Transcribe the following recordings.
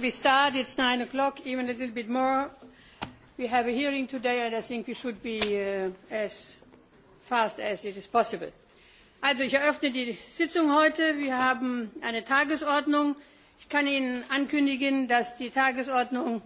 we start. It's nine o'clock, even a little bit more. We have a hearing today, and I think we should be as fast as it is possible. Also, ich eröffne die Sitzung heute. Wir haben eine Tagesordnung. Ich kann Ihnen ankündigen, dass die Tagesordnung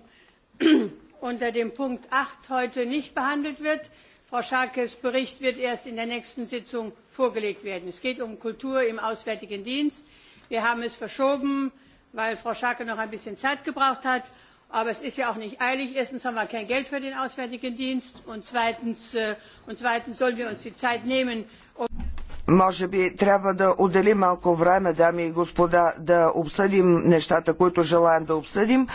unter dem Punkt acht heute nicht behandelt wird. Frau Schaakes Bericht wird erst in der nächsten Sitzung vorgelegt werden. Es geht um Kultur im Auswärtigen Dienst. Wir haben es verschoben weil Frau Schaake noch ein bisschen Zeit gebraucht hat. Aber es ist ja auch nicht eilig. Erstens haben wir kein Geld für den Auswärtigen Dienst und zweitens, und zweitens sollen wir uns die Zeit nehmen, um може би трябва да отделим малко време, дами и господа, да обсъдим нещата, които желаем да обсъдим.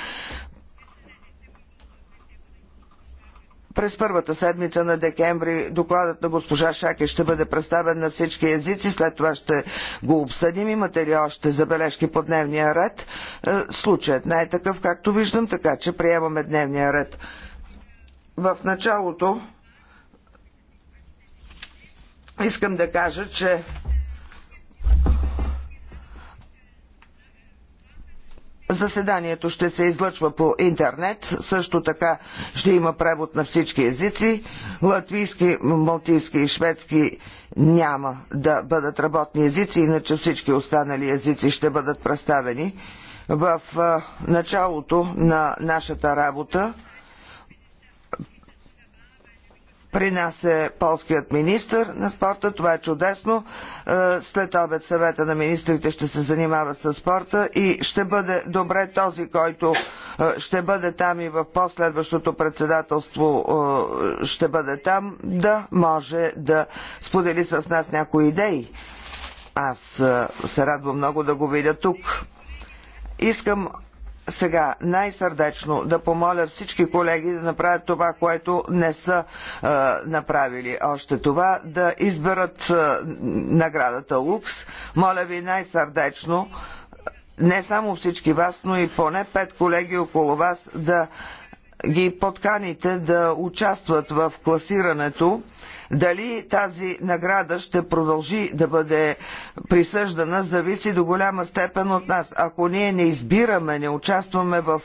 През първата седмица на декември докладът на госпожа Шаке ще бъде представен на всички езици, след това ще го обсъдим. Имате ли още забележки по дневния ред? Е, случаят не е такъв, както виждам, така че приемаме дневния ред. В началото искам да кажа, че Заседанието ще се излъчва по интернет, също така ще има превод на всички езици. Латвийски, малтийски и шведски няма да бъдат работни езици, иначе всички останали езици ще бъдат представени. В началото на нашата работа при нас е полският министр на спорта, това е чудесно. Е, след обед съвета на министрите ще се занимава с спорта и ще бъде добре този, който е, ще бъде там и в последващото председателство е, ще бъде там, да може да сподели с нас някои идеи. Аз се радвам много да го видя тук. Искам сега най-сърдечно да помоля всички колеги да направят това, което не са е, направили още това, да изберат е, наградата Лукс. Моля ви най-сърдечно, не само всички вас, но и поне пет колеги около вас да ги подканите да участват в класирането дали тази награда ще продължи да бъде присъждана, зависи до голяма степен от нас. Ако ние не избираме, не участваме в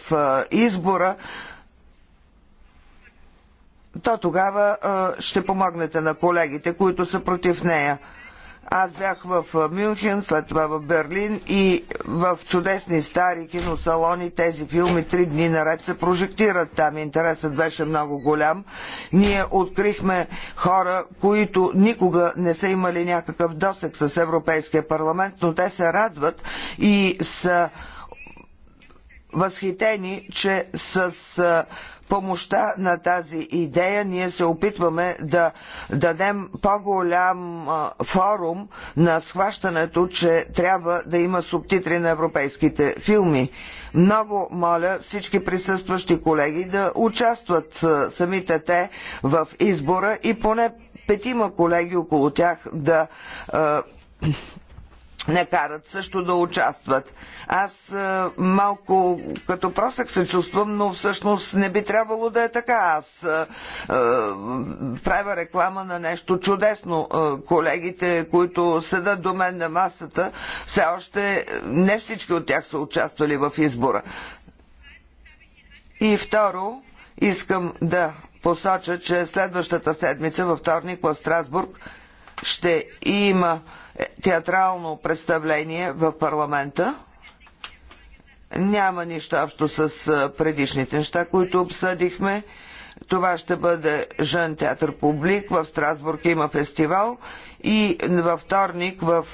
избора, то тогава ще помогнете на колегите, които са против нея. Аз бях в Мюнхен, след това в Берлин и в чудесни стари киносалони тези филми три дни наред се прожектират там. Интересът беше много голям. Ние открихме хора, които никога не са имали някакъв досек с Европейския парламент, но те се радват и са възхитени, че с помощта на тази идея ние се опитваме да дадем по-голям форум на схващането, че трябва да има субтитри на европейските филми. Много моля всички присъстващи колеги да участват самите те в избора и поне петима колеги около тях да не карат също да участват. Аз е, малко като просък се чувствам, но всъщност не би трябвало да е така. Аз е, е правя реклама на нещо чудесно. Е, колегите, които седат до мен на масата, все още не всички от тях са участвали в избора. И второ, искам да посоча, че следващата седмица, във вторник в Страсбург, ще има е, театрално представление в парламента. Няма нищо общо с е, предишните неща, които обсъдихме. Това ще бъде Жен театър Публик. В Страсбург има фестивал и във вторник в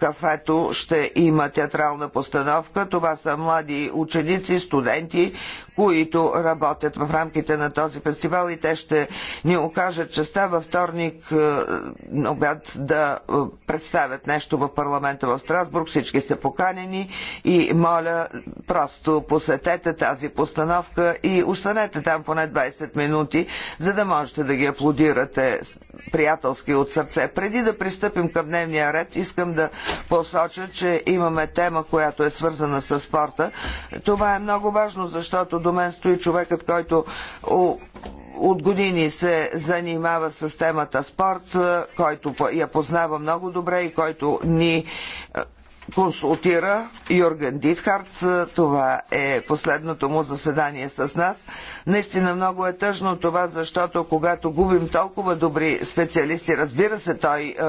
кафето ще има театрална постановка. Това са млади ученици, студенти, които работят в рамките на този фестивал и те ще ни окажат честа във вторник обяд да представят нещо в парламента в Страсбург. Всички сте поканени и моля просто посетете тази постановка и останете там поне 20 минути, за да можете да ги аплодирате приятелски от сърце. Преди да пристъпим към дневния ред, искам да посоча, че имаме тема, която е свързана с спорта. Това е много важно, защото до мен стои човекът, който от години се занимава с темата спорт, който я познава много добре и който ни консултира Йорген Дитхарт. Това е последното му заседание с нас. Наистина много е тъжно това, защото когато губим толкова добри специалисти, разбира се, той е,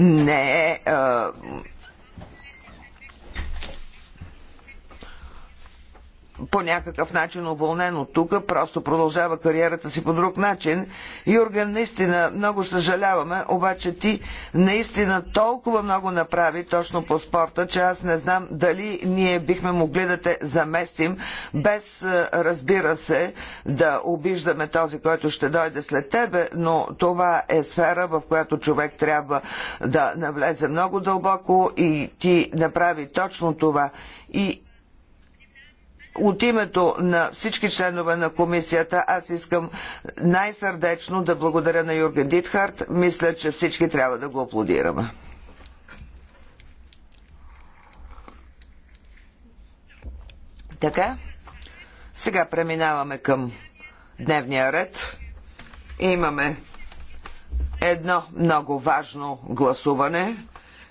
не е, е по някакъв начин уволнен от тук, просто продължава кариерата си по друг начин. Юрген, наистина много съжаляваме, обаче ти наистина толкова много направи точно по спорта, че аз не знам дали ние бихме могли да те заместим, без е, разбира се да обиждаме този, който ще дойде след тебе, но това е сфера, в която човек трябва да навлезе много дълбоко и ти направи точно това. И от името на всички членове на комисията аз искам най-сърдечно да благодаря на Юрген Дитхарт. Мисля, че всички трябва да го аплодираме. Така, сега преминаваме към дневния ред. Имаме едно много важно гласуване.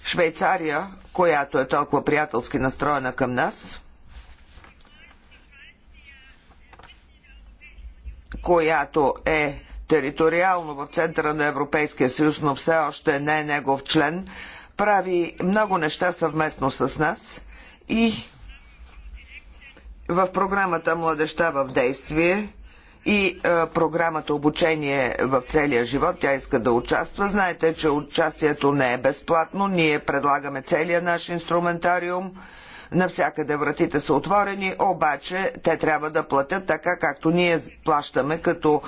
Швейцария, която е толкова приятелски настроена към нас – която е териториално в центъра на Европейския съюз, но все още не е негов член, прави много неща съвместно с нас и в програмата Младеща в действие и е, програмата Обучение в целия живот. Тя иска да участва. Знаете, че участието не е безплатно. Ние предлагаме целият наш инструментариум. Навсякъде вратите са отворени, обаче те трябва да платят така, както ние плащаме като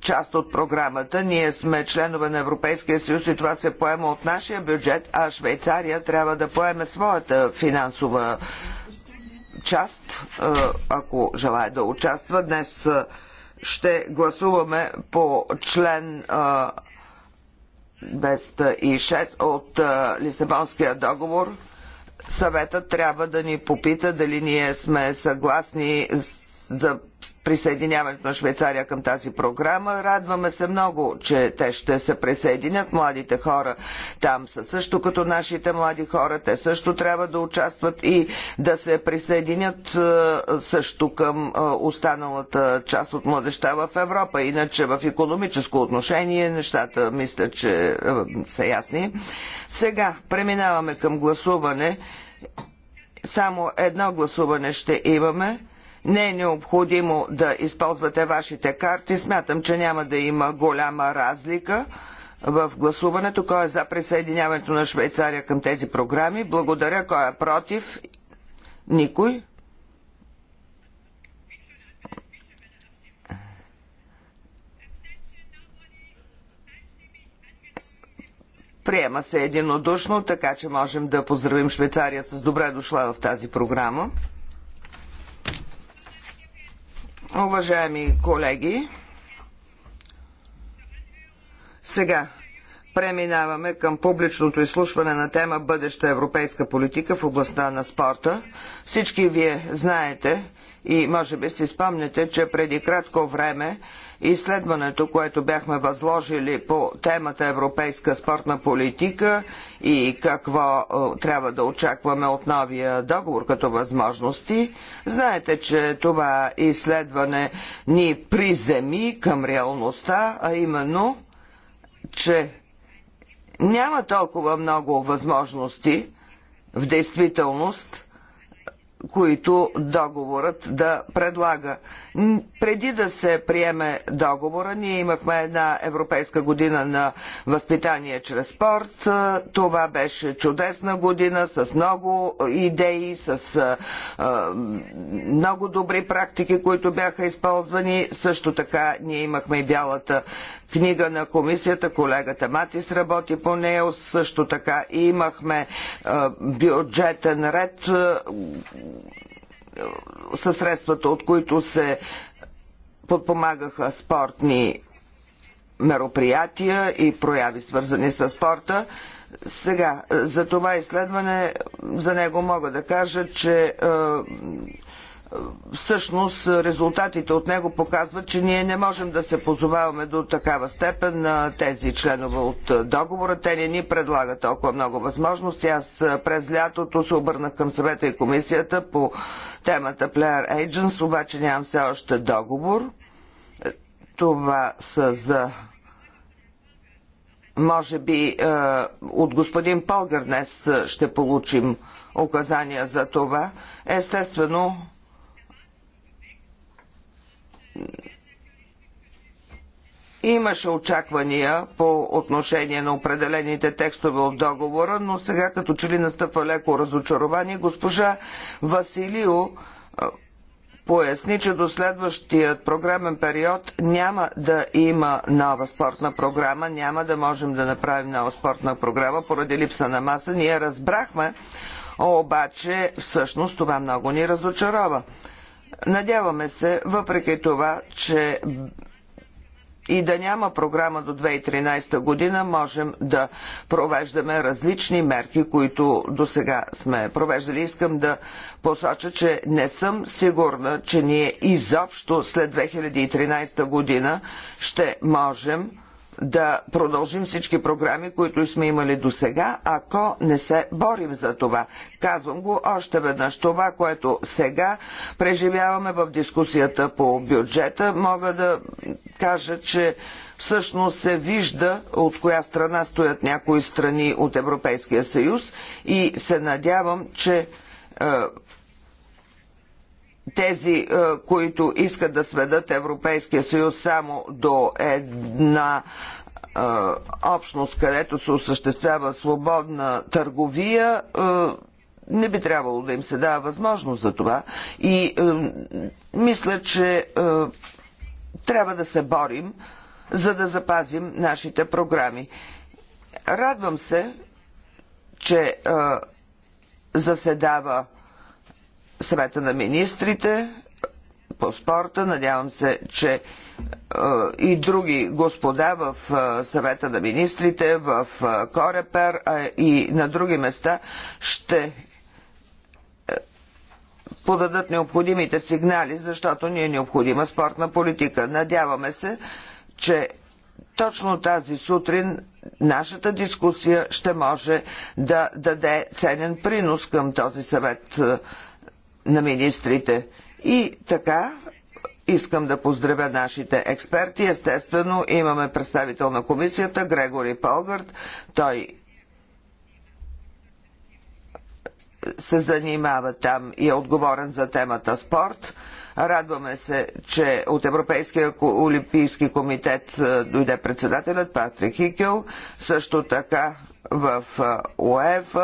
част от програмата. Ние сме членове на Европейския съюз и това се поема от нашия бюджет, а Швейцария трябва да поеме своята финансова част, е, ако желая да участва. Днес е, ще гласуваме по член 206 е, от Лисабонския договор съветът трябва да ни попита дали ние сме съгласни с за присъединяването на Швейцария към тази програма. Радваме се много, че те ще се присъединят. Младите хора там са също като нашите млади хора. Те също трябва да участват и да се присъединят е, също към е, останалата част от младеща в Европа. Иначе в економическо отношение нещата мисля, че е, са ясни. Сега преминаваме към гласуване. Само едно гласуване ще имаме не е необходимо да използвате вашите карти. Смятам, че няма да има голяма разлика в гласуването. Кой е за присъединяването на Швейцария към тези програми? Благодаря. Кой е против? Никой. Приема се единодушно, така че можем да поздравим Швейцария с добре дошла в тази програма. Уважаеми колеги, сега преминаваме към публичното изслушване на тема Бъдеща европейска политика в областта на спорта. Всички вие знаете и може би си спомняте, че преди кратко време изследването, което бяхме възложили по темата Европейска спортна политика и какво е, трябва да очакваме от новия договор като възможности. Знаете, че това изследване ни приземи към реалността, а именно, че няма толкова много възможности в действителност, които договорът да предлага. Преди да се приеме договора, ние имахме една европейска година на възпитание чрез спорт. Това беше чудесна година с много идеи, с много добри практики, които бяха използвани. Също така ние имахме и бялата книга на комисията. Колегата Матис работи по нея. Също така и имахме бюджетен ред със средствата, от които се подпомагаха спортни мероприятия и прояви, свързани с спорта. Сега, за това изследване, за него мога да кажа, че е, всъщност резултатите от него показват, че ние не можем да се позоваваме до такава степен на тези членове от договора. Те не ни предлагат толкова много възможности. Аз през лятото се обърнах към съвета и комисията по темата Player Agents, обаче нямам все още договор. Това са за може би от господин Полгар днес ще получим указания за това. Естествено, Имаше очаквания по отношение на определените текстове от договора, но сега като че ли настъпва леко разочарование, госпожа Василио поясни, че до следващия програмен период няма да има нова спортна програма, няма да можем да направим нова спортна програма поради липса на маса. Ние разбрахме, обаче всъщност това много ни разочарова. Надяваме се, въпреки това, че и да няма програма до 2013 година, можем да провеждаме различни мерки, които до сега сме провеждали. Искам да посоча, че не съм сигурна, че ние изобщо след 2013 година ще можем да продължим всички програми, които сме имали до сега, ако не се борим за това. Казвам го още веднъж. Това, което сега преживяваме в дискусията по бюджета, мога да кажа, че всъщност се вижда от коя страна стоят някои страни от Европейския съюз и се надявам, че е, тези, е, които искат да сведат Европейския съюз само до една е, общност, където се осъществява свободна търговия, е, не би трябвало да им се дава възможност за това. И мисля, че трябва да се борим, за да запазим нашите програми. Радвам се, че заседава съвета на министрите по спорта. Надявам се, че е, и други господа в е, съвета на министрите, в е, Корепер и на други места ще подадат необходимите сигнали, защото ни е необходима спортна политика. Надяваме се, че точно тази сутрин нашата дискусия ще може да даде ценен принос към този съвет на министрите. И така, искам да поздравя нашите експерти. Естествено, имаме представител на комисията Грегори Пългард. Той се занимава там и е отговорен за темата спорт. Радваме се, че от Европейския олимпийски комитет е, дойде председателят Патрик Хикел. Също така в ОЕФ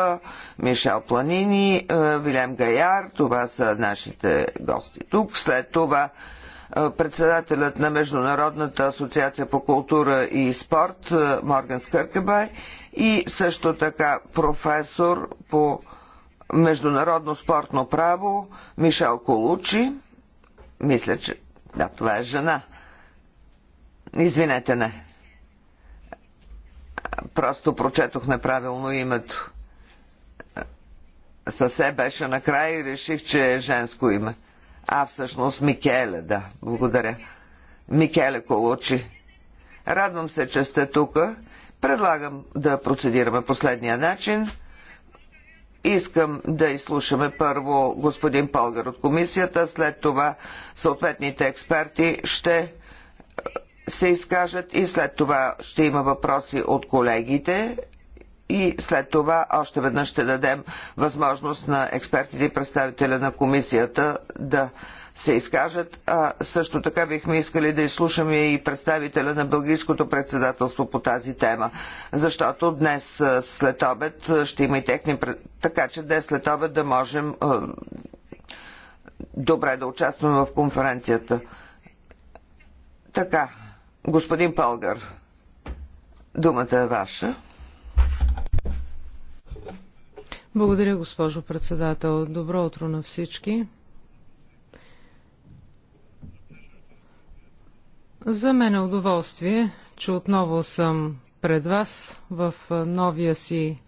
Мишел Планини, Вилем Гаяр, това са нашите гости тук. След това председателят на Международната асоциация по култура и спорт Морган Скъркебай и също така професор по международно спортно право Мишел Колучи. Мисля, че да, това е жена. Извинете, не. Просто прочетох неправилно името. Е, Съсе беше накрая и реших, че е женско име. А всъщност Микеле, да. Благодаря. Микеле Колучи. Радвам се, че сте тук. Предлагам да процедираме последния начин. Искам да изслушаме първо господин Пългар от комисията, след това съответните експерти ще се изкажат и след това ще има въпроси от колегите и след това още веднъж ще дадем възможност на експертите и представителя на комисията да се изкажат. А също така бихме искали да изслушаме и представителя на Бългийското председателство по тази тема, защото днес след обед ще има и техни... Така че днес след обед да можем добре да участваме в конференцията. Така, Господин Палгар, думата е ваша. Благодаря, госпожо председател. Добро утро на всички. За мен е удоволствие, че отново съм пред вас в новия си,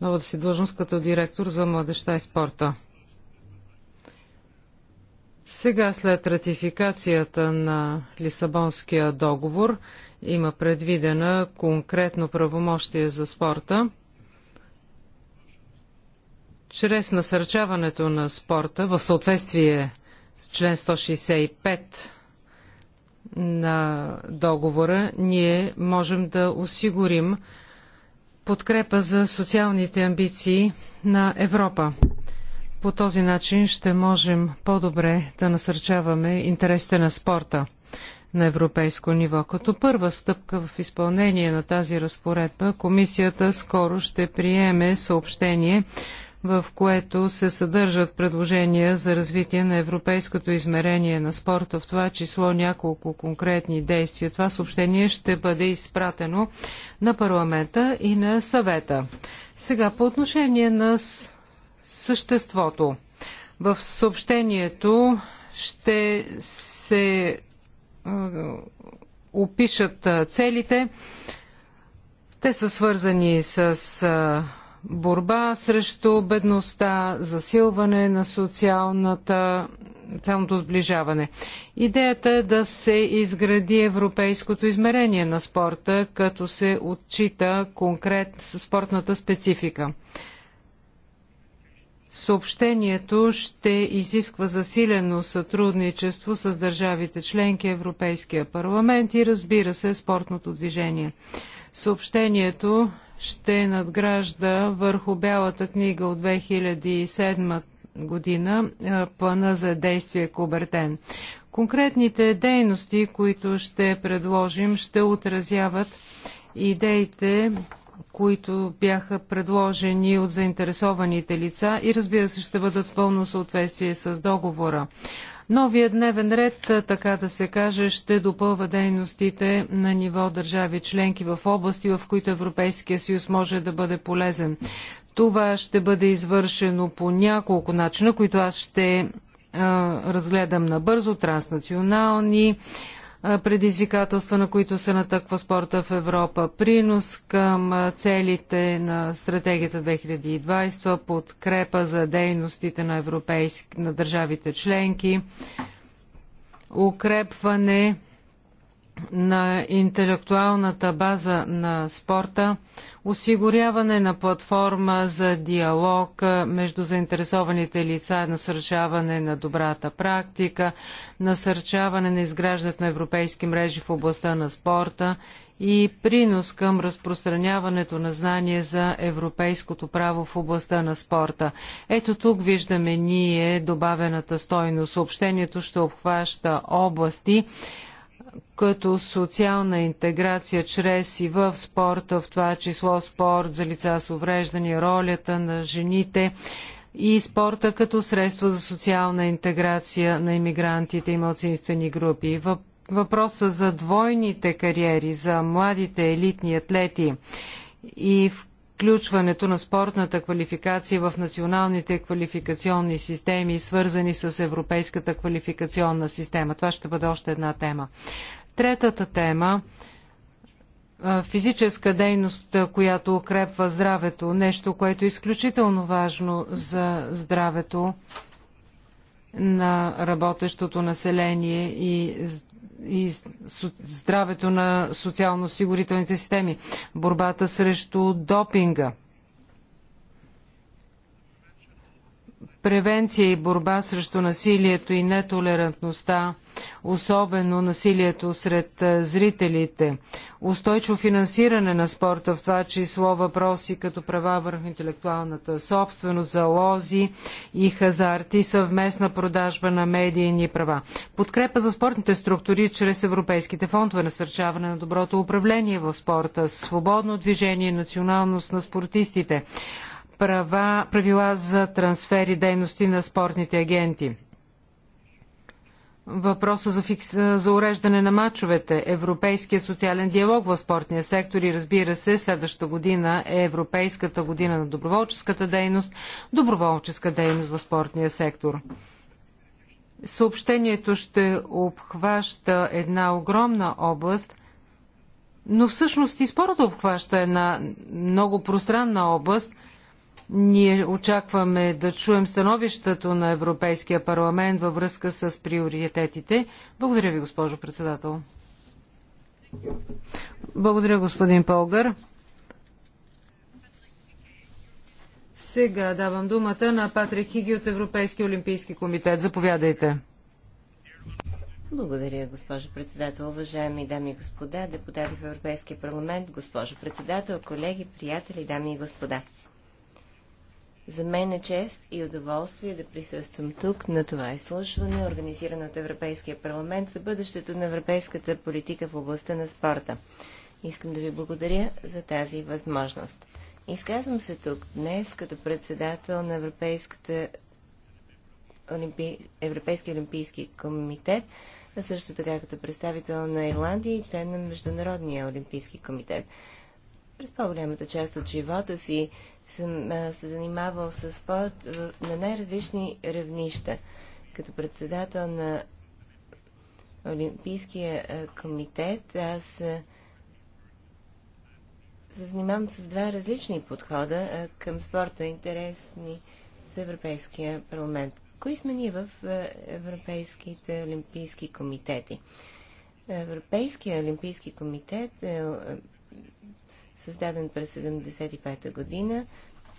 новата си длъжност като директор за младеща и спорта. Сега след ратификацията на Лисабонския договор има предвидена конкретно правомощие за спорта. Чрез насърчаването на спорта в съответствие с член 165 на договора, ние можем да осигурим подкрепа за социалните амбиции на Европа. По този начин ще можем по-добре да насърчаваме интересите на спорта на европейско ниво. Като първа стъпка в изпълнение на тази разпоредба, комисията скоро ще приеме съобщение, в което се съдържат предложения за развитие на европейското измерение на спорта, в това число няколко конкретни действия. Това съобщение ще бъде изпратено на парламента и на съвета. Сега по отношение на съществото. В съобщението ще се опишат целите. Те са свързани с борба срещу бедността, засилване на социалната, социалното сближаване. Идеята е да се изгради европейското измерение на спорта, като се отчита конкрет спортната специфика. Съобщението ще изисква засилено сътрудничество с държавите членки, Европейския парламент и разбира се спортното движение. Съобщението ще надгражда върху Бялата книга от 2007 година, плана за действие Кубертен. Конкретните дейности, които ще предложим, ще отразяват идеите които бяха предложени от заинтересованите лица и разбира се ще бъдат в пълно съответствие с договора. Новия дневен ред, така да се каже, ще допълва дейностите на ниво държави членки в области, в които Европейския съюз може да бъде полезен. Това ще бъде извършено по няколко начина, които аз ще а, разгледам набързо. Транснационални предизвикателства, на които се натъква спорта в Европа, принос към целите на стратегията 2020, подкрепа за дейностите на, европейски, на държавите членки, укрепване на интелектуалната база на спорта, осигуряване на платформа за диалог между заинтересованите лица, насърчаване на добрата практика, насърчаване на изграждането на европейски мрежи в областта на спорта и принос към разпространяването на знание за европейското право в областта на спорта. Ето тук виждаме ние добавената стойност. Съобщението ще обхваща области, като социална интеграция чрез и в спорта, в това число спорт за лица с увреждания, ролята на жените и спорта като средство за социална интеграция на иммигрантите и младсинствени групи. Въпроса за двойните кариери, за младите елитни атлети и в включването на спортната квалификация в националните квалификационни системи, свързани с Европейската квалификационна система. Това ще бъде още една тема. Третата тема физическа дейност, която укрепва здравето, нещо, което е изключително важно за здравето на работещото население и и здравето на социално-осигурителните системи, борбата срещу допинга – превенция и борба срещу насилието и нетолерантността, особено насилието сред зрителите, устойчиво финансиране на спорта, в това число въпроси като права върху интелектуалната собственост, залози и хазарти, съвместна продажба на медийни права, подкрепа за спортните структури чрез европейските фондове, насърчаване на доброто управление в спорта, свободно движение и националност на спортистите, права, правила за трансфери дейности на спортните агенти. Въпроса за, фикс... за уреждане на мачовете, европейския социален диалог в спортния сектор и разбира се, следващата година е Европейската година на доброволческата дейност, доброволческа дейност в спортния сектор. Съобщението ще обхваща една огромна област, но всъщност и спорта обхваща една много пространна област – ние очакваме да чуем становището на Европейския парламент във връзка с приоритетите. Благодаря ви, госпожо председател. Благодаря, господин Полгар. Сега давам думата на Патрик Хиги от Европейския олимпийски комитет. Заповядайте. Благодаря, госпожо председател. Уважаеми дами и господа, депутати в Европейския парламент, госпожо председател, колеги, приятели, дами и господа. За мен е чест и удоволствие да присъствам тук на това изслушване, организирано от Европейския парламент за бъдещето на европейската политика в областта на спорта. Искам да ви благодаря за тази възможност. Изказвам се тук днес като председател на Европейската Олимпи... Европейския олимпийски комитет, а също така като представител на Ирландия и член на Международния олимпийски комитет през по-голямата част от живота си съм а, се занимавал с спорт на най-различни равнища. Като председател на Олимпийския а, комитет, аз а, се занимавам с два различни подхода а, към спорта, интересни за Европейския парламент. Кои сме ние в а, Европейските олимпийски комитети? Европейския олимпийски комитет е създаден през 75-та година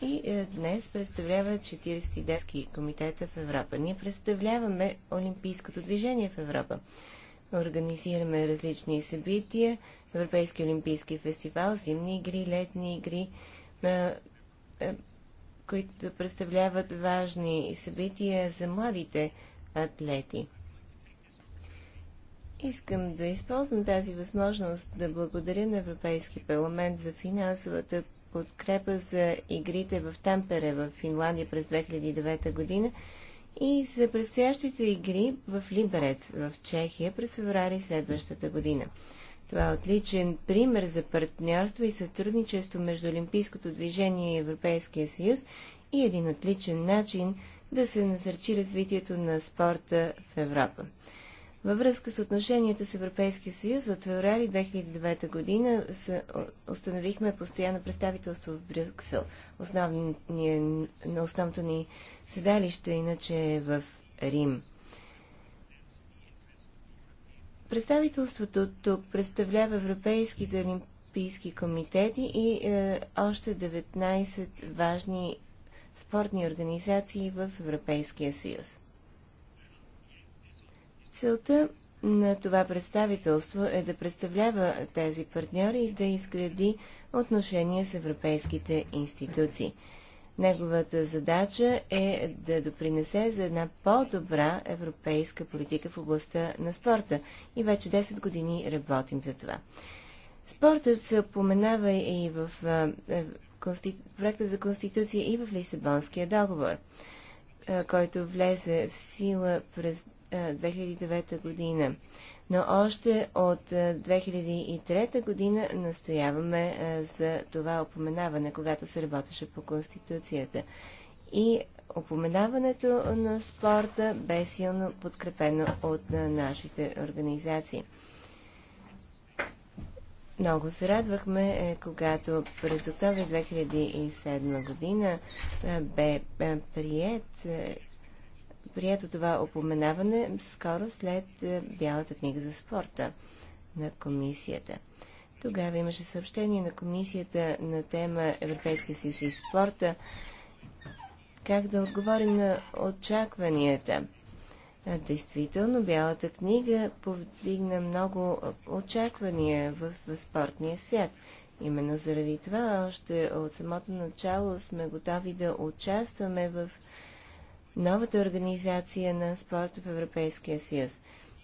и е, днес представлява 40-дески комитета в Европа. Ние представляваме Олимпийското движение в Европа. Организираме различни събития, Европейски олимпийски фестивал, зимни игри, летни игри, е, е, които представляват важни събития за младите атлети. Искам да използвам тази възможност да благодаря на Европейски парламент за финансовата подкрепа за игрите в Тампере в Финландия през 2009 година и за предстоящите игри в Либерец в Чехия през феврари следващата година. Това е отличен пример за партньорство и сътрудничество между Олимпийското движение и Европейския съюз и един отличен начин да се насърчи развитието на спорта в Европа. Във връзка с отношенията с Европейския съюз от феврари 2009 година установихме постоянно представителство в Брюксел. Основния, на основното ни седалище иначе е в Рим. Представителството тук представлява европейските олимпийски комитети и е, още 19 важни спортни организации в Европейския съюз. Целта на това представителство е да представлява тези партньори и да изгради отношения с европейските институции. Неговата задача е да допринесе за една по-добра европейска политика в областта на спорта. И вече 10 години работим за това. Спортът се упоменава и в е, проекта за Конституция и в Лисабонския договор, който влезе в сила през 2009 е, година. Но още от 2003 е, година настояваме е, за това опоменаване, когато се работеше по Конституцията. И опоменаването на спорта бе силно подкрепено от нашите организации. Много се радвахме, когато през октомври 2007 година бе прият прието това опоменаване скоро след е, Бялата книга за спорта на комисията. Тогава имаше съобщение на комисията на тема Европейския съюз и спорта. Как да отговорим на очакванията? Действително, Бялата книга повдигна много очаквания в, в спортния свят. Именно заради това още от самото начало сме готови да участваме в новата организация на спорта в Европейския съюз.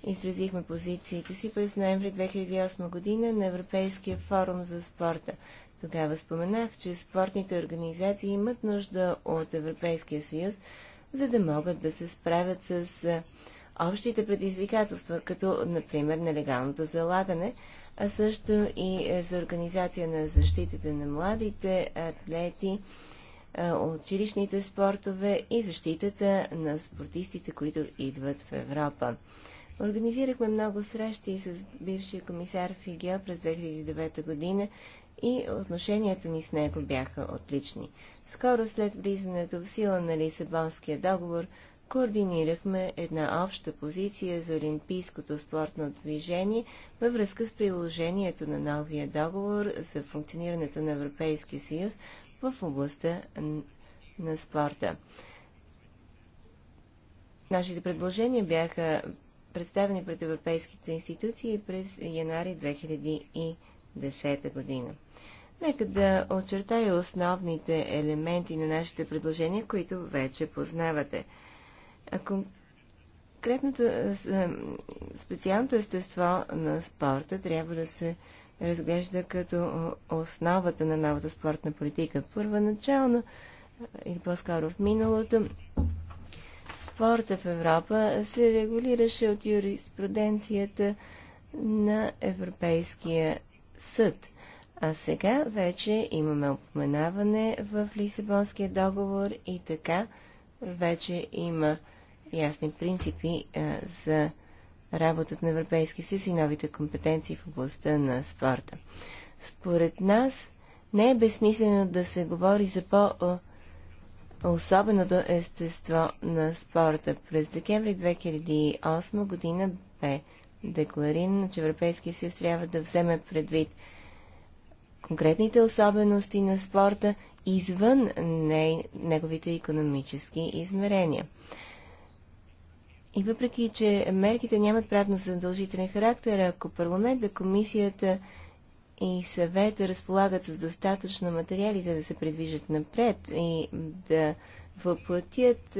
Изразихме позициите си през ноември 2008 година на Европейския форум за спорта. Тогава споменах, че спортните организации имат нужда от Европейския съюз, за да могат да се справят с общите предизвикателства, като, например, нелегалното залагане, а също и е, за организация на защитата на младите атлети, училищните спортове и защитата на спортистите, които идват в Европа. Организирахме много срещи с бившия комисар Фигел през 2009 година и отношенията ни с него бяха отлични. Скоро след влизането в сила на Лисабонския договор, координирахме една обща позиция за олимпийското спортно движение във връзка с приложението на новия договор за функционирането на Европейския съюз в областта на спорта. Нашите предложения бяха представени пред европейските институции през януари 2010 година. Нека да очертая основните елементи на нашите предложения, които вече познавате. Конкретното, специалното естество на спорта трябва да се разглежда като основата на новата спортна политика. Първоначално е, или по-скоро в миналото спорта в Европа се регулираше от юриспруденцията на Европейския съд. А сега вече имаме упоменаване в Лисабонския договор и така вече има ясни принципи а, е, за работата на Европейския съюз и новите компетенции в областта на спорта. Според нас не е безсмислено да се говори за по- особеното естество на спорта. През декември 2008 година бе декларирано, че Европейския съюз трябва да вземе предвид конкретните особености на спорта извън неговите економически измерения. И въпреки, че мерките нямат правно задължителен характер, ако парламента, комисията и съвета разполагат с достатъчно материали, за да се предвижат напред и да въплатят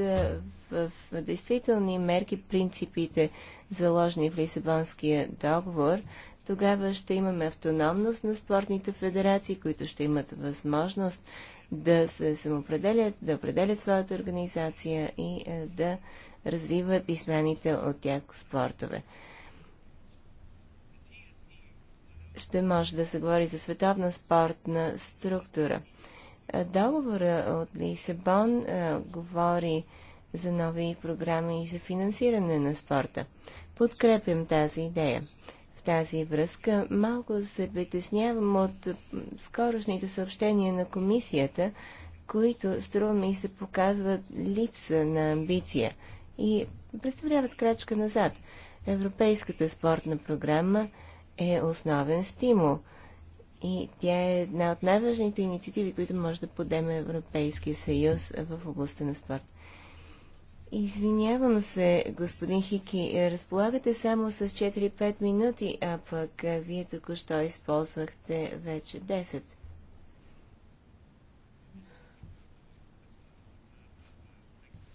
в действителни мерки принципите, заложени в Лисабонския договор, тогава ще имаме автономност на спортните федерации, които ще имат възможност да се самоопределят, да определят своята организация и да развиват избраните от тях спортове. Ще може да се говори за световна спортна структура. Договора от Лисабон а, говори за нови програми и за финансиране на спорта. Подкрепям тази идея. В тази връзка малко се притеснявам от скорошните съобщения на комисията, които, струва ми, се показват липса на амбиция и представляват крачка назад. Европейската спортна програма е основен стимул и тя е една от най-важните инициативи, които може да подеме Европейския съюз в областта на спорт. Извинявам се, господин Хики, разполагате само с 4-5 минути, а пък вие току-що използвахте вече 10.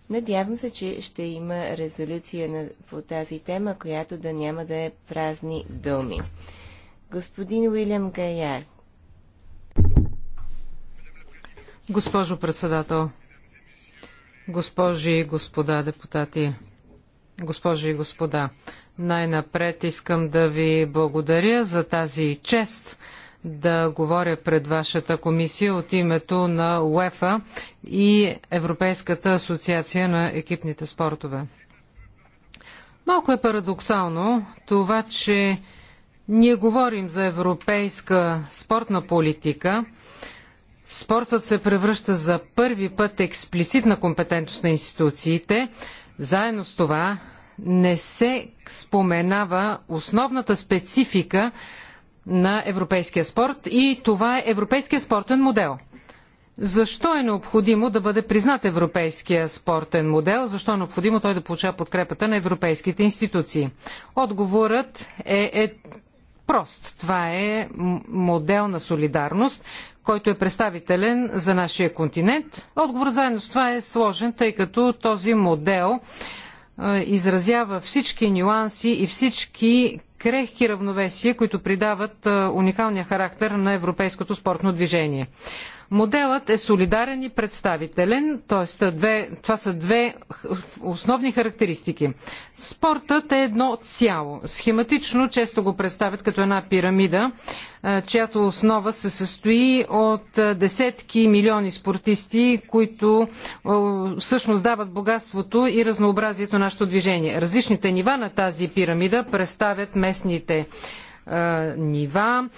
Надявам се, че ще има резолюция на, по тази тема, която да няма да е празни думи. Господин Уилям Гаяр. Госпожо председател, госпожи и господа депутати, госпожи и господа, най-напред искам да ви благодаря за тази чест, да говоря пред вашата комисия от името на УЕФА и Европейската асоциация на екипните спортове. Малко е парадоксално това, че ние говорим за европейска спортна политика. Спортът се превръща за първи път експлицитна компетентност на институциите. Заедно с това не се споменава основната специфика на европейския спорт и това е европейския спортен модел. Защо е необходимо да бъде признат европейския спортен модел? Защо е необходимо той да получава подкрепата на европейските институции? Отговорът е, е прост. Това е модел на солидарност, който е представителен за нашия континент. Отговорът заедно с това е сложен, тъй като този модел изразява всички нюанси и всички крехки равновесия, които придават уникалния характер на европейското спортно движение. Моделът е солидарен и представителен, т.е. това са две основни характеристики. Спортът е едно цяло. Схематично често го представят като една пирамида, чиято основа се състои от десетки милиони спортисти, които всъщност дават богатството и разнообразието на нашето движение. Различните нива на тази пирамида представят местните нива,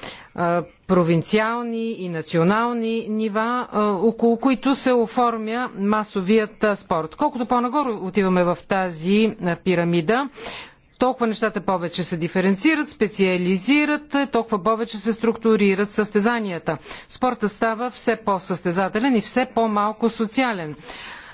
провинциални и национални нива, около които се оформя масовият спорт. Колкото по-нагоре отиваме в тази пирамида, толкова нещата повече се диференцират, специализират, толкова повече се структурират състезанията. Спортът става все по-състезателен и все по-малко социален.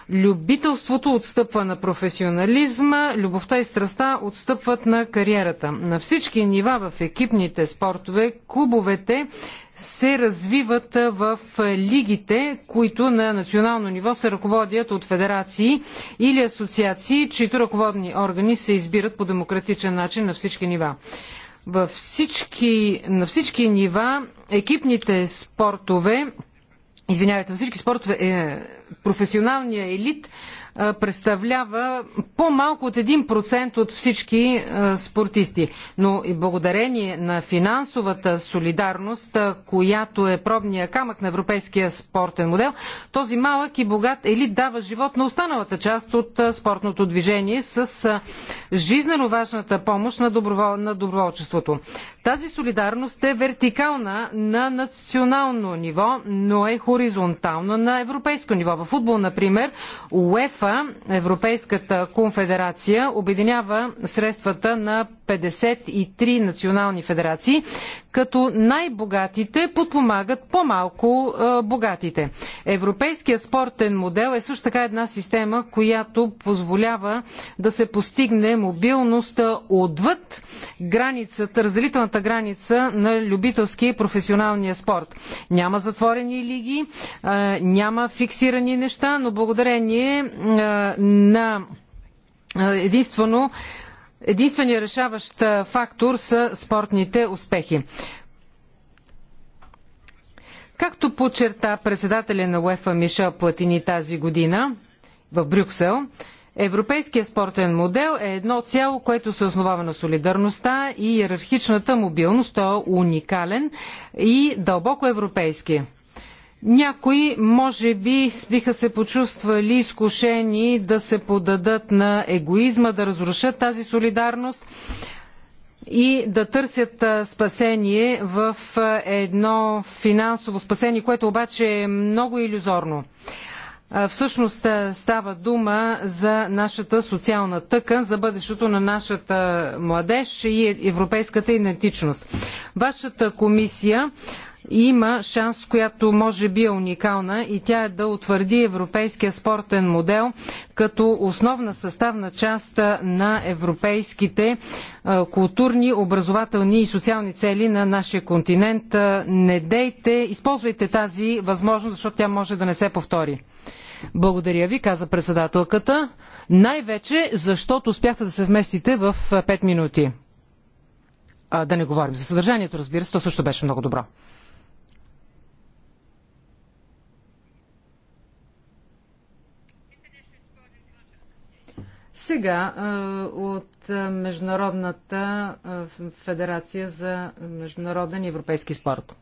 Любителството отстъпва на професионализма, любовта и страста отстъпват на кариерата. На всички нива в екипните спортове, клубовете се развиват в лигите, които на национално ниво се ръководят от федерации или асоциации, чието ръководни органи се избират по демократичен начин на всички нива. Във всички, на всички нива екипните спортове извинявайте, във всички спортове е професионалния елит представлява по-малко от 1% от всички спортисти. Но и благодарение на финансовата солидарност, която е пробния камък на европейския спортен модел, този малък и богат елит дава живот на останалата част от спортното движение с жизнено важната помощ на, добровол... на доброволчеството. Тази солидарност е вертикална на национално ниво, но е хоризонтална на европейско ниво. В футбол, например, УЕФА УЕФА, Европейската конфедерация, обединява средствата на 53 национални федерации, като най-богатите подпомагат по-малко богатите. Европейският спортен модел е също така една система, която позволява да се постигне мобилност отвъд границата, разделителната граница на любителския и професионалния спорт. Няма затворени лиги, няма фиксирани неща, но благодарение на единствено единственият решаващ фактор са спортните успехи. Както подчерта председателя на УЕФА Мишел Платини тази година в Брюксел, Европейският спортен модел е едно цяло, което се основава на солидарността и иерархичната мобилност. Той е уникален и дълбоко европейски. Някои, може би, биха се почувствали изкушени да се подадат на егоизма, да разрушат тази солидарност и да търсят спасение в едно финансово спасение, което обаче е много иллюзорно. Всъщност става дума за нашата социална тъкан, за бъдещето на нашата младеж и е европейската идентичност. Вашата комисия има шанс, която може би е уникална и тя е да утвърди европейския спортен модел като основна съставна част на европейските културни, образователни и социални цели на нашия континент. Не дейте, използвайте тази възможност, защото тя може да не се повтори. Благодаря ви, каза председателката. Най-вече, защото успяхте да се вместите в 5 минути. А, да не говорим за съдържанието, разбира се, то също беше много добро. Сега от Международната федерация за международен европейски спорт.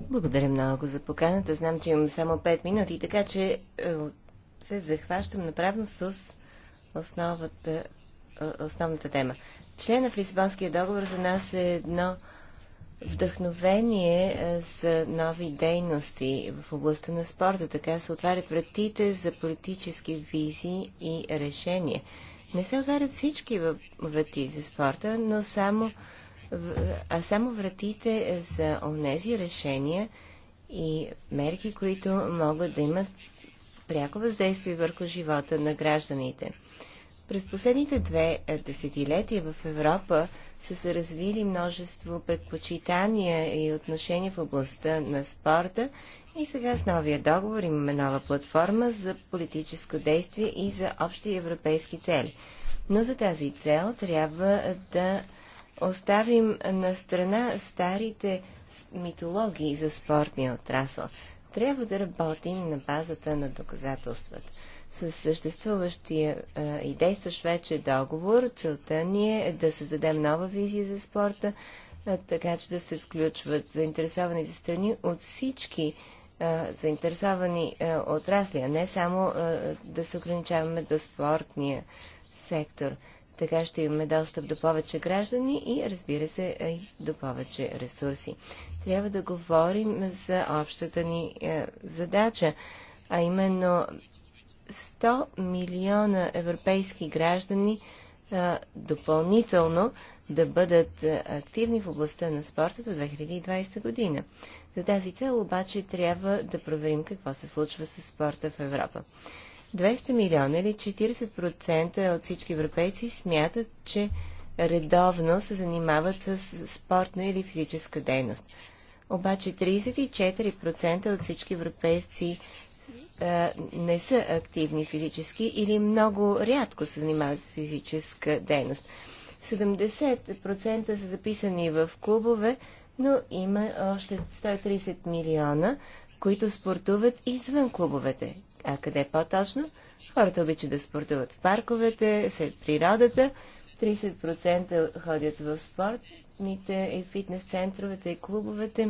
Благодаря много за поканата. Знам, че имам само 5 минути, така че е, се захващам направно с основата, е, основната тема. Члена в Лисабонския договор за нас е едно вдъхновение е, за нови дейности в областта на спорта. Така се отварят вратите за политически визии и решения. Не се отварят всички врати за спорта, но само, а само вратите за онези решения и мерки, които могат да имат пряко въздействие върху живота на гражданите. През последните две е, десетилетия в Европа са се развили множество предпочитания и отношения в областта на спорта и сега с новия договор имаме нова платформа за политическо действие и за общи европейски цели. Но за тази цел трябва да оставим на страна старите митологии за спортния отрасъл. Трябва да работим на базата на доказателствата с съществуващия и действащ вече договор. Целта ни е да създадем нова визия за спорта, така че да се включват заинтересовани за страни от всички заинтересовани отрасли, а не само да се ограничаваме до спортния сектор. Така ще имаме достъп до повече граждани и, разбира се, и до повече ресурси. Трябва да говорим за общата ни задача а именно 100 милиона европейски граждани а, допълнително да бъдат активни в областта на спорта до 2020 година. За тази цел обаче трябва да проверим какво се случва с спорта в Европа. 200 милиона или 40% от всички европейци смятат, че редовно се занимават с спортна или физическа дейност. Обаче 34% от всички европейци е, не са активни физически или много рядко се занимават с физическа дейност. 70% са записани в клубове, но има още 130 милиона, които спортуват извън клубовете. А къде по-точно? Хората обичат да спортуват в парковете, сред природата. 30% ходят в спортните и фитнес центровете и клубовете.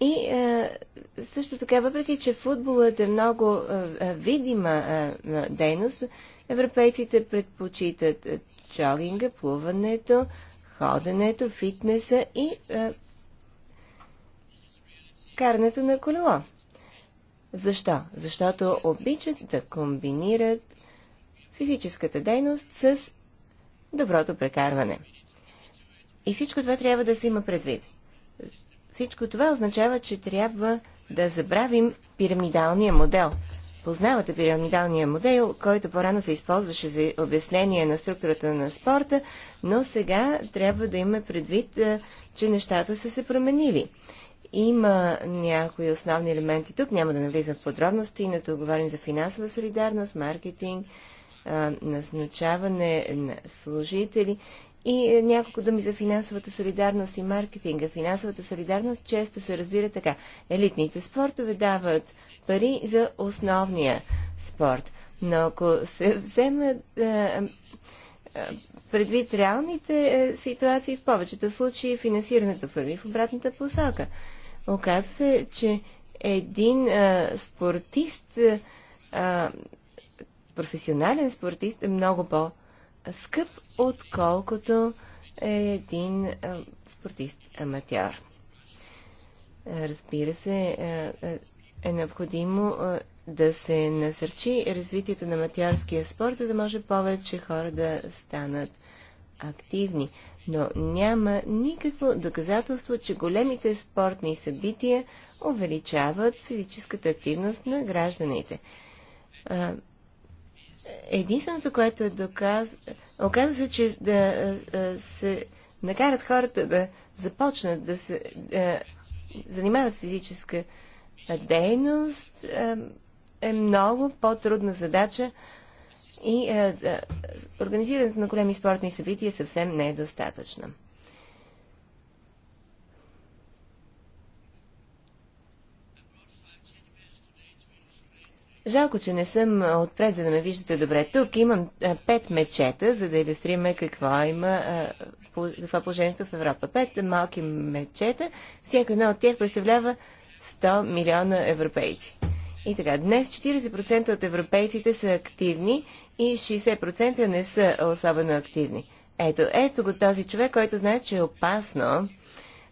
И а, е, също така, въпреки че футболът е много а, е, видима а, е, дейност, европейците предпочитат джогинга, плуването, ходенето, фитнеса и а, карането на колело. Защо? Защото обичат да комбинират физическата дейност с доброто прекарване. И всичко това трябва да се има предвид. Всичко това означава, че трябва да забравим пирамидалния модел. Познавате пирамидалния модел, който по-рано се използваше за обяснение на структурата на спорта, но сега трябва да имаме предвид, е, че нещата са се променили. Има някои основни елементи тук, няма да навлизам в подробности, на тук говорим за финансова солидарност, маркетинг, е, назначаване на служители и е, няколко думи за финансовата солидарност и маркетинга. Финансовата солидарност често се разбира така. Елитните спортове дават пари за основния спорт. Но ако се вземат е, е, предвид реалните ситуации, в повечето случаи финансирането върви в обратната посока. Оказва се, че един а, спортист, а, професионален спортист е много по- скъп, отколкото е един е, спортист аматьор. Е, разбира се, е, е необходимо да се насърчи развитието на аматьорския спорт, за да може повече хора да станат активни. Но няма никакво доказателство, че големите спортни събития увеличават физическата активност на гражданите единственото, което е доказано, оказва се, че да се накарат хората да започнат да се да занимават с физическа дейност е много по-трудна задача и организирането на големи спортни събития съвсем не е достатъчно. Жалко, че не съм отпред, за да ме виждате добре. Тук имам а, пет мечета, за да иллюстрираме какво има а, по, е положението в Европа. Пет малки мечета, всяка една от тях представлява 100 милиона европейци. И така, днес 40% от европейците са активни и 60% не са особено активни. Ето, ето го този човек, който знае, че е опасно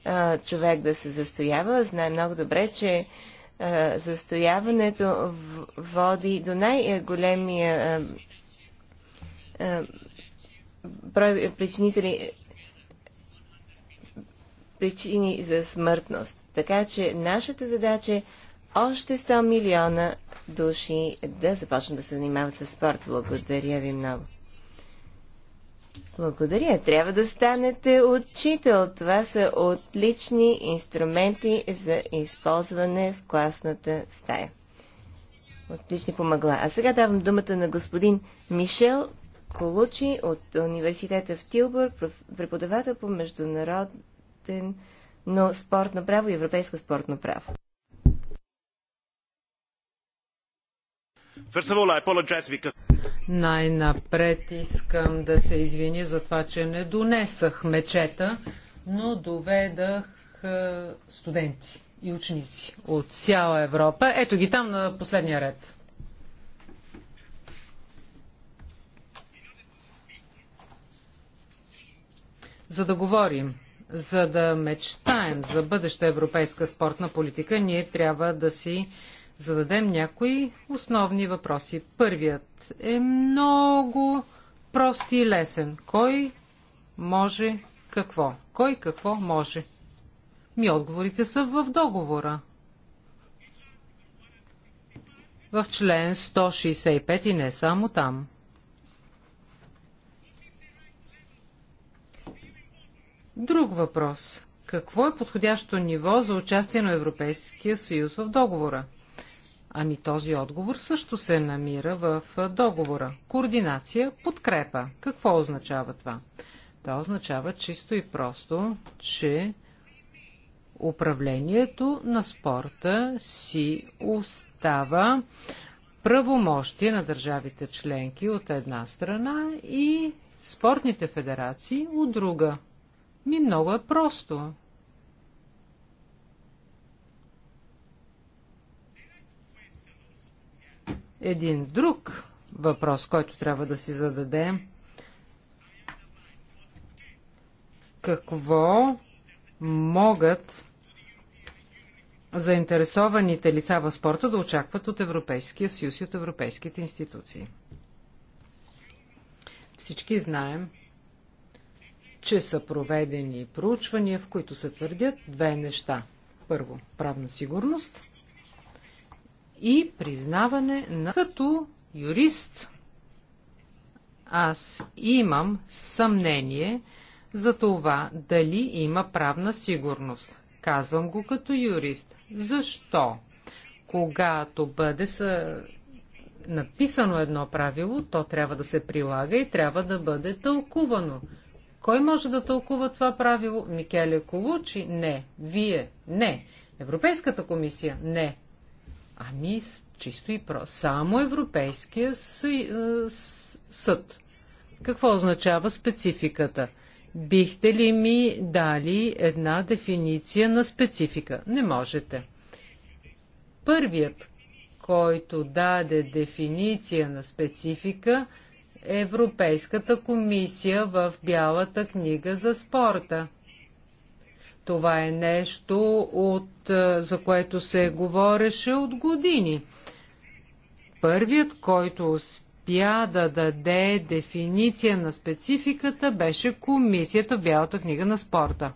а, човек да се застоява, знае много добре, че застояването води до най-големия брой причинители причини за смъртност. Така че нашата задача е още 100 милиона души да започнат да се занимават с спорт. Благодаря ви много. Благодаря. Трябва да станете учител. Това са отлични инструменти за използване в класната стая. Отлични помагла. А сега давам думата на господин Мишел Колучи от университета в Тилбург, преподавател по международен но спортно право и европейско спортно право. Because... Най-напред искам да се извиня за това, че не донесах мечета, но доведах е, студенти и ученици от цяла Европа. Ето ги там на последния ред. За да говорим, за да мечтаем за бъдеща европейска спортна политика, ние трябва да си зададем някои основни въпроси. Първият е много прост и лесен. Кой може какво? Кой какво може? Ми отговорите са в договора. В член 165 и не само там. Друг въпрос. Какво е подходящо ниво за участие на Европейския съюз в договора? Ами този отговор също се намира в договора. Координация, подкрепа. Какво означава това? Това означава чисто и просто, че управлението на спорта си остава правомощие на държавите членки от една страна и спортните федерации от друга. Ми много е просто. Един друг въпрос, който трябва да си зададем. Какво могат заинтересованите лица в спорта да очакват от Европейския съюз и от европейските институции? Всички знаем, че са проведени проучвания, в които се твърдят две неща. Първо, правна сигурност – и признаване на... Като юрист аз имам съмнение за това дали има правна сигурност. Казвам го като юрист. Защо? Когато бъде са... написано едно правило, то трябва да се прилага и трябва да бъде тълкувано. Кой може да тълкува това правило? Микеле Колучи? Не. Вие? Не. Европейската комисия? Не. Ами, чисто и про. Само Европейския е, съд. Какво означава спецификата? Бихте ли ми дали една дефиниция на специфика? Не можете. Първият, който даде дефиниция на специфика, Европейската комисия в Бялата книга за спорта. Това е нещо, от, е, за което се говореше от години. Първият, който успя да даде дефиниция на спецификата, беше комисията в Бялата книга на спорта.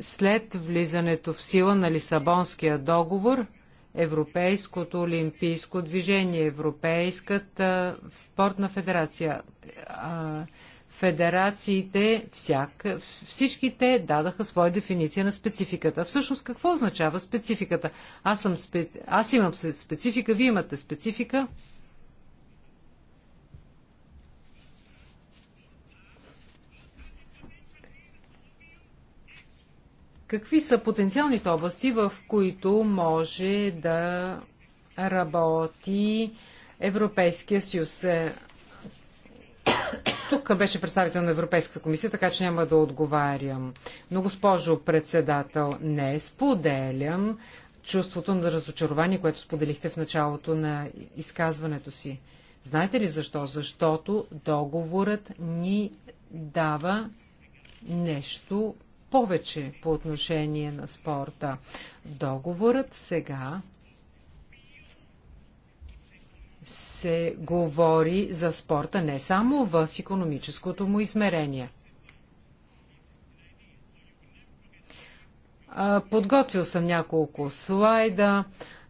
След влизането в сила на Лисабонския договор, Европейското олимпийско движение, Европейската спортна федерация, федерациите, всяка, всичките дадаха своя дефиниция на спецификата. Всъщност какво означава спецификата? Аз, съм специ... Аз имам специфика, вие имате специфика. Какви са потенциалните области, в които може да работи Европейския съюз? Е, тук беше представител на Европейската комисия, така че няма да отговарям. Но, госпожо председател, не споделям чувството на разочарование, което споделихте в началото на изказването си. Знаете ли защо? Защото договорът ни дава нещо повече по отношение на спорта. Договорът сега се говори за спорта не само в економическото му измерение. Подготвил съм няколко слайда.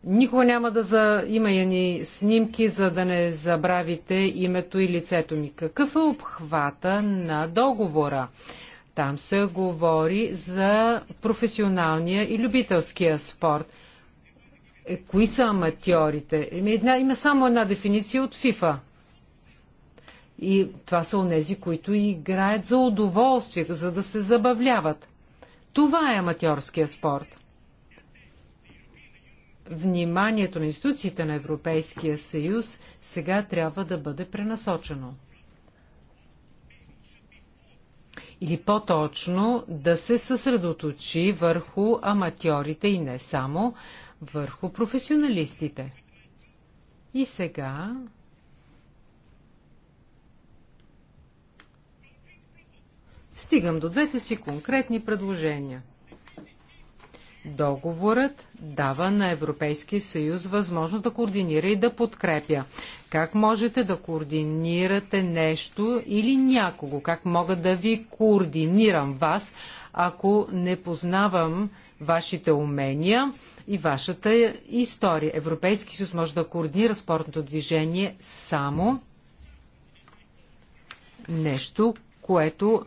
Никога няма да за... има ни снимки, за да не забравите името и лицето ми. Какъв е обхвата на договора? Там се говори за професионалния и любителския спорт – е, кои са аматьорите? Има, една, има само една дефиниция от ФИФА. И това са онези, които играят за удоволствие, за да се забавляват. Това е аматьорския спорт. Вниманието на институциите на Европейския съюз сега трябва да бъде пренасочено. Или по-точно да се съсредоточи върху аматьорите и не само, върху професионалистите. И сега стигам до двете си конкретни предложения. Договорът дава на Европейския съюз възможност да координира и да подкрепя. Как можете да координирате нещо или някого? Как мога да ви координирам вас, ако не познавам вашите умения и вашата история. Европейски съюз може да координира спортното движение само нещо, което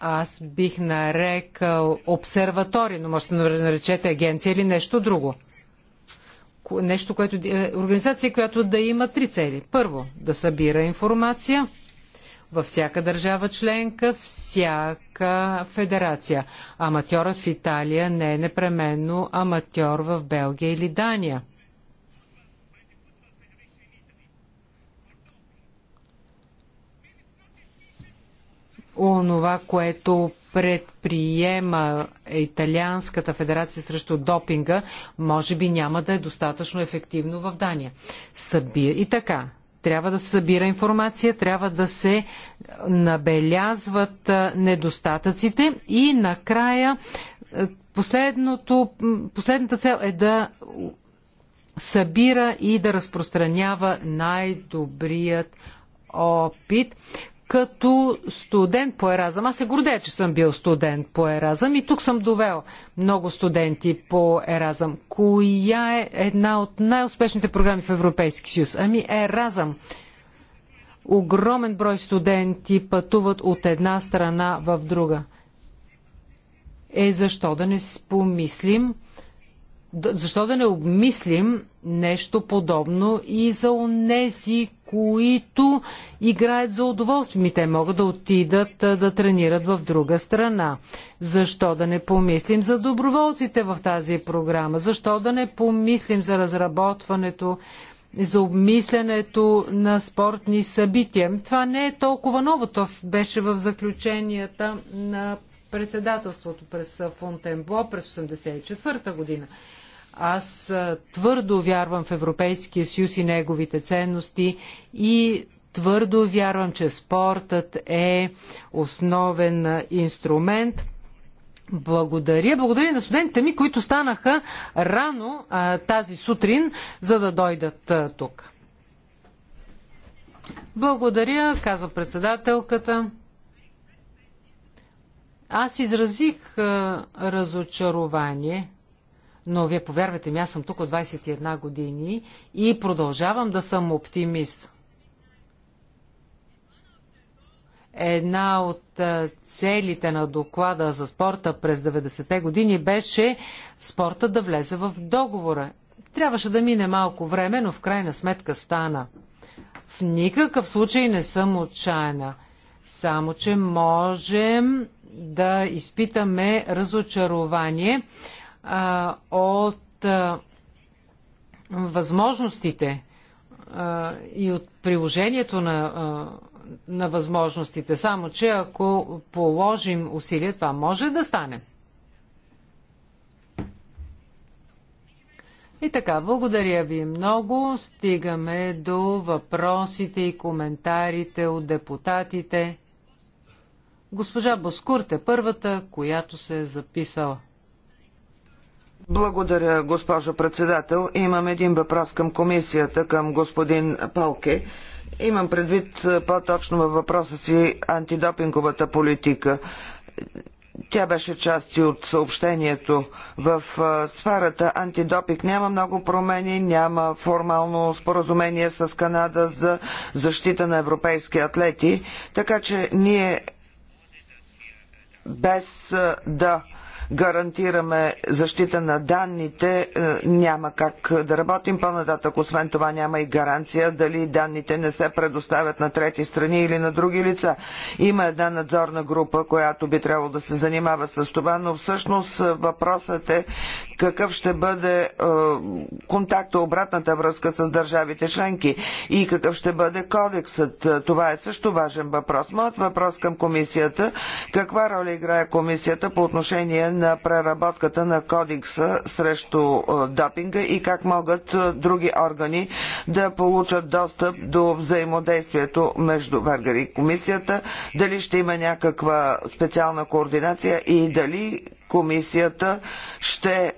аз бих нарекал обсерватория, но можете да наречете агенция или нещо друго. Нещо, което, е, организация, която да има три цели. Първо, да събира информация – във всяка държава членка, всяка федерация. Аматьорът в Италия не е непременно аматьор в Белгия или Дания. Онова, което предприема Италианската федерация срещу допинга, може би няма да е достатъчно ефективно в Дания. Съби... И така, трябва да се събира информация, трябва да се набелязват недостатъците и накрая последната цел е да събира и да разпространява най-добрият опит като студент по Еразъм. Аз се гордея, че съм бил студент по Еразъм и тук съм довел много студенти по Еразъм. Коя е една от най-успешните програми в Европейски съюз? Ами Еразъм. Огромен брой студенти пътуват от една страна в друга. Е, защо да не спомислим защо да не обмислим нещо подобно и за онези, които играят за удоволствие? Ми те могат да отидат да тренират в друга страна. Защо да не помислим за доброволците в тази програма? Защо да не помислим за разработването за обмисленето на спортни събития. Това не е толкова ново. То беше в заключенията на председателството през Фонтенбло през 1984 година. Аз твърдо вярвам в Европейския съюз и неговите ценности и твърдо вярвам, че спортът е основен инструмент. Благодаря. Благодаря на студентите ми, които станаха рано а, тази сутрин, за да дойдат а, тук. Благодаря, казва председателката. Аз изразих а, разочарование но вие повярвайте ми, аз съм тук от 21 години и продължавам да съм оптимист. Една от целите на доклада за спорта през 90-те години беше спорта да влезе в договора. Трябваше да мине малко време, но в крайна сметка стана. В никакъв случай не съм отчаяна. Само, че можем да изпитаме разочарование а, от а, възможностите а, и от приложението на, а, на възможностите. Само, че ако положим усилия, това може да стане. И така, благодаря ви много. Стигаме до въпросите и коментарите от депутатите. Госпожа Боскурте, е първата, която се е записала. Благодаря, госпожо председател. Имам един въпрос към комисията, към господин Палке. Имам предвид по-точно във въпроса си антидопинговата политика. Тя беше част и от съобщението. В сферата антидопинг няма много промени, няма формално споразумение с Канада за защита на европейски атлети, така че ние без да гарантираме защита на данните, е, няма как да работим по-нататък. Освен това няма и гаранция дали данните не се предоставят на трети страни или на други лица. Има една надзорна група, която би трябвало да се занимава с това, но всъщност е, въпросът е какъв ще бъде е, контакта, обратната връзка с държавите членки и какъв ще бъде кодексът. Това е също важен въпрос. Моят въпрос към комисията. Каква роля играе комисията по отношение на преработката на кодекса срещу допинга и как могат други органи да получат достъп до взаимодействието между Бергер и комисията, дали ще има някаква специална координация и дали комисията ще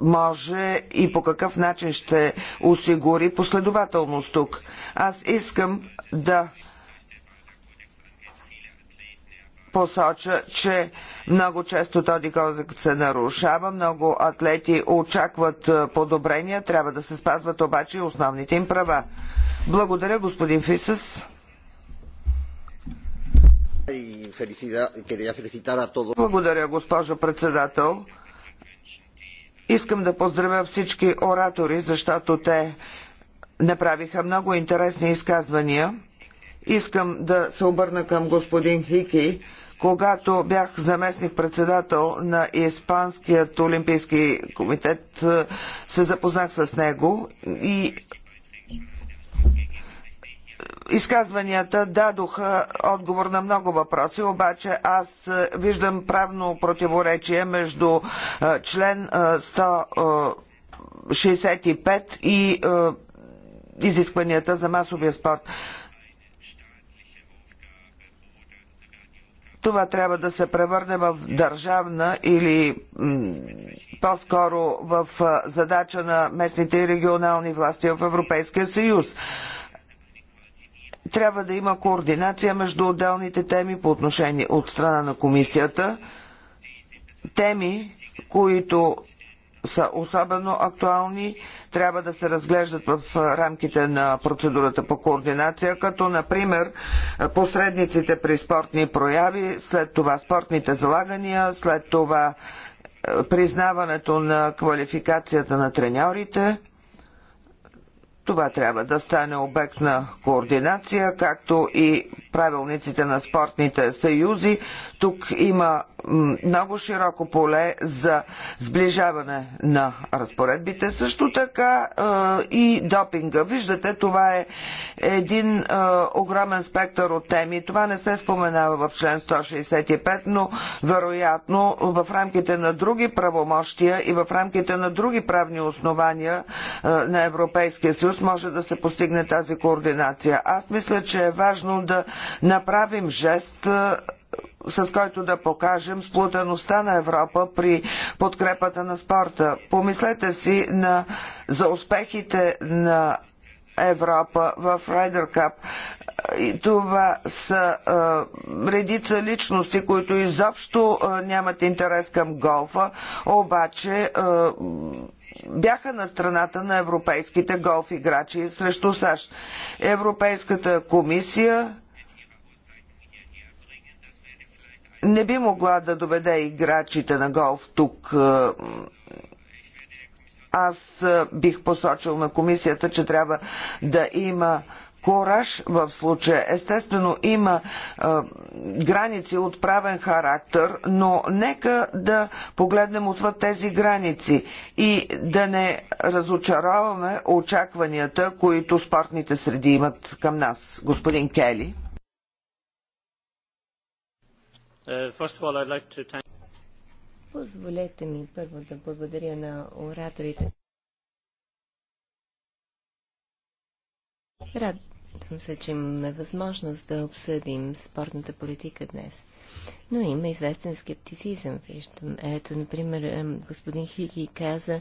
може и по какъв начин ще осигури последователност тук. Аз искам да посоча, че много често този кодекс се нарушава, много атлети очакват е, подобрения, трябва да се спазват обаче и основните им права. Благодаря, господин Фисъс. Благодаря, госпожо председател. Искам да поздравя всички оратори, защото те направиха много интересни изказвания. Искам да се обърна към господин Хики когато бях заместник-председател на Испанският олимпийски комитет, е, се запознах с него и изказванията дадоха отговор на много въпроси, обаче аз е, виждам правно противоречие между е, член 165 и изискванията за масовия спорт. Това трябва да се превърне в държавна или по-скоро в задача на местните и регионални власти в Европейския съюз трябва да има координация между отделните теми по отношение от страна на комисията. Теми, които са особено актуални, трябва да се разглеждат в рамките на процедурата по координация, като например посредниците при спортни прояви, след това спортните залагания, след това признаването на квалификацията на треньорите. Това трябва да стане обект на координация, както и правилниците на спортните съюзи. Тук има много широко поле за сближаване на разпоредбите. Също така е, и допинга. Виждате, това е един е, огромен спектър от теми. Това не се споменава в член 165, но вероятно в рамките на други правомощия и в рамките на други правни основания е, на Европейския съюз може да се постигне тази координация. Аз мисля, че е важно да направим жест е, с който да покажем сплутаността на Европа при подкрепата на спорта. Помислете си на, за успехите на Европа в Райдер Кап. И това са а, е, редица личности, които изобщо а, е, нямат интерес към голфа, обаче а, бяха на страната на европейските голф играчи срещу САЩ. Европейската комисия не би могла да доведе играчите на голф тук. Е, аз е, бих посочил на комисията, че трябва да има кораж в случая. Естествено, има е, граници от правен характер, но нека да погледнем отвъд тези граници и да не разочароваме очакванията, които спортните среди имат към нас. Господин Кели. Uh, Позволете ми първо да благодаря на ораторите. Радвам се, че имаме възможност да обсъдим спортната политика днес. Но има известен скептицизъм, виждам. Ето, например, господин Хиги каза,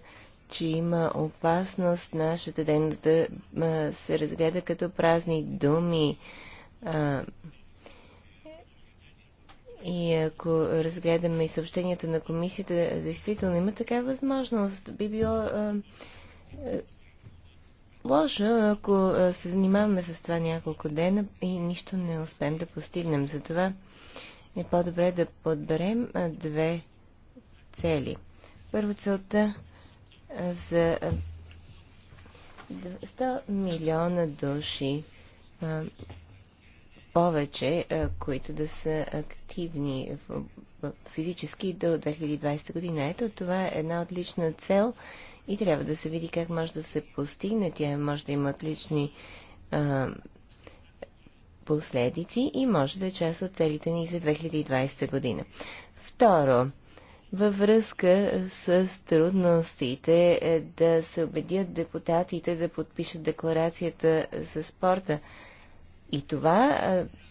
че има опасност нашата ден да се разгледа като празни думи. А, и ако разгледаме и съобщението на комисията, действително има такава възможност. Би било а, лошо, ако се занимаваме с това няколко дена и нищо не успеем да постигнем. Затова е по-добре да подберем две цели. Първо целта за 100 милиона души повече, които да са активни физически до 2020 година. Ето това е една отлична цел и трябва да се види как може да се постигне. Тя може да има отлични а, последици и може да е част от целите ни за 2020 година. Второ, във връзка с трудностите е, да се убедят депутатите да подпишат декларацията за спорта – и това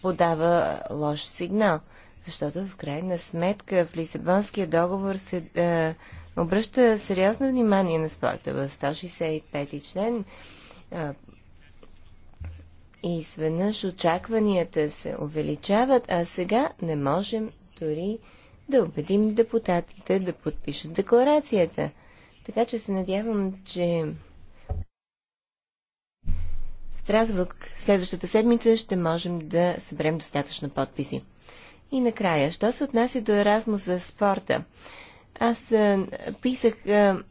подава лош сигнал, защото в крайна сметка в Лисабонския договор се е, обръща сериозно внимание на спорта в 165 член. и изведнъж очакванията се увеличават, а сега не можем дори да убедим депутатите да подпишат декларацията. Така че се надявам, че Страсбург следващата седмица ще можем да съберем достатъчно подписи. И накрая, що се отнася до Еразмус за спорта? Аз а, писах а,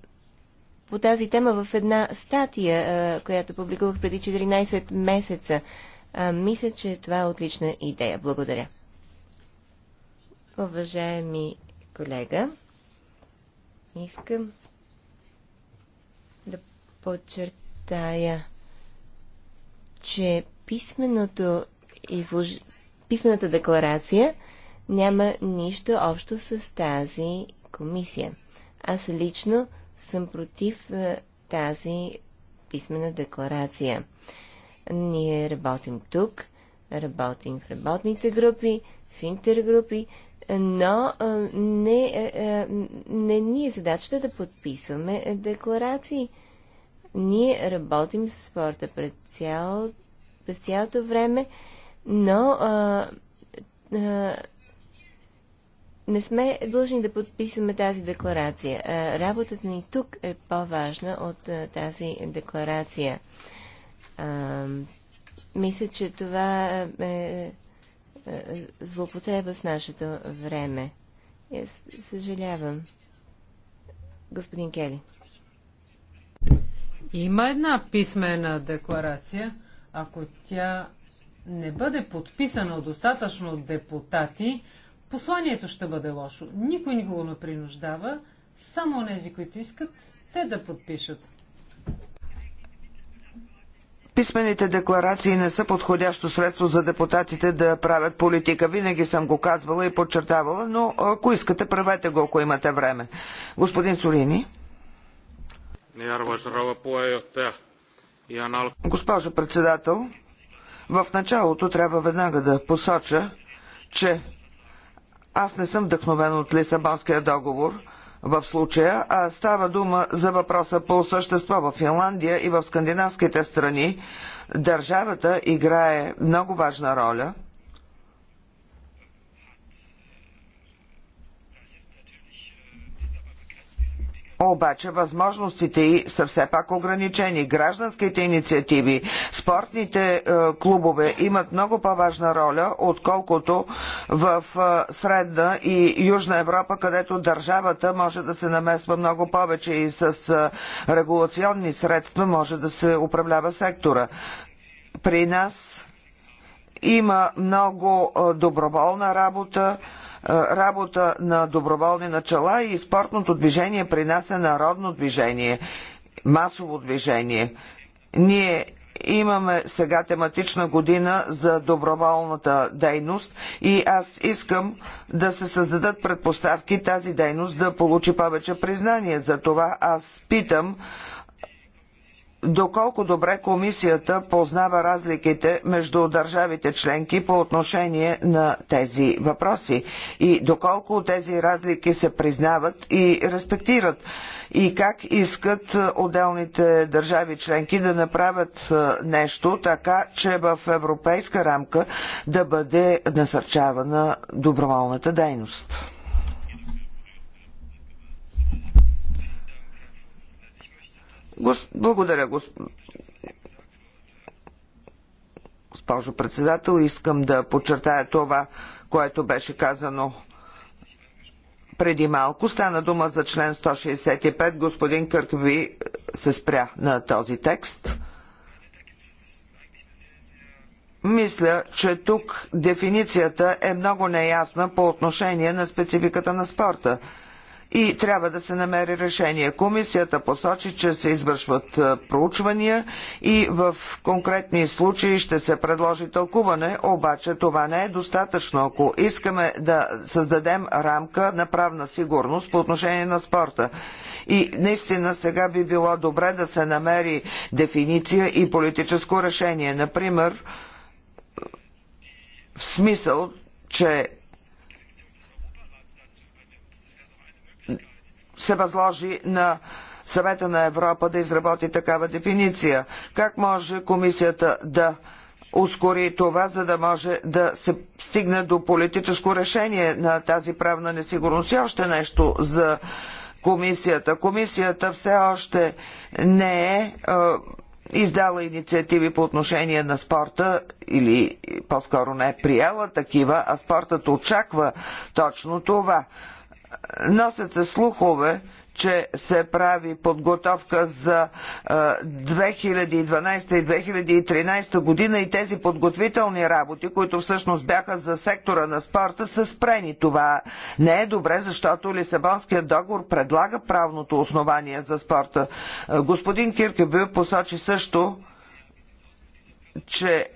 по тази тема в една статия, а, която публикувах преди 14 месеца. А, мисля, че това е отлична идея. Благодаря. Уважаеми колега, искам да подчертая че писменото излож... писмената декларация няма нищо общо с тази комисия. Аз лично съм против е, тази писмена декларация. Ние работим тук, работим в работните групи, в интергрупи, но е, не, е, не ни е задачата да подписваме декларации. Ние работим с спорта през, цял, през цялото време, но а, а, не сме длъжни да подписваме тази декларация. А, работата ни тук е по-важна от а, тази декларация. А, мисля, че това е, е, е злопотреба с нашето време. Съжалявам. Господин Кели. Има една писмена декларация. Ако тя не бъде подписана от достатъчно депутати, посланието ще бъде лошо. Никой никого не принуждава, само нези, които искат, те да подпишат. Писмените декларации не са подходящо средство за депутатите да правят политика. Винаги съм го казвала и подчертавала, но ако искате, правете го, ако имате време. Господин Солини. Госпожо председател, в началото трябва веднага да посоча, че аз не съм вдъхновен от Лисабонския договор в случая, а става дума за въпроса по същество в Финландия и в скандинавските страни. Държавата играе много важна роля – обаче възможностите й са все пак ограничени. Гражданските инициативи, спортните е, клубове имат много по-важна роля, отколкото в е, Средна и Южна Европа, където държавата може да се намесва много повече и с е, регулационни средства може да се управлява сектора. При нас има много е, доброволна работа, работа на доброволни начала и спортното движение при нас е народно движение, масово движение. Ние имаме сега тематична година за доброволната дейност и аз искам да се създадат предпоставки тази дейност да получи повече признание. За това аз питам доколко добре комисията познава разликите между държавите членки по отношение на тези въпроси и доколко тези разлики се признават и респектират и как искат отделните държави членки да направят е, нещо така, че в европейска рамка да бъде насърчавана доброволната дейност. Гос... Благодаря, госпожо председател. Искам да подчертая това, което беше казано преди малко. Стана дума за член 165. Господин Къркви се спря на този текст. Мисля, че тук дефиницията е много неясна по отношение на спецификата на спорта и трябва да се намери решение. Комисията посочи, че се извършват проучвания и в конкретни случаи ще се предложи тълкуване, обаче това не е достатъчно, ако искаме да създадем рамка на правна сигурност по отношение на спорта. И наистина сега би било добре да се намери дефиниция и политическо решение. Например, в смисъл, че се възложи на съвета на Европа да изработи такава дефиниция. Как може комисията да ускори това, за да може да се стигне до политическо решение на тази правна несигурност. И още нещо за комисията. Комисията все още не е, е издала инициативи по отношение на спорта или по-скоро не е приела такива, а спортът очаква точно това носят се слухове, че се прави подготовка за 2012 и 2013 година и тези подготвителни работи, които всъщност бяха за сектора на спорта, са спрени. Това не е добре, защото Лисабонският договор предлага правното основание за спорта. Господин Киркебю посочи също, че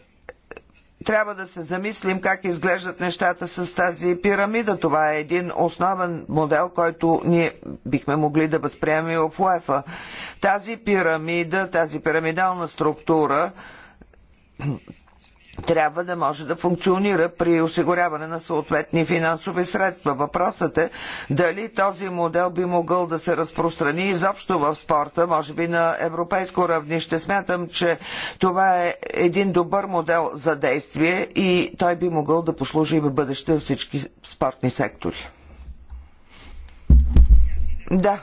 трябва да се замислим как изглеждат нещата с тази пирамида. Това е един основен модел, който ние бихме могли да възприемем в УЕФА. Тази пирамида, тази пирамидална структура трябва да може да функционира при осигуряване на съответни финансови средства. Въпросът е дали този модел би могъл да се разпространи изобщо в спорта, може би на европейско равнище. Смятам, че това е един добър модел за действие и той би могъл да послужи и в бъдеще във всички спортни сектори. Да,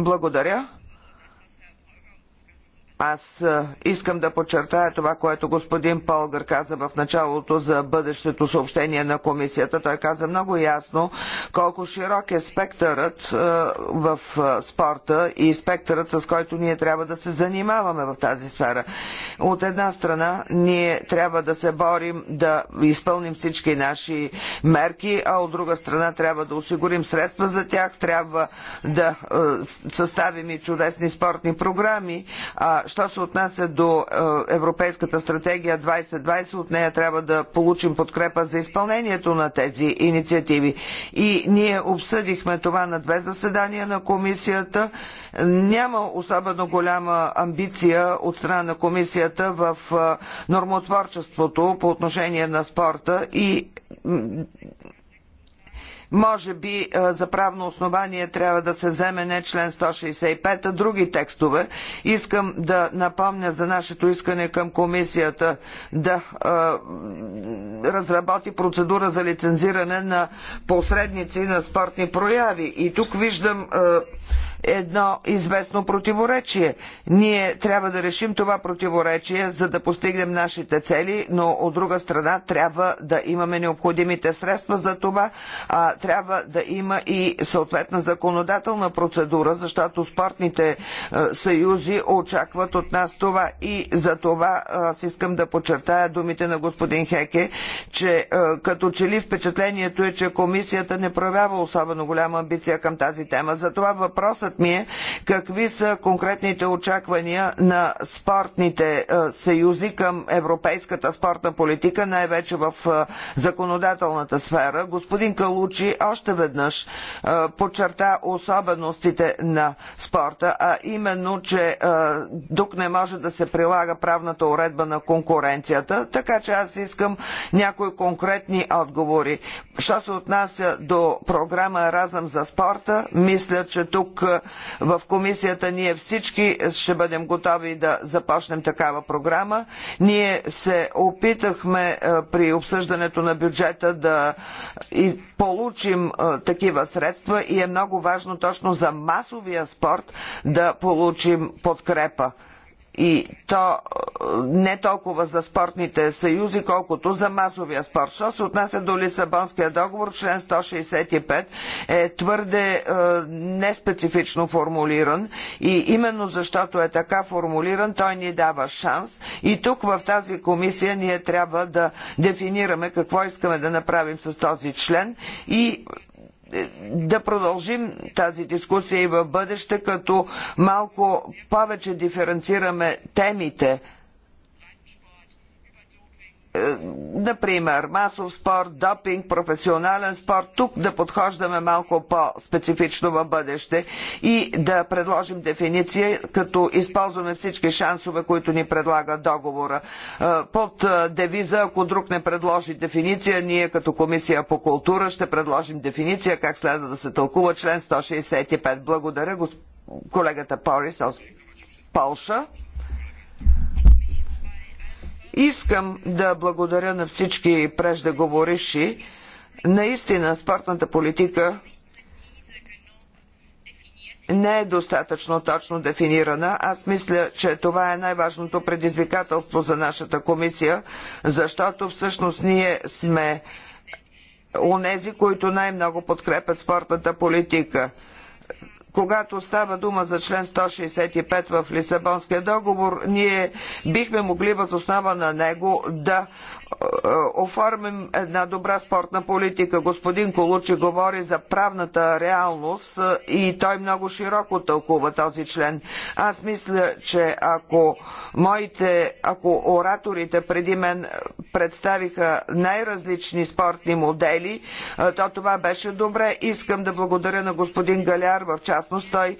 благодаря. Аз искам да подчертая това, което господин Полгър каза в началото за бъдещето съобщение на комисията. Той каза много ясно колко широк е спектърът в спорта и спектърът, с който ние трябва да се занимаваме в тази сфера. От една страна, ние трябва да се борим да изпълним всички наши мерки, а от друга страна трябва да осигурим средства за тях, трябва да съставим и чудесни спортни програми. А що се отнася до е, Европейската стратегия 2020, от нея трябва да получим подкрепа за изпълнението на тези инициативи. И ние обсъдихме това на две заседания на комисията. Няма особено голяма амбиция от страна на комисията в е, нормотворчеството по отношение на спорта и може би за правно основание трябва да се вземе не член 165, а други текстове. Искам да напомня за нашето искане към комисията да разработи процедура за лицензиране на посредници на спортни прояви. И тук виждам едно известно противоречие. Ние трябва да решим това противоречие, за да постигнем нашите цели, но от друга страна трябва да имаме необходимите средства за това, а, трябва да има и съответна законодателна процедура, защото спортните а, е, съюзи очакват от нас това и за това е, аз искам да подчертая думите на господин Хеке, че а, е, като че ли впечатлението е, че комисията не проявява особено голяма амбиция към тази тема. Затова въпросът Въпросът ми е какви са конкретните очаквания на спортните е, съюзи към европейската спортна политика, най-вече в е, законодателната сфера. Господин Калучи още веднъж е, подчерта особеностите на спорта, а именно, че тук не може да се прилага правната уредба на конкуренцията, така че аз искам някои конкретни отговори. Що се отнася до програма Еразъм за спорта, мисля, че тук в комисията ние всички ще бъдем готови да започнем такава програма. Ние се опитахме е, при обсъждането на бюджета да е, получим е, такива средства и е много важно точно за масовия спорт да получим подкрепа. И то не толкова за спортните съюзи, колкото за масовия спорт. Що се отнася до Лисабонския договор, член 165 е твърде е, неспецифично формулиран и именно защото е така формулиран, той ни дава шанс и тук в тази комисия ние трябва да дефинираме какво искаме да направим с този член и е, да продължим тази дискусия и в бъдеще, като малко повече диференцираме темите е, например, масов спорт, допинг, професионален спорт, тук да подхождаме малко по-специфично в бъдеще и да предложим дефиниция, като използваме всички шансове, които ни предлага договора. Е, под е, девиза, ако друг не предложи дефиниция, ние като Комисия по култура ще предложим дефиниция как следва да се тълкува член 165. Благодаря, колегата Порис, Полша. Искам да благодаря на всички преждеговоривши. Наистина, спортната политика не е достатъчно точно дефинирана. Аз мисля, че това е най-важното предизвикателство за нашата комисия, защото всъщност ние сме унези, които най-много подкрепят спортната политика когато става дума за член 165 в Лисабонския договор, ние бихме могли възоснова на него да е, оформим една добра спортна политика. Господин Колучи говори за правната реалност е, и той много широко тълкува този член. Аз мисля, че ако моите, ако ораторите преди мен представиха най-различни спортни модели, е, то това беше добре. Искам да благодаря на господин Галяр, в частност той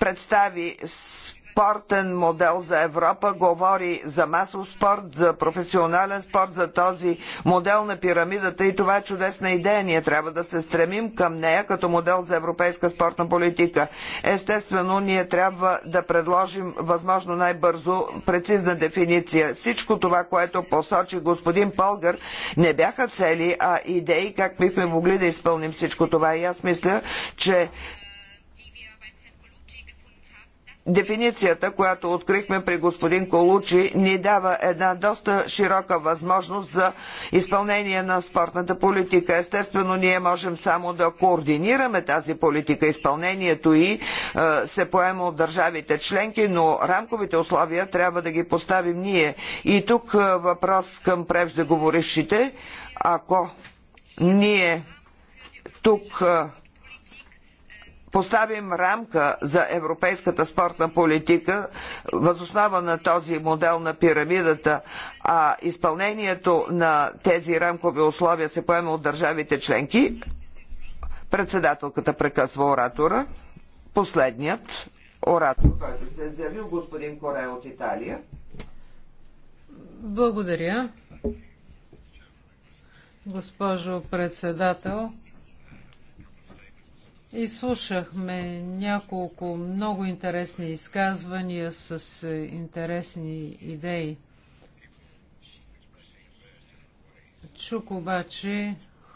представи спорт спортен модел за Европа, говори за масов спорт, за професионален спорт, за този модел на пирамидата и това е чудесна идея. Ние трябва да се стремим към нея като модел за европейска спортна политика. Естествено, ние трябва да предложим възможно най-бързо прецизна дефиниция. Всичко това, което посочи господин Полгар, не бяха цели, а идеи как бихме могли да изпълним всичко това. И аз мисля, че Дефиницията, която открихме при господин Колучи, ни дава една доста широка възможност за изпълнение на спортната политика. Естествено, ние можем само да координираме тази политика. Изпълнението и е, се поема от държавите членки, но рамковите условия трябва да ги поставим ние. И тук е, въпрос към преждеговорившите. Ако ние тук е, поставим рамка за европейската спортна политика възоснова на този модел на пирамидата, а изпълнението на тези рамкови условия се поема от държавите членки, председателката прекъсва оратора. Последният оратор, който се е заявил, господин Коре от Италия. Благодаря. Госпожо председател, Изслушахме няколко много интересни изказвания с е, интересни идеи. Чук обаче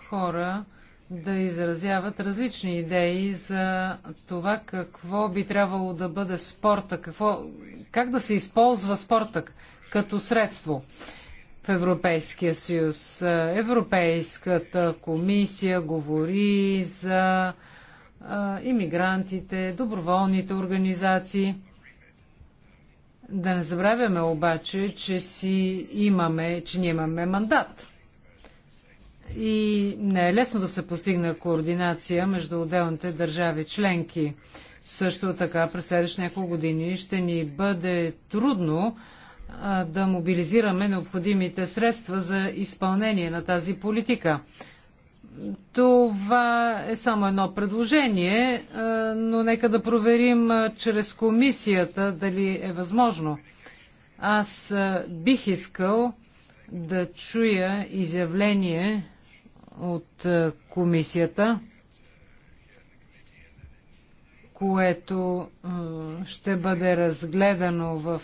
хора да изразяват различни идеи за това какво би трябвало да бъде спорта, какво, как да се използва спорта като средство в Европейския съюз. Европейската комисия говори за иммигрантите, доброволните организации. Да не забравяме обаче, че си имаме, че ние имаме мандат. И не е лесно да се постигне координация между отделните държави членки. Също така през следващи няколко години ще ни бъде трудно да мобилизираме необходимите средства за изпълнение на тази политика. Това е само едно предложение, е, но нека да проверим е, чрез комисията дали е възможно. Аз е, бих искал да чуя изявление от комисията, което ще бъде разгледано в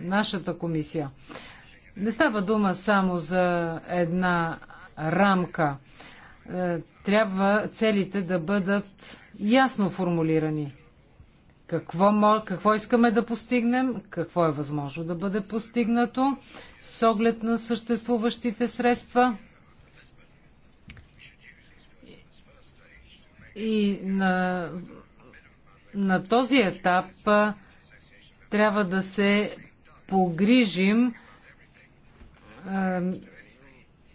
нашата комисия. Не става дума само за една рамка. Е, трябва целите да бъдат ясно формулирани. Какво, какво искаме да постигнем, какво е възможно да бъде постигнато с оглед на съществуващите средства. И на, на този етап е, трябва да се погрижим е,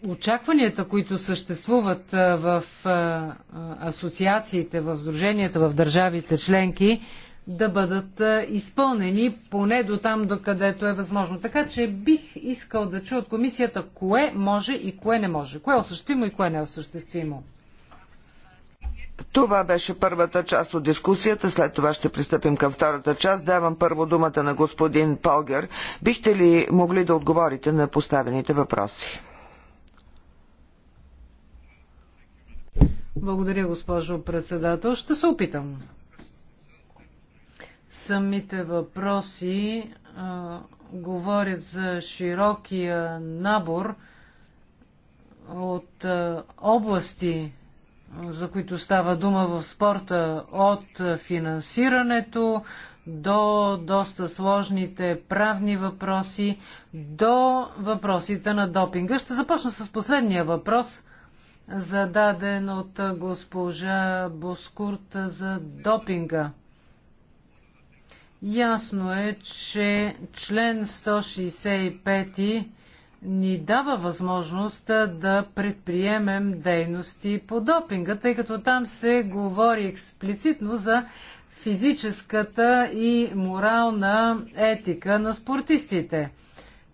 очакванията, които съществуват в асоциациите, в сдруженията, в държавите членки, да бъдат изпълнени поне до там, докъдето е възможно. Така че бих искал да чуя от комисията кое може и кое не може. Кое е осъществимо и кое не е осъществимо. Това беше първата част от дискусията. След това ще пристъпим към втората част. Давам първо думата на господин Полгер. Бихте ли могли да отговорите на поставените въпроси? Благодаря, госпожо председател. Ще се опитам. Самите въпроси а, говорят за широкия набор от а, области, за които става дума в спорта, от финансирането до доста сложните правни въпроси, до въпросите на допинга. Ще започна с последния въпрос – зададен от госпожа Боскурт за допинга. Ясно е, че член 165 ни дава възможност да предприемем дейности по допинга, тъй като там се говори експлицитно за физическата и морална етика на спортистите.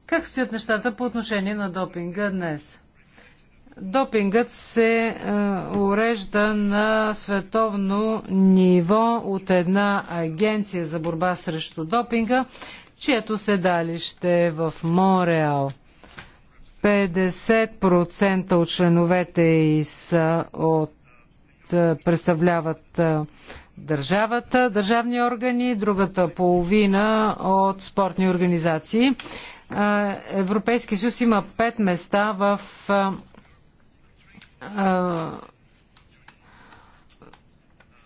Как стоят нещата по отношение на допинга днес? Допингът се е, урежда на световно ниво от една агенция за борба срещу допинга, чието седалище е в Мореал. 50% от членовете и са от, е, представляват е, държавата, държавни органи, другата половина от спортни организации. Е, Европейски съюз има 5 места в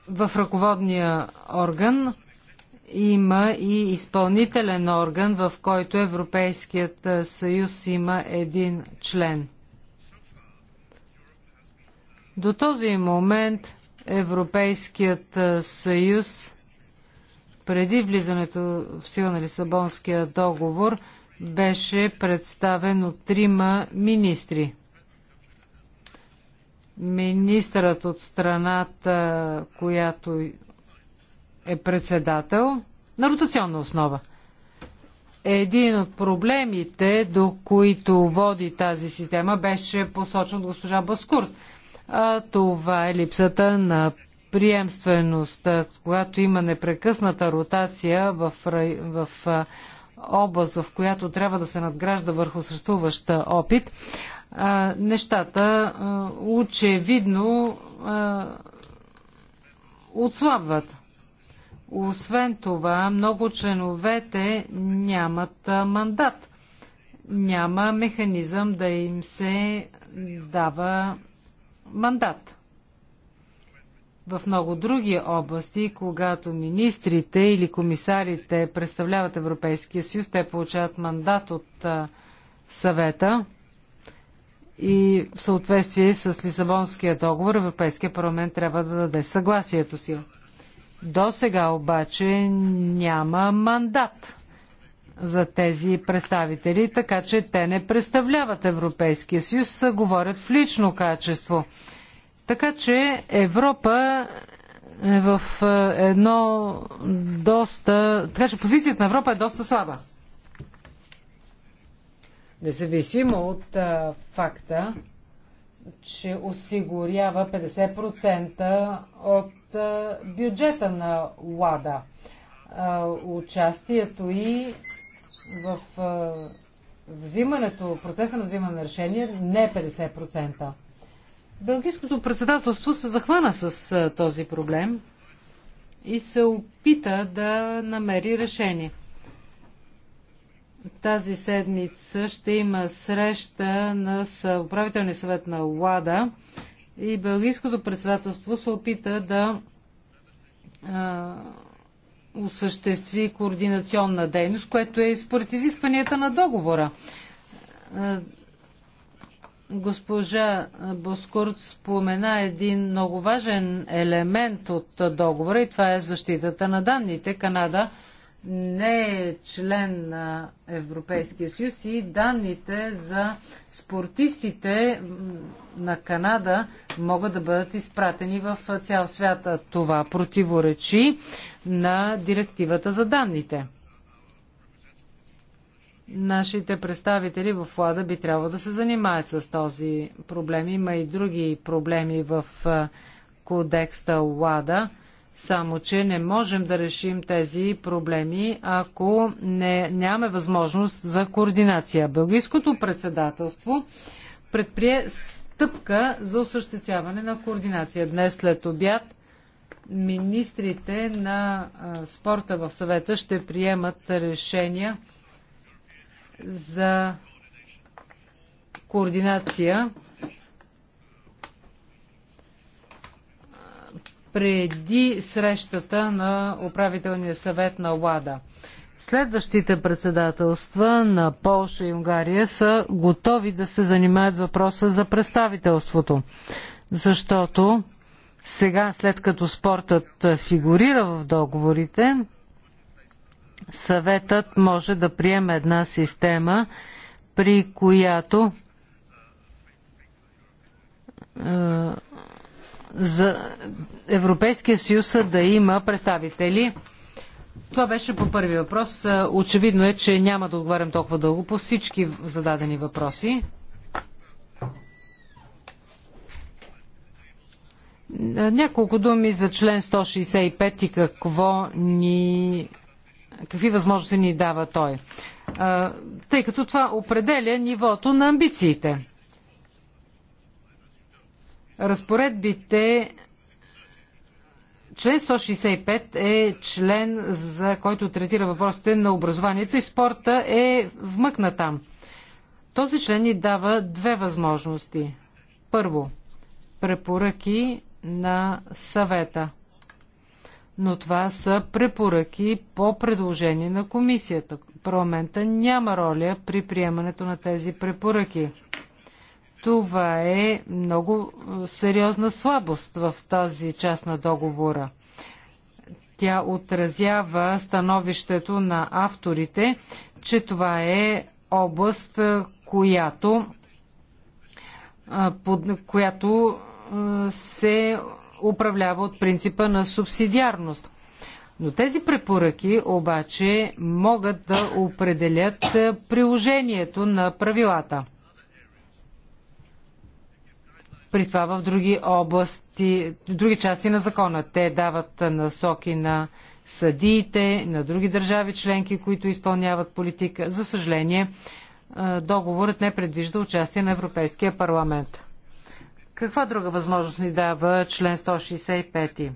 в ръководния орган има и изпълнителен орган, в който Европейският съюз има един член. До този момент Европейският съюз преди влизането в сила на Лисабонския договор беше представен от трима министри министърът от страната, която е председател, на ротационна основа. Един от проблемите, до които води тази система, беше посочен от госпожа Баскурт. А това е липсата на приемственост. Когато има непрекъсната ротация в, в област, в която трябва да се надгражда върху съществуваща опит, а, нещата а, очевидно а, отслабват. Освен това, много членовете нямат мандат. Няма механизъм да им се дава мандат. В много други области, когато министрите или комисарите представляват Европейския съюз, те получават мандат от съвета и в съответствие с Лисабонския договор Европейския парламент трябва да даде съгласието си. До сега обаче няма мандат за тези представители, така че те не представляват Европейския съюз, говорят в лично качество. Така че Европа е в е, едно доста... Така че позицията на Европа е доста слаба независимо от а, факта, че осигурява 50% от а, бюджета на ЛАДА. А, участието и в а, взимането, процеса на взимане на решение не е 50%. Белгийското председателство се захвана с а, този проблем и се опита да намери решение. Тази седмица ще има среща на управителния съвет на ЛАДА и Белгийското председателство се опита да а, осъществи координационна дейност, което е според изискванията на договора. госпожа Боскурт спомена един много важен елемент от договора и това е защитата на данните. Канада не е член на Европейския съюз и данните за спортистите на Канада могат да бъдат изпратени в цял свят. Това противоречи на директивата за данните. Нашите представители в Лада би трябвало да се занимаят с този проблем. Има и други проблеми в кодекста Лада само, че не можем да решим тези проблеми, ако не, нямаме възможност за координация. Бългийското председателство предприе стъпка за осъществяване на координация. Днес след обяд министрите на спорта в съвета ще приемат решения за координация преди срещата на управителния съвет на ЛАДа. Следващите председателства на Полша и Унгария са готови да се занимаят с въпроса за представителството, защото сега, след като спортът фигурира в договорите, съветът може да приеме една система, при която е, за Европейския съюз да има представители. Това беше по първи въпрос. Очевидно е, че няма да отговарям толкова дълго по всички зададени въпроси. Няколко думи за член 165 и какво ни... какви възможности ни дава той. Тъй като това определя нивото на амбициите. Разпоредбите Член 165 е член, за който третира въпросите на образованието и спорта е вмъкна там. Този член ни дава две възможности. Първо, препоръки на съвета. Но това са препоръки по предложение на комисията. Парламента няма роля при приемането на тези препоръки. Това е много е, сериозна слабост в тази част на договора. Тя отразява становището на авторите, че това е област, е, която, е, под, която се управлява от принципа на субсидиарност. Но тези препоръки обаче могат да определят приложението на правилата при това в други области, в други части на закона. Те дават насоки на съдиите, на други държави членки, които изпълняват политика. За съжаление, договорът не предвижда участие на Европейския парламент. Каква друга възможност ни дава член 165?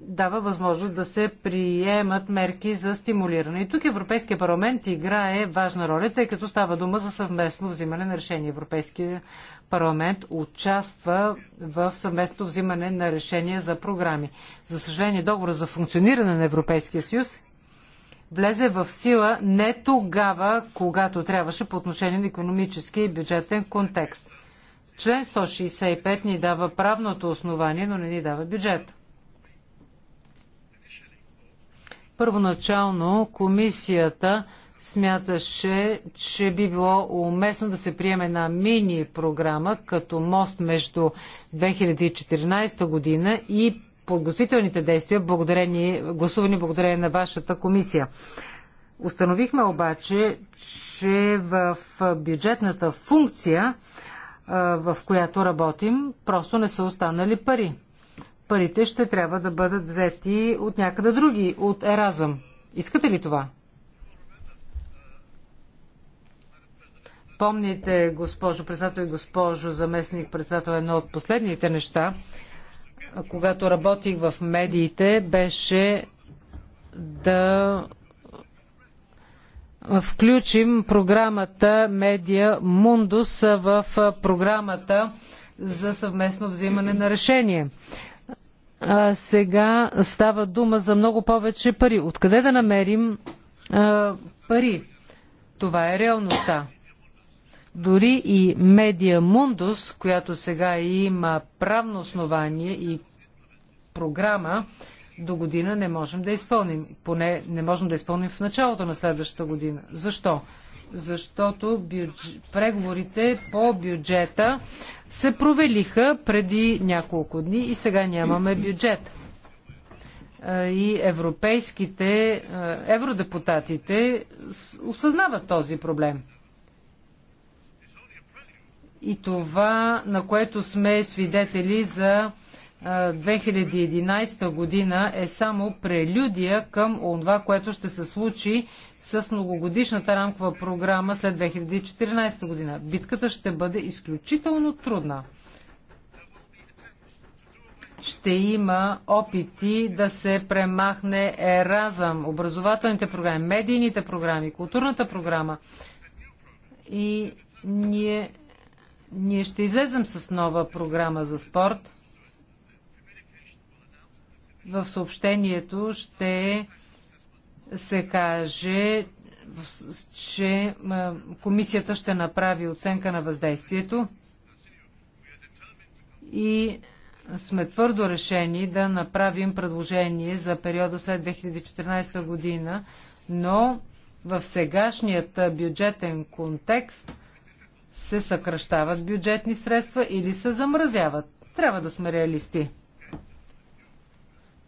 дава възможност да се приемат мерки за стимулиране. И тук Европейския парламент играе важна роля, тъй като става дума за съвместно взимане на решение. Европейския парламент участва в съвместно взимане на решения за програми. За съжаление, договор за функциониране на Европейския съюз влезе в сила не тогава, когато трябваше по отношение на економически и бюджетен контекст. Член 165 ни дава правното основание, но не ни дава бюджет. Първоначално комисията смяташе, че би било уместно да се приеме една мини-програма като мост между 2014 година и подготвителните действия, благодарени, гласувани благодарение на вашата комисия. Установихме обаче, че в бюджетната функция, в която работим, просто не са останали пари. Парите ще трябва да бъдат взети от някъде други, от Еразъм. Искате ли това? Помните, госпожо председател и госпожо заместник председател, едно от последните неща, когато работих в медиите, беше да включим програмата Медиа Мундус в програмата за съвместно взимане на решение. А сега става дума за много повече пари. Откъде да намерим а, пари? Това е реалността. Дори и Медиа Мундус, която сега има правно основание и програма, до година не можем да изпълним. Поне не можем да изпълним в началото на следващата година. Защо? Защото бюдж... преговорите по бюджета се провелиха преди няколко дни и сега нямаме бюджет. И европейските евродепутатите осъзнават този проблем и това, на което сме свидетели за 2011 година е само прелюдия към това, което ще се случи с многогодишната рамкова програма след 2014 година. Битката ще бъде изключително трудна. Ще има опити да се премахне еразъм, образователните програми, медийните програми, културната програма. И ние ние ще излезем с нова програма за спорт. В съобщението ще се каже, че комисията ще направи оценка на въздействието и сме твърдо решени да направим предложение за периода след 2014 година, но в сегашният бюджетен контекст се съкръщават бюджетни средства или се замразяват. Трябва да сме реалисти.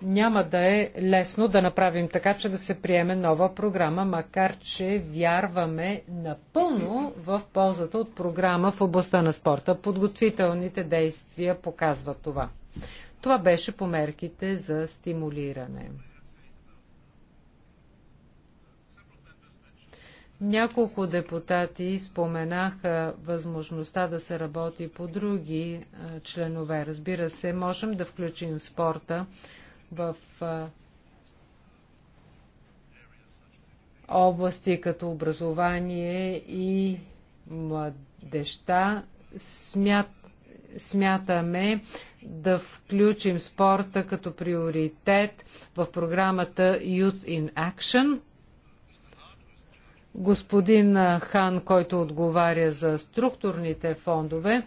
Няма да е лесно да направим така, че да се приеме нова програма, макар че вярваме напълно в ползата от програма в областта на спорта. Подготвителните действия показват това. Това беше по мерките за стимулиране. Няколко депутати споменаха възможността да се работи по други членове. Разбира се, можем да включим спорта в области като образование и младеща. Смят, смятаме да включим спорта като приоритет в програмата Youth in Action – господин Хан, който отговаря за структурните фондове,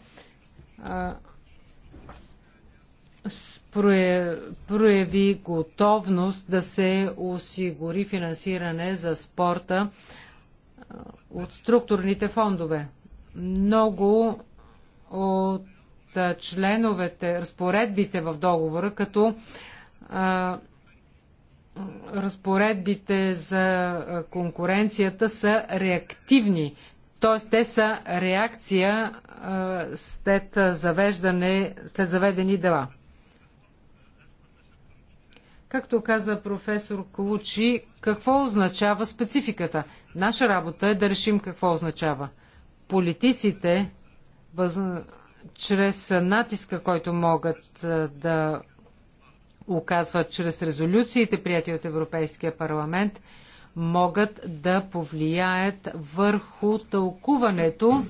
прояви готовност да се осигури финансиране за спорта от структурните фондове. Много от членовете, разпоредбите в договора, като разпоредбите за конкуренцията са реактивни, т.е. те са реакция след, завеждане, след заведени дела. Както каза професор Кучи, какво означава спецификата? Наша работа е да решим какво означава. Политиците, въз... чрез натиска, който могат да оказват чрез резолюциите, прияти от Европейския парламент, могат да повлияят върху тълкуването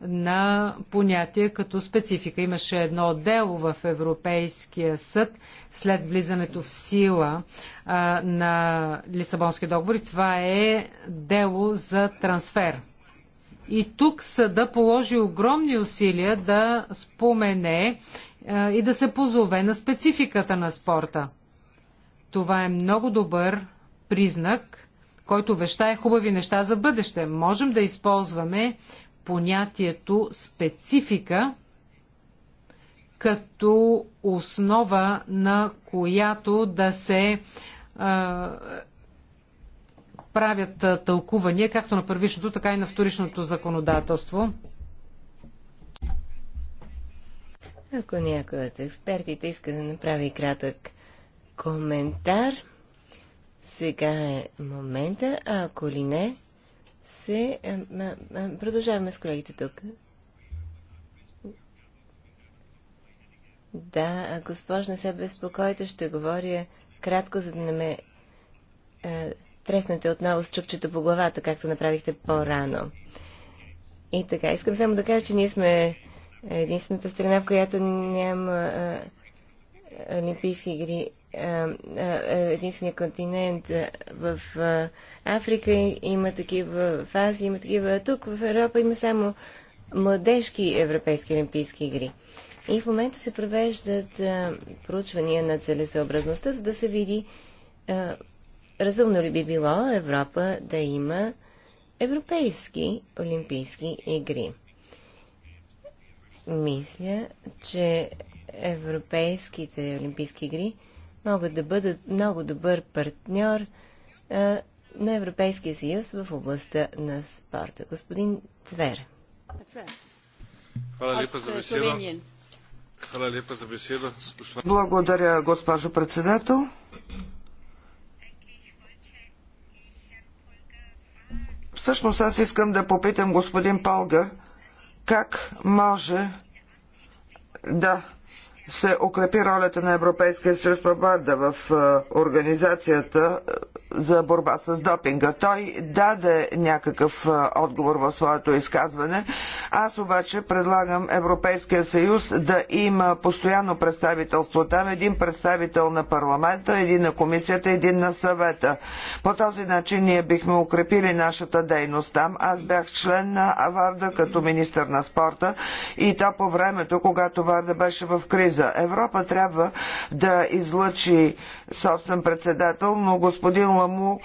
на понятия като специфика. Имаше едно дело в Европейския съд след влизането в сила а, на Лисабонския договор. И това е дело за трансфер. И тук съда положи огромни усилия да спомене и да се позове на спецификата на спорта. Това е много добър признак, който вещае хубави неща за бъдеще. Можем да използваме понятието специфика като основа, на която да се а, правят тълкувания както на първичното, така и на вторичното законодателство. Ако някой от експертите иска да направи кратък коментар, сега е момента, а ако ли не, се... Е, е, е, продължаваме с колегите тук. Да, госпожа, не се безпокойте, ще говоря кратко, за да не ме е, треснете отново с чупчето по главата, както направихте по-рано. И така, искам само да кажа, че ние сме е единствената страна, в която няма а, Олимпийски игри, единствения континент в Африка има такива, в Азия има такива, а тук в Европа има само младежки европейски олимпийски игри. И в момента се провеждат а, проучвания на целесъобразността, за да се види а, разумно ли би било Европа да има европейски олимпийски игри. Мисля, че Европейските Олимпийски игри могат да бъдат много добър партньор а, на Европейския съюз в областта на спорта. Господин Цвер. Е, Благодаря, госпожо председател. Всъщност аз искам да попитам господин Палга как може да се укрепи ролята на Европейския съюз по борда в е, Организацията е, за борба с допинга. Той даде някакъв е, отговор в своето изказване. Аз обаче предлагам Европейския съюз да има постоянно представителство там, един представител на парламента, един на комисията, един на съвета. По този начин ние бихме укрепили нашата дейност там. Аз бях член на Аварда като министър на спорта и то по времето, когато Варда беше в криза криза. Европа трябва да излъчи собствен председател, но господин Ламу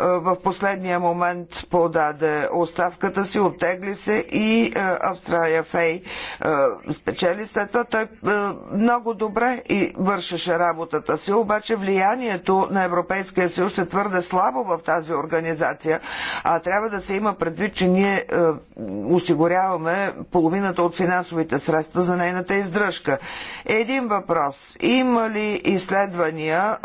е, в последния момент подаде оставката си, оттегли се и е, Австралия Фей е, спечели. След това той много добре и вършеше работата си, обаче влиянието на Европейския съюз е твърде слабо в тази организация, а трябва да се има предвид, че ние осигуряваме половината от финансовите средства за нейната издръжка. Един въпрос. Има ли изследвания,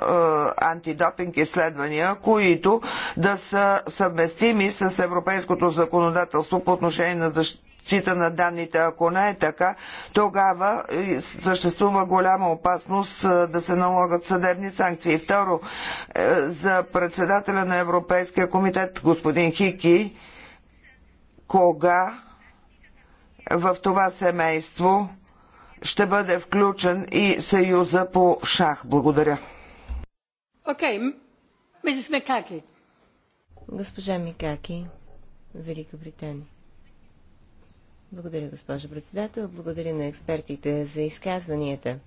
антидопинг изследвания, които да са съвместими с европейското законодателство по отношение на защита цита на данните. Ако не е така, тогава съществува голяма опасност да се налагат съдебни санкции. Второ, е, за председателя на Европейския комитет, господин Хики, кога в това семейство ще бъде включен и съюза по шах. Благодаря. Okay. Mrs. McCarthy. Госпожа Микаки, Великобритания. Благодаря, госпожа председател. Благодаря на експертите за изказванията.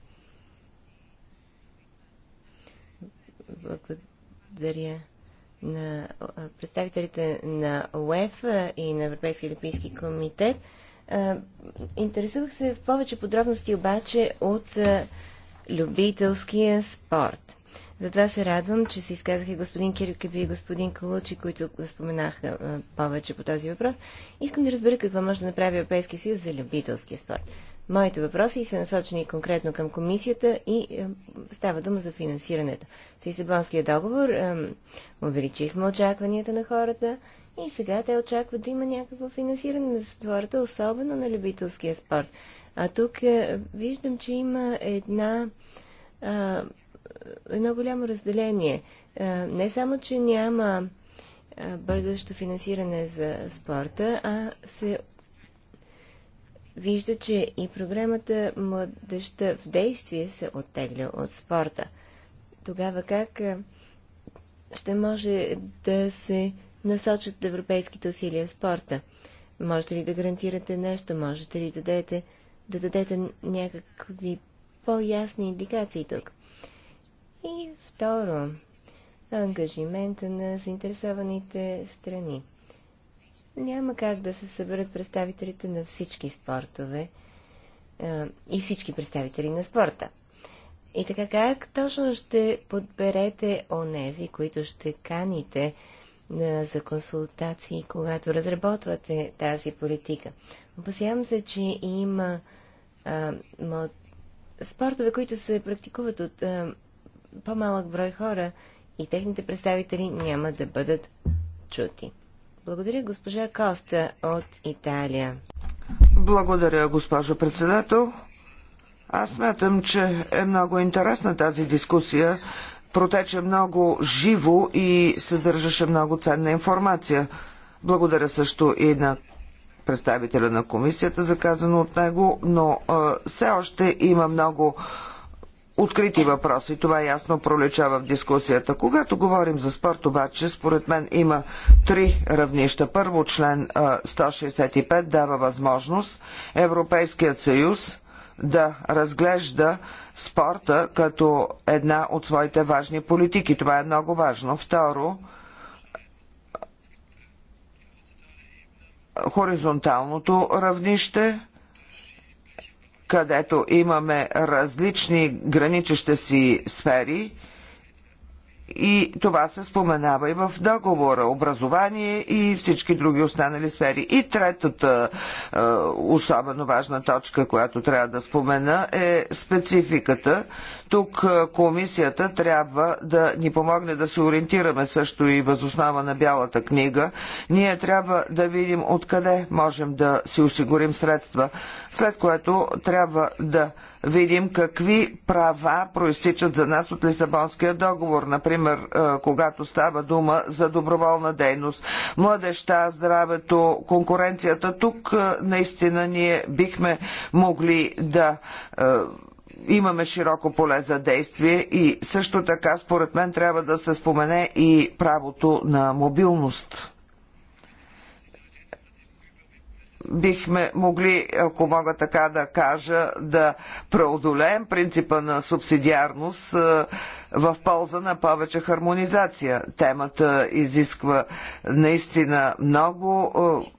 Благодаря на представителите на ОЕФ и на Европейския олимпийски комитет. Интересувах се в повече подробности обаче от любителския спорт. Затова се радвам, че се изказаха и господин Кирикев и господин Калучи, които споменаха повече по този въпрос. Искам да разбера какво може да направи Европейския съюз за любителския спорт. Моите въпроси са насочени конкретно към комисията и става дума за финансирането. С Лисабонския договор увеличихме очакванията на хората и сега те очакват да има някакво финансиране на затвората, особено на любителския спорт. А тук е, виждам, че има една, а, едно голямо разделение. А, не само, че няма а, бързащо финансиране за спорта, а се вижда, че и програмата Младеща в действие се оттегля от спорта. Тогава как ще може да се насочат европейските усилия в спорта? Можете ли да гарантирате нещо? Можете ли да дадете да дадете някакви по-ясни индикации тук. И второ, ангажимента на заинтересованите страни. Няма как да се съберат представителите на всички спортове а, и всички представители на спорта. И така как точно ще подберете онези, които ще каните е, за консултации, когато разработвате тази политика. Опасявам се, че има а, мал... спортове, които се практикуват от а, по-малък брой хора и техните представители няма да бъдат чути. Благодаря госпожа Коста от Италия. Благодаря, госпожо председател. Аз смятам, че е много интересна тази дискусия, протече много живо и съдържаше много ценна информация. Благодаря също и на представителя на комисията за казано от него, но а, все още има много открити въпроси. Това ясно проличава в дискусията. Когато говорим за спорт обаче, според мен има три равнища. Първо член а, 165 дава възможност Европейският съюз да разглежда спорта като една от своите важни политики. Това е много важно. Второ, хоризонталното равнище, където имаме различни граничещи си сфери – и това се споменава и в договора образование и всички други останали сфери. И третата е, особено важна точка, която трябва да спомена е спецификата тук комисията трябва да ни помогне да се ориентираме също и възоснова на бялата книга. Ние трябва да видим откъде можем да си осигурим средства, след което трябва да видим какви права проистичат за нас от Лисабонския договор. Например, когато става дума за доброволна дейност, младеща, здравето, конкуренцията. Тук наистина ние бихме могли да имаме широко поле за действие и също така, според мен, трябва да се спомене и правото на мобилност. бихме могли, ако мога така да кажа, да преодолеем принципа на субсидиарност е, в полза на повече хармонизация. Темата изисква наистина много е,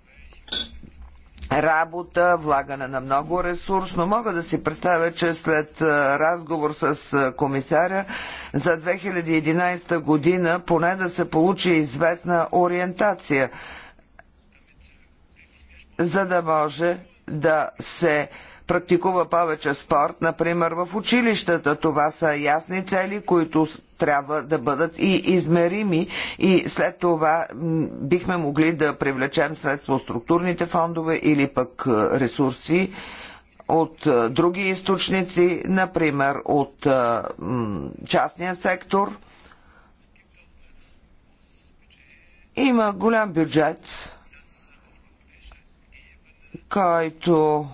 работа, влагане на много ресурс, но мога да си представя, че след разговор с комисаря за 2011 година поне да се получи известна ориентация, за да може да се практикува повече спорт, например в училищата. Това са ясни цели, които трябва да бъдат и измерими и след това бихме могли да привлечем средства от структурните фондове или пък ресурси от други източници, например от частния сектор. Има голям бюджет, който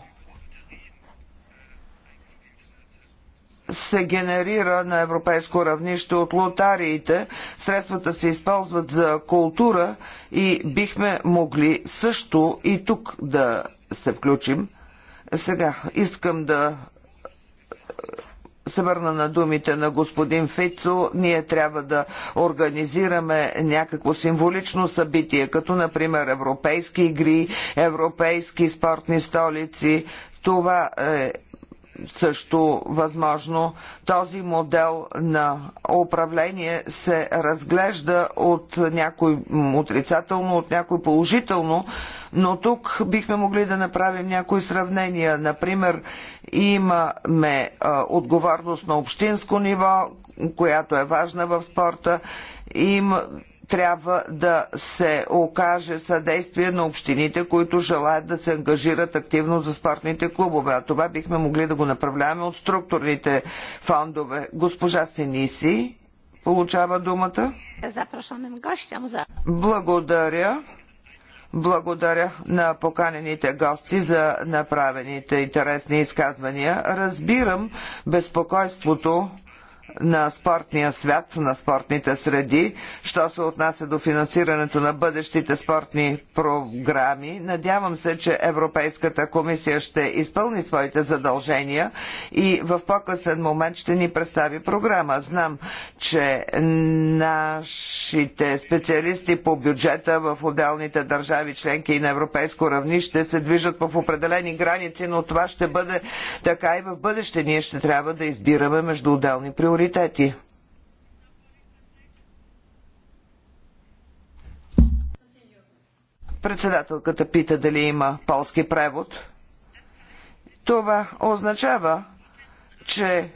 се генерира на европейско равнище от лотариите. Средствата се използват за култура и бихме могли също и тук да се включим. Сега искам да се върна на думите на господин Фицо, ние трябва да организираме някакво символично събитие, като например европейски игри, европейски спортни столици. Това е също възможно този модел на управление се разглежда от някой отрицателно, от някой положително, но тук бихме могли да направим някои сравнения. Например, имаме отговорност на общинско ниво, която е важна в спорта. Има трябва да се окаже съдействие на общините, които желаят да се ангажират активно за спортните клубове. А това бихме могли да го направляваме от структурните фондове. Госпожа Сениси получава думата. гостям за... Благодаря. Благодаря на поканените гости за направените интересни изказвания. Разбирам безпокойството на спортния свят, на спортните среди, що се отнася до финансирането на бъдещите спортни програми. Надявам се, че Европейската комисия ще изпълни своите задължения и в по-късен момент ще ни представи програма. Знам, че нашите специалисти по бюджета в отделните държави членки и на европейско равнище се движат в определени граници, но това ще бъде така и в бъдеще. Ние ще трябва да избираме между отделни приоритети приоритети. Председателката пита дали има полски превод. Това означава, че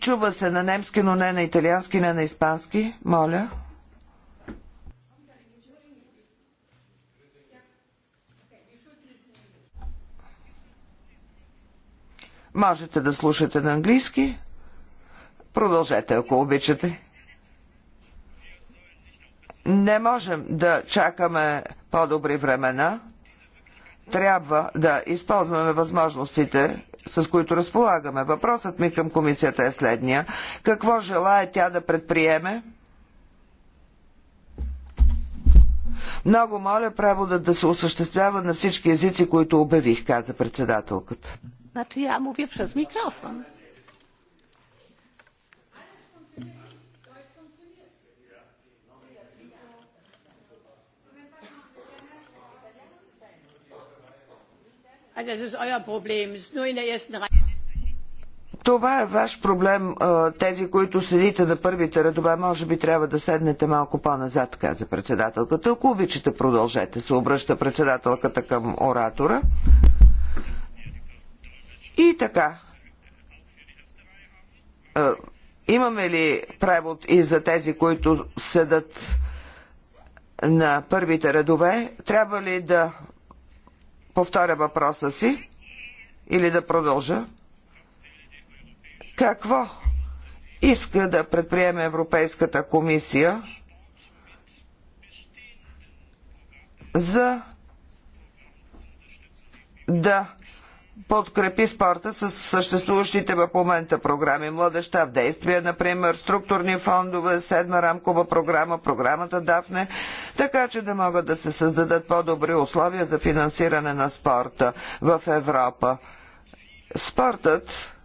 Чува се на немски, но не на италиански, не на испански. Моля. Можете да слушате на английски. Продължете, ако обичате. Не можем да чакаме по-добри времена. Трябва да използваме възможностите, с които разполагаме. Въпросът ми към комисията е следния. Какво желая тя да предприеме? Много моля преводът да се осъществява на всички езици, които обявих, каза председателката. Znaczy ja mówię przez mikrofon. Това е ваш проблем. Тези, които седите на първите редове, може би трябва да седнете малко по-назад, каза председателката. Ако обичате, продължете, се обръща председателката към оратора. И така. Имаме ли превод и за тези, които седат на първите редове? Трябва ли да повторя въпроса си или да продължа? Какво иска да предприеме Европейската комисия за да подкрепи спорта с съществуващите в момента програми. Младеща в действие, например, структурни фондове, седма рамкова програма, програмата Дафне, така че да могат да се създадат по-добри условия за финансиране на спорта в Европа. Спортът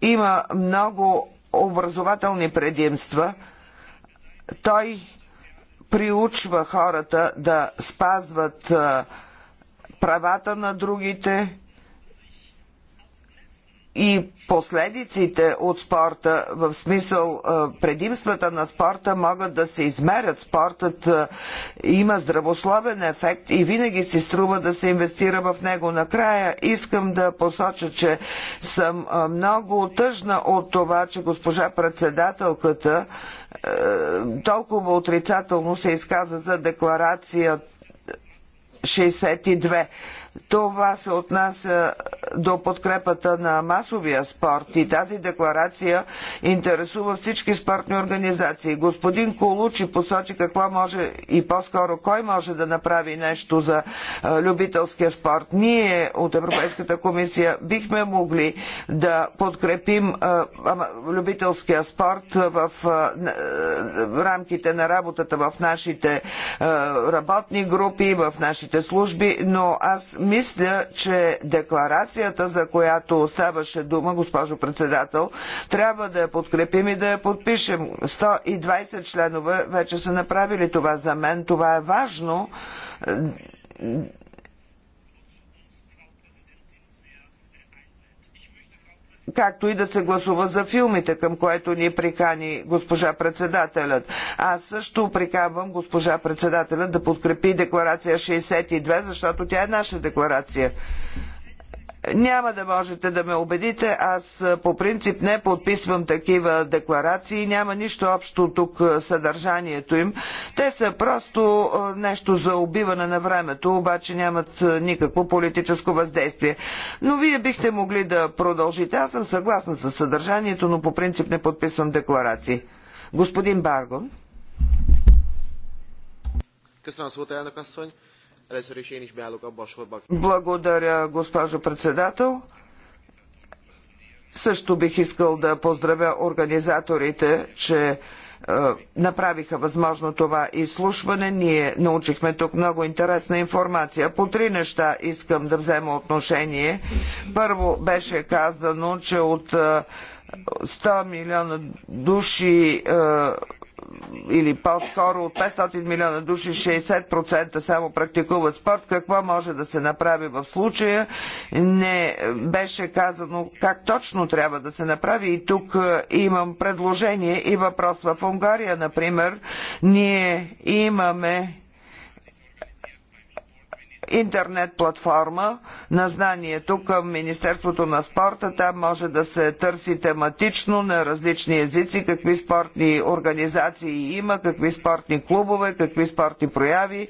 има много образователни предимства. Той приучва хората да спазват правата на другите и последиците от спорта, в смисъл предимствата на спорта могат да се измерят. Спортът има здравословен ефект и винаги си струва да се инвестира в него. Накрая искам да посоча, че съм много тъжна от това, че госпожа председателката толкова отрицателно се изказа за декларацията 62. Това се отнася до подкрепата на масовия спорт и тази декларация интересува всички спортни организации. Господин Колучи посочи какво може и по-скоро кой може да направи нещо за е, любителския спорт. Ние от Европейската комисия бихме могли да подкрепим е, любителския спорт е, в рамките на работата в нашите работни групи, в нашите служби, но аз мисля, че декларация комисията, за която ставаше дума, госпожо председател, трябва да я подкрепим и да я подпишем. 120 членове вече са направили това за мен. Това е важно както и да се гласува за филмите, към което ни прикани госпожа председателят. Аз също приканвам госпожа председателят да подкрепи декларация 62, защото тя е наша декларация. Няма да можете да ме убедите, аз по принцип не подписвам такива декларации, няма нищо общо тук съдържанието им. Те са просто нещо за убиване на времето, обаче нямат никакво политическо въздействие. Но вие бихте могли да продължите. Аз съм съгласна с съдържанието, но по принцип не подписвам декларации. Господин Баргон. Köszönöm a szót, elnök asszony. Благодаря, госпожо председател. Също бих искал да поздравя организаторите, че е, направиха възможно това изслушване. Ние научихме тук много интересна информация. По три неща искам да взема отношение. Първо беше казано, че от 100 е, милиона души е, или по-скоро от 500 милиона души 60% само практикуват спорт. Какво може да се направи в случая? Не беше казано как точно трябва да се направи и тук е, имам предложение и въпрос. В Унгария, например, ние имаме интернет платформа на знанието към Министерството на спорта. Там може да се търси тематично на различни езици, какви спортни организации има, какви спортни клубове, какви спортни прояви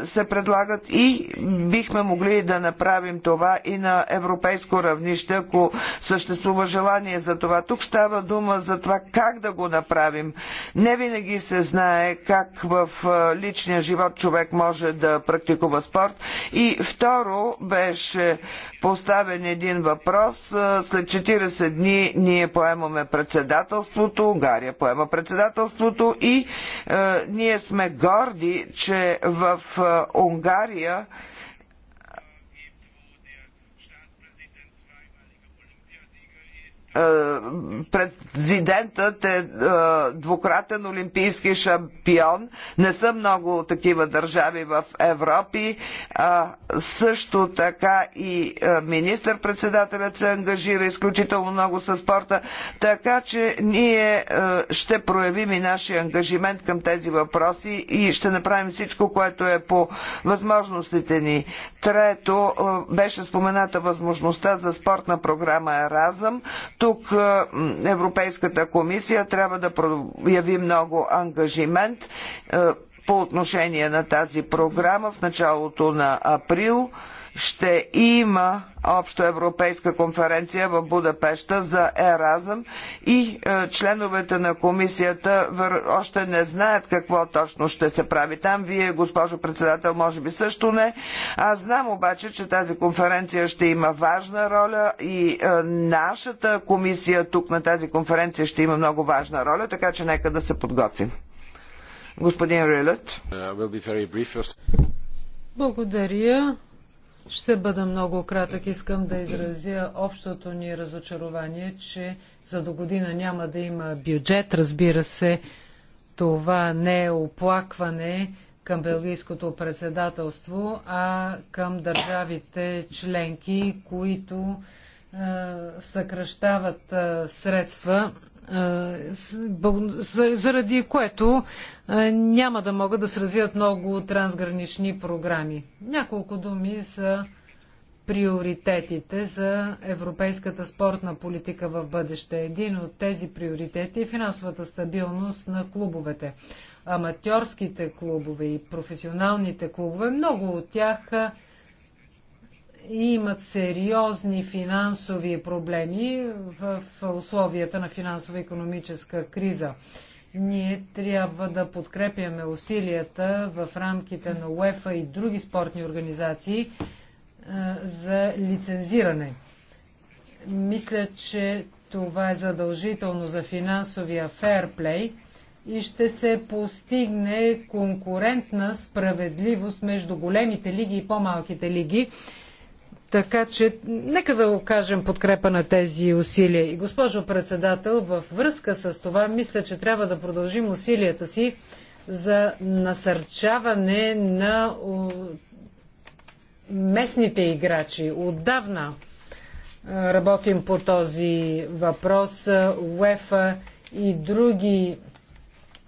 е, се предлагат и бихме могли да направим това и на европейско равнище, ако съществува желание за това. Тук става дума за това как да го направим. Не винаги се знае как в е, личния живот човек може да практикува спорт. И второ беше поставен един въпрос. След 40 дни ние поемаме председателството, Унгария поема председателството и е, ние сме горди, че в Унгария Е, президентът е, е двукратен олимпийски шампион. Не са много такива държави в Европи. Също така и е, министър-председателят се ангажира изключително много с спорта, така че ние ще проявим и нашия ангажимент към тези въпроси и ще направим всичко, което е по възможностите ни. Трето, беше спомената възможността за спортна програма Еразъм. Тук тук Европейската комисия трябва да прояви много ангажимент по отношение на тази програма в началото на април ще има общо европейска конференция в Будапешта за Еразъм и е, членовете на комисията вър... още не знаят какво точно ще се прави там. Вие, госпожо председател, може би също не. Аз знам обаче, че тази конференция ще има важна роля и е, нашата комисия тук на тази конференция ще има много важна роля, така че нека да се подготвим. Господин Рилет. Uh, Благодаря. Ще бъда много кратък. Искам да изразя общото ни разочарование, че за до година няма да има бюджет. Разбира се, това не е оплакване към Белгийското председателство, а към държавите членки, които съкръщават средства заради което няма да могат да се развият много трансгранични програми. Няколко думи са приоритетите за европейската спортна политика в бъдеще. Един от тези приоритети е финансовата стабилност на клубовете. Аматьорските клубове и професионалните клубове, много от тях имат сериозни финансови проблеми в условията на финансово-економическа криза. Ние трябва да подкрепяме усилията в рамките на УЕФА и други спортни организации за лицензиране. Мисля, че това е задължително за финансовия фейрплей и ще се постигне конкурентна справедливост между големите лиги и по-малките лиги така че, нека да окажем подкрепа на тези усилия. И госпожо председател, във връзка с това, мисля, че трябва да продължим усилията си за насърчаване на местните играчи. Отдавна работим по този въпрос. УЕФА и други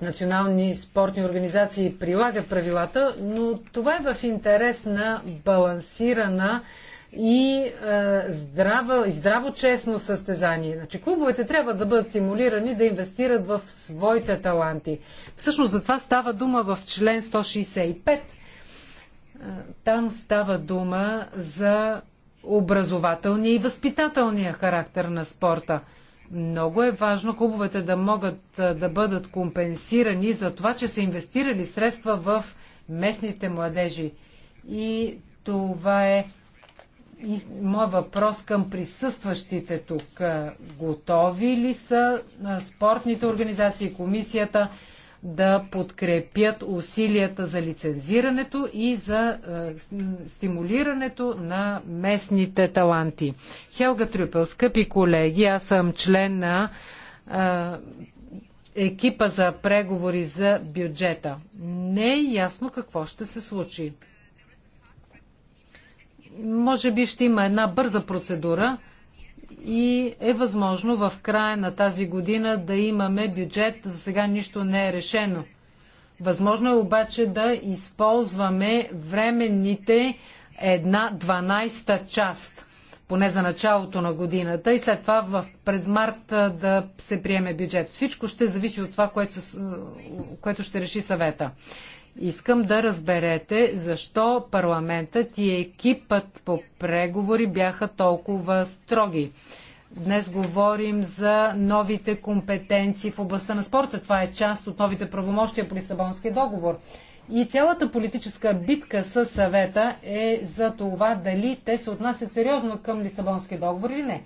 национални спортни организации прилагат правилата, но това е в интерес на балансирана и е, здраво, и здраво честно състезание. Значи, клубовете трябва да бъдат стимулирани да инвестират в своите таланти. Всъщност за това става дума в член 165. Е, там става дума за образователния и възпитателния характер на спорта. Много е важно клубовете да могат е, да бъдат компенсирани за това, че са инвестирали средства в местните младежи. И това е и мой въпрос към присъстващите тук. Готови ли са спортните организации и комисията да подкрепят усилията за лицензирането и за е, стимулирането на местните таланти? Хелга Трюпел, скъпи колеги, аз съм член на е, екипа за преговори за бюджета. Не е ясно какво ще се случи може би ще има една бърза процедура и е възможно в края на тази година да имаме бюджет. За сега нищо не е решено. Възможно е обаче да използваме временните една 12-та част, поне за началото на годината и след това в, през март да се приеме бюджет. Всичко ще зависи от това, което, което ще реши съвета. Искам да разберете защо парламентът и екипът по преговори бяха толкова строги. Днес говорим за новите компетенции в областта на спорта. Това е част от новите правомощия по Лисабонския договор. И цялата политическа битка с съвета е за това дали те се отнасят сериозно към Лисабонския договор или не.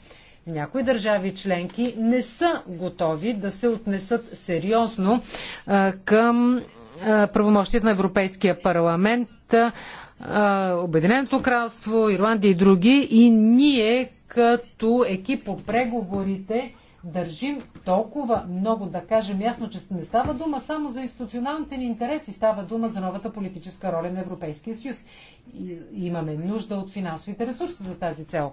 Някои държави членки не са готови да се отнесат сериозно а, към е, правомощията на Европейския парламент, е, Обединеното кралство, Ирландия и други. И ние като екип по преговорите държим толкова много да кажем ясно, че не става дума само за институционалните ни интереси, става дума за новата политическа роля на Европейския съюз. И имаме нужда от финансовите ресурси за тази цел.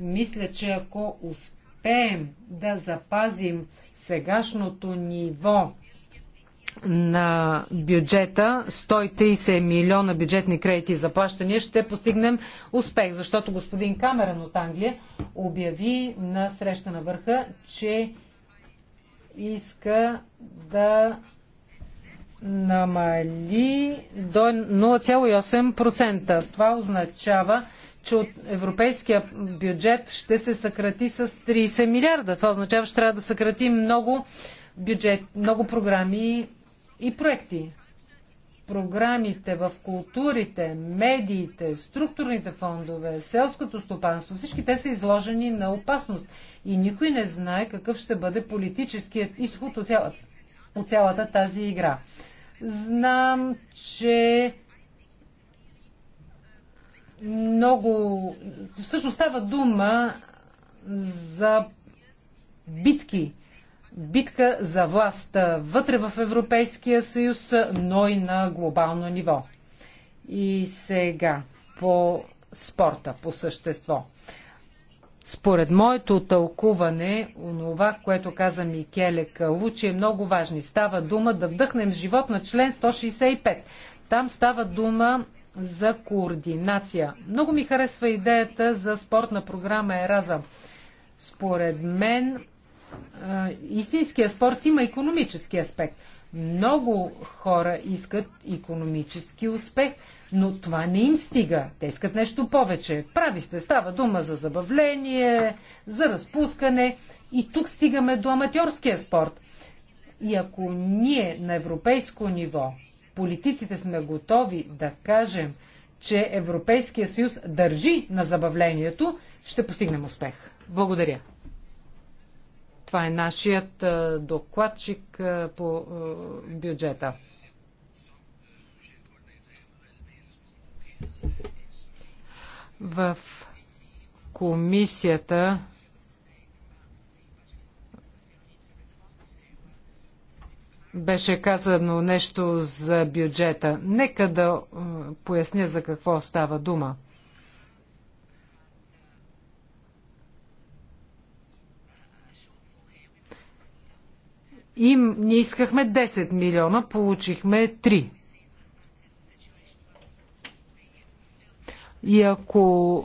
Мисля, че ако успеем да запазим сегашното ниво на бюджета, 130 милиона бюджетни кредити за плащания, ще постигнем успех, защото господин Камерен от Англия обяви на среща на върха, че иска да намали до 0,8%. Това означава, че от европейския бюджет ще се съкрати с 30 милиарда. Това означава, че трябва да съкрати много бюджет, много програми и проекти. Програмите в културите, медиите, структурните фондове, селското стопанство, всички те са изложени на опасност и никой не знае какъв ще бъде политическият изход от цялата, от цялата тази игра. Знам, че много... Всъщност става дума за битки, битка за власт вътре в Европейския съюз, но и на глобално ниво. И сега по спорта, по същество. Според моето тълкуване, онова, което каза Микеле Калучи, е много важно. Става дума да вдъхнем живот на член 165. Там става дума за координация. Много ми харесва идеята за спортна програма Ераза. Според мен истинския спорт има економически аспект. Много хора искат економически успех, но това не им стига. Те искат нещо повече. Прави сте, става дума за забавление, за разпускане и тук стигаме до аматьорския спорт. И ако ние на европейско ниво, политиците сме готови да кажем, че Европейския съюз държи на забавлението, ще постигнем успех. Благодаря. Това е нашият докладчик по бюджета. В комисията беше казано нещо за бюджета. Нека да поясня за какво става дума. И ние искахме 10 милиона, получихме 3. И ако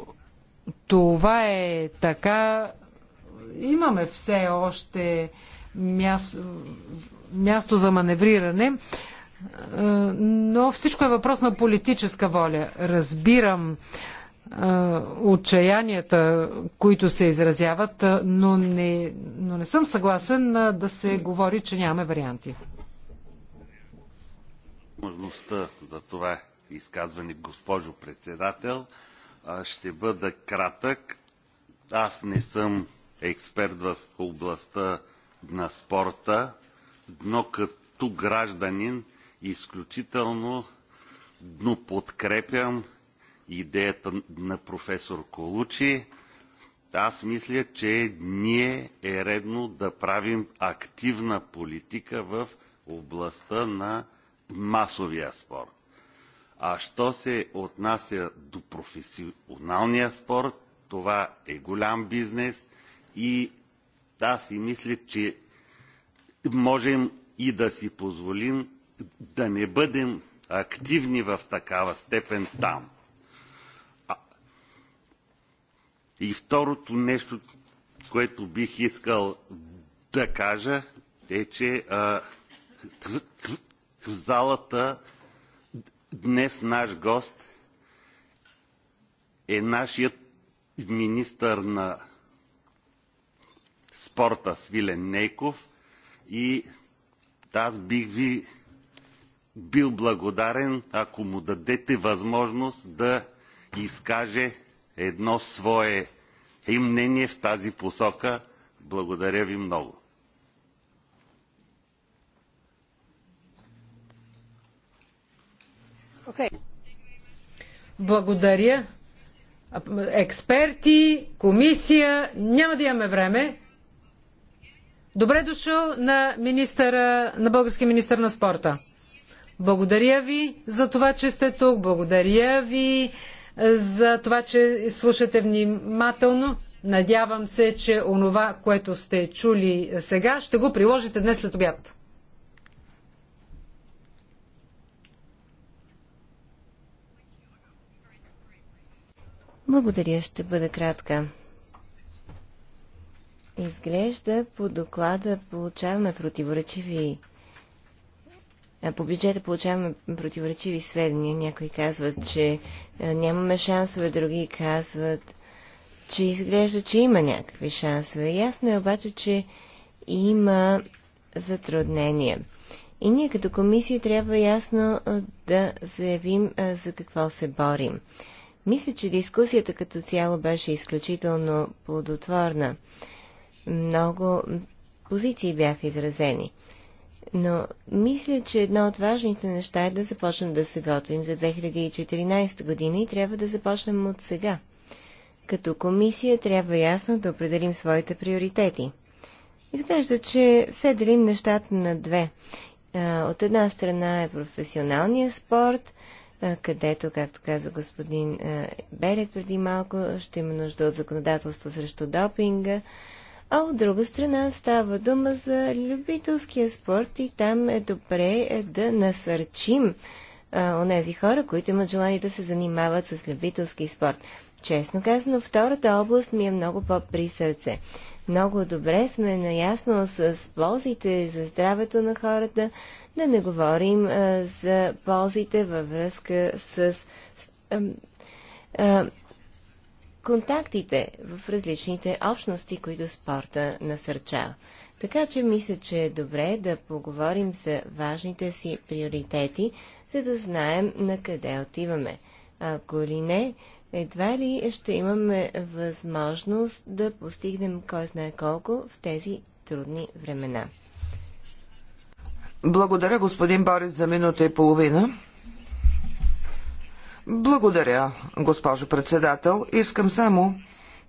това е така, имаме все още място, място за маневриране, но всичко е въпрос на политическа воля. Разбирам отчаянията, които се изразяват, но не, но не съм съгласен да се говори, че нямаме варианти. Възможността за това изказване, госпожо председател, ще бъда кратък. Аз не съм експерт в областта на спорта, но като гражданин изключително но подкрепям идеята на професор Колучи. Аз мисля, че ние е редно да правим активна политика в областта на масовия спорт. А що се отнася до професионалния спорт, това е голям бизнес и аз си мисля, че можем и да си позволим да не бъдем активни в такава степен там. И второто нещо, което бих искал да кажа, е, че а, в, в залата днес наш гост е нашият министър на спорта Свилен Нейков и аз бих ви бил благодарен, ако му дадете възможност да изкаже едно свое и мнение в тази посока. Благодаря ви много. Okay. Благодаря. Експерти, комисия, няма да имаме време. Добре дошъл на, министъра, на български министър на спорта. Благодаря ви за това, че сте тук. Благодаря ви за това, че слушате внимателно. Надявам се, че онова, което сте чули сега, ще го приложите днес след обяд. Благодаря, ще бъда кратка. Изглежда по доклада получаваме противоречиви е, по бюджета получаваме противоречиви сведения. Някои казват, че е, нямаме шансове, други казват, че изглежда, че има някакви шансове. Ясно е обаче, че има затруднения. И ние като комисия трябва ясно е, да заявим за какво се борим. Мисля, че дискусията като цяло беше изключително плодотворна. Много позиции бяха изразени. Но мисля, че едно от важните неща е да започнем да се готвим за 2014 година и трябва да започнем от сега. Като комисия трябва ясно да определим своите приоритети. Изглежда, че все делим нещата на две. От една страна е професионалния спорт, където, както каза господин Берет преди малко, ще има нужда от законодателство срещу допинга, а от друга страна става дума за любителския спорт и там е добре е, да насърчим а, онези хора, които имат желание да се занимават с любителски спорт. Честно казано, втората област ми е много по-при сърце. Много добре сме наясно с ползите за здравето на хората, да не говорим а, за ползите във връзка с а, а, контактите в различните общности, които спорта насърчава. Така че мисля, че е добре да поговорим за важните си приоритети, за да знаем на къде отиваме. Ако ли не, едва ли ще имаме възможност да постигнем кой знае колко в тези трудни времена. Благодаря, господин Борис, за минута и половина. Благодаря, госпожо председател. Искам само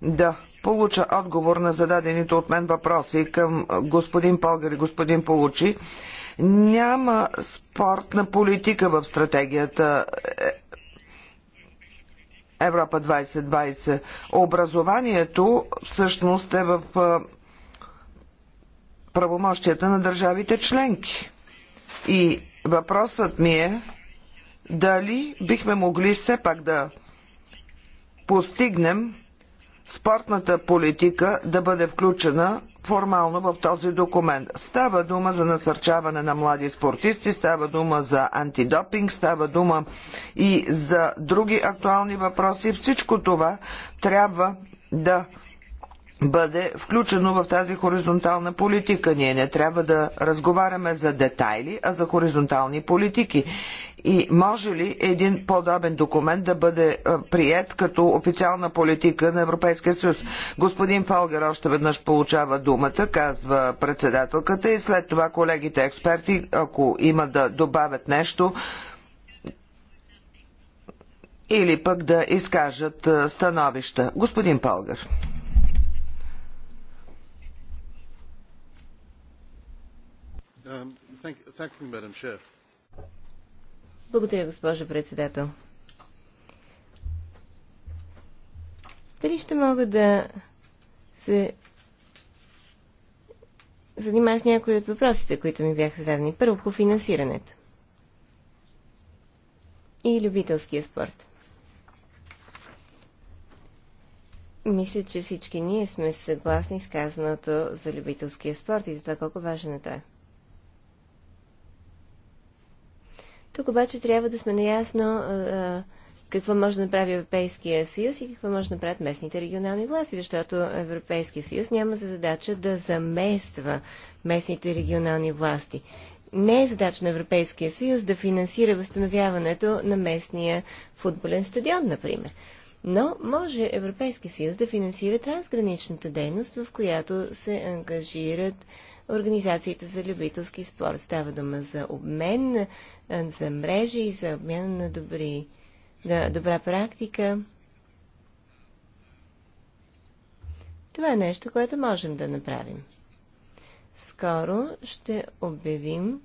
да получа отговор на зададените от мен въпроси към господин Полгар и господин Получи. Няма спортна политика в стратегията Европа 2020. Образованието всъщност е в правомощията на държавите членки. И въпросът ми е дали бихме могли все пак да постигнем спортната политика да бъде включена формално в този документ. Става дума за насърчаване на млади спортисти, става дума за антидопинг, става дума и за други актуални въпроси. Всичко това трябва да бъде включено в тази хоризонтална политика. Ние не трябва да разговаряме за детайли, а за хоризонтални политики. И може ли един подобен документ да бъде прият като официална политика на Европейския съюз? Господин Фалгер още веднъж получава думата, казва председателката и след това колегите експерти, ако има да добавят нещо, или пък да изкажат становища. Господин Палгар. Um, Благодаря, госпожо председател. Дали ще мога да се занимая с някои от въпросите, които ми бяха зададени? Първо по финансирането и любителския спорт. Мисля, че всички ние сме съгласни с казаното за любителския спорт и за това колко важен е той. Тук обаче трябва да сме наясно а, какво може да направи Европейския съюз и какво може да направят местните регионални власти, защото Европейския съюз няма за задача да замества местните регионални власти. Не е задача на Европейския съюз да финансира възстановяването на местния футболен стадион, например. Но може Европейския съюз да финансира трансграничната дейност, в която се ангажират Организацията за любителски спорт. Става дума за обмен, за мрежи, за обмен на добри, да, добра практика. Това е нещо, което можем да направим. Скоро ще обявим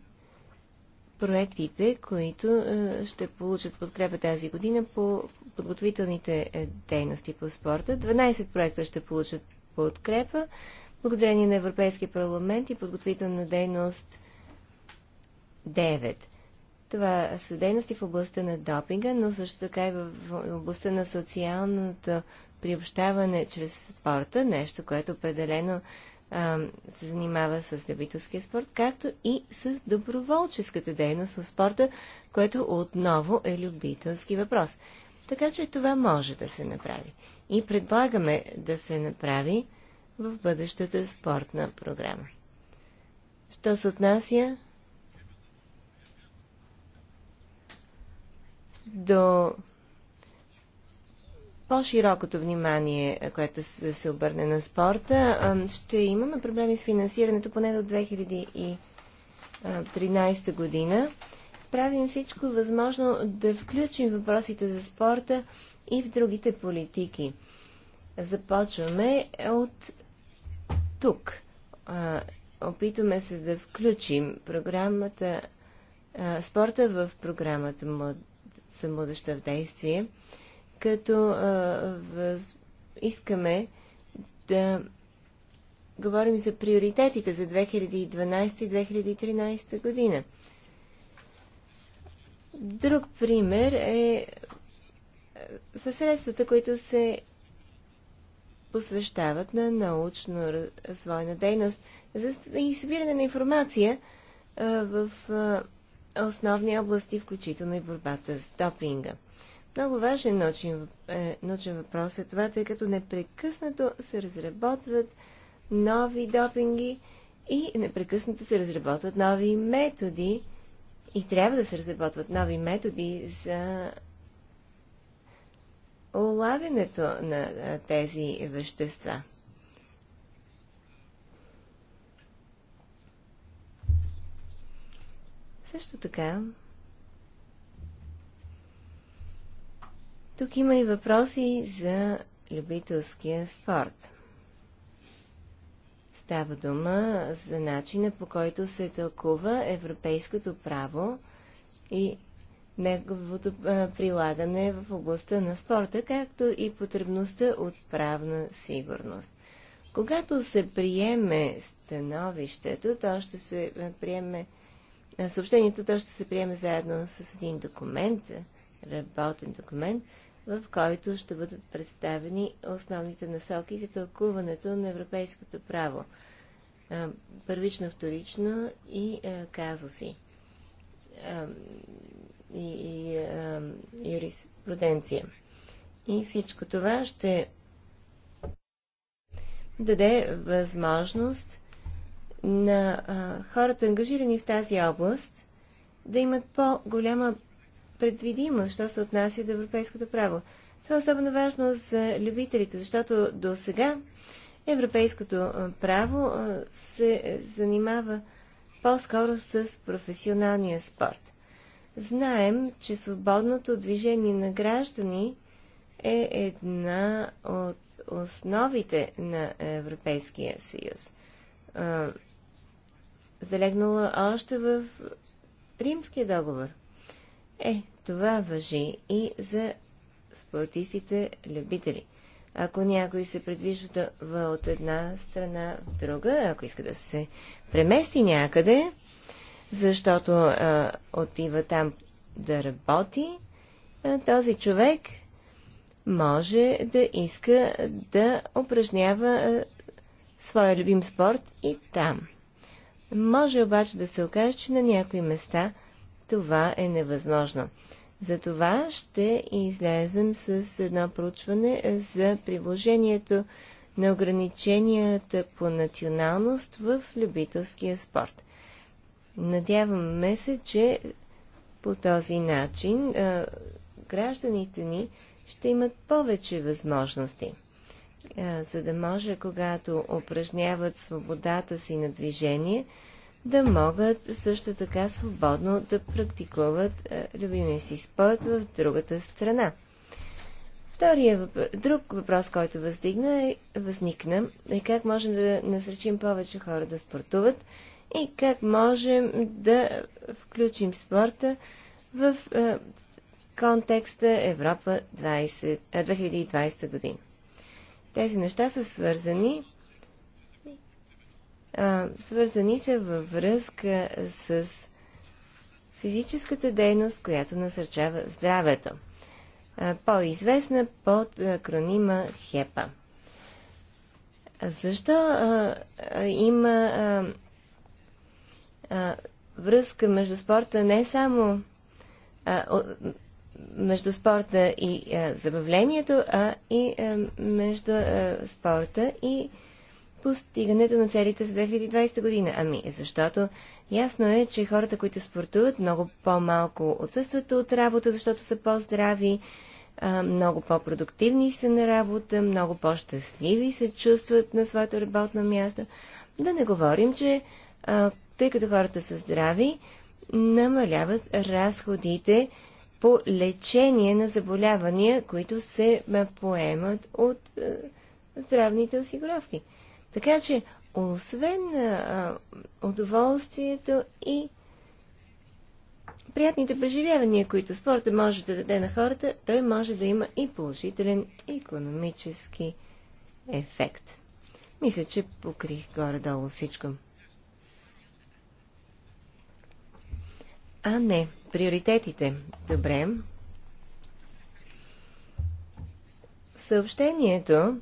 проектите, които е, ще получат подкрепа тази година по подготовителните е, дейности по спорта. 12 проекта ще получат подкрепа благодарение на Европейския парламент и подготвителна дейност 9. Това са дейности в областта на допинга, но също така и в областта на социалното приобщаване чрез спорта, нещо, което определено а, се занимава с любителския спорт, както и с доброволческата дейност в спорта, което отново е любителски въпрос. Така че това може да се направи. И предлагаме да се направи в бъдещата спортна програма. Що се отнася до по-широкото внимание, което се, се обърне на спорта, ще имаме проблеми с финансирането поне до 2013 година. Правим всичко възможно да включим въпросите за спорта и в другите политики. Започваме от тук. А, опитваме се да включим програмата, а, спорта в програмата млад... за младеща в действие, като а, въз... искаме да говорим за приоритетите за 2012 и 2013 година. Друг пример е със средствата, които се посвещават на научно-развойна дейност и събиране на информация в основни области, включително и борбата с допинга. Много важен научен, е, научен въпрос е това, тъй като непрекъснато се разработват нови допинги и непрекъснато се разработват нови методи и трябва да се разработват нови методи за улавянето на тези вещества. Също така, тук има и въпроси за любителския спорт. Става дума за начина по който се тълкува европейското право и неговото прилагане в областта на спорта, както и потребността от правна сигурност. Когато се приеме становището, то ще се приеме съобщението, то ще се приеме заедно с един документ, работен документ, в който ще бъдат представени основните насоки за тълкуването на европейското право. Първично, вторично и казуси и, и а, юриспруденция. И всичко това ще даде възможност на а, хората, ангажирани в тази област, да имат по-голяма предвидимост, що се отнася до европейското право. Това е особено важно за любителите, защото до сега европейското право се занимава по-скоро с професионалния спорт. Знаем, че свободното движение на граждани е една от основите на Европейския съюз. Залегнала още в Римския договор. Е, това въжи и за спортистите-любители. Ако някой се предвижда от една страна в друга, ако иска да се премести някъде, защото а, отива там да работи, а, този човек може да иска да упражнява а, своя любим спорт и там. Може обаче да се окаже, че на някои места това е невъзможно. За това ще излезем с едно проучване за приложението на ограниченията по националност в любителския спорт. Надяваме се, че по този начин а, гражданите ни ще имат повече възможности, а, за да може, когато упражняват свободата си на движение, да могат също така свободно да практикуват а, любимия си спорт в другата страна. Втория въпрос, друг въпрос, който въздигна, е, възникна е как можем да насречим повече хора да спортуват и как можем да включим спорта в е, контекста Европа 20, 2020 е, година. Тези неща са свързани. Е, свързани са във връзка с физическата дейност, която насърчава здравето. Е, по-известна под е, акронима ХЕПА. Защо е, е има е, а, връзка между спорта не само а, между спорта и а, забавлението, а и а, между а, спорта и постигането на целите за 2020 година. Ами, защото ясно е, че хората, които спортуват, много по-малко отсъстват от работа, защото са по-здрави, много по-продуктивни са на работа, много по-щастливи се чувстват на своето работно място. Да не говорим, че тъй като хората са здрави, намаляват разходите по лечение на заболявания, които се поемат от здравните осигуровки. Така че, освен удоволствието и приятните преживявания, които спорта може да даде на хората, той може да има и положителен економически ефект. Мисля, че покрих горе-долу всичко. А, не. Приоритетите. Добре. съобщението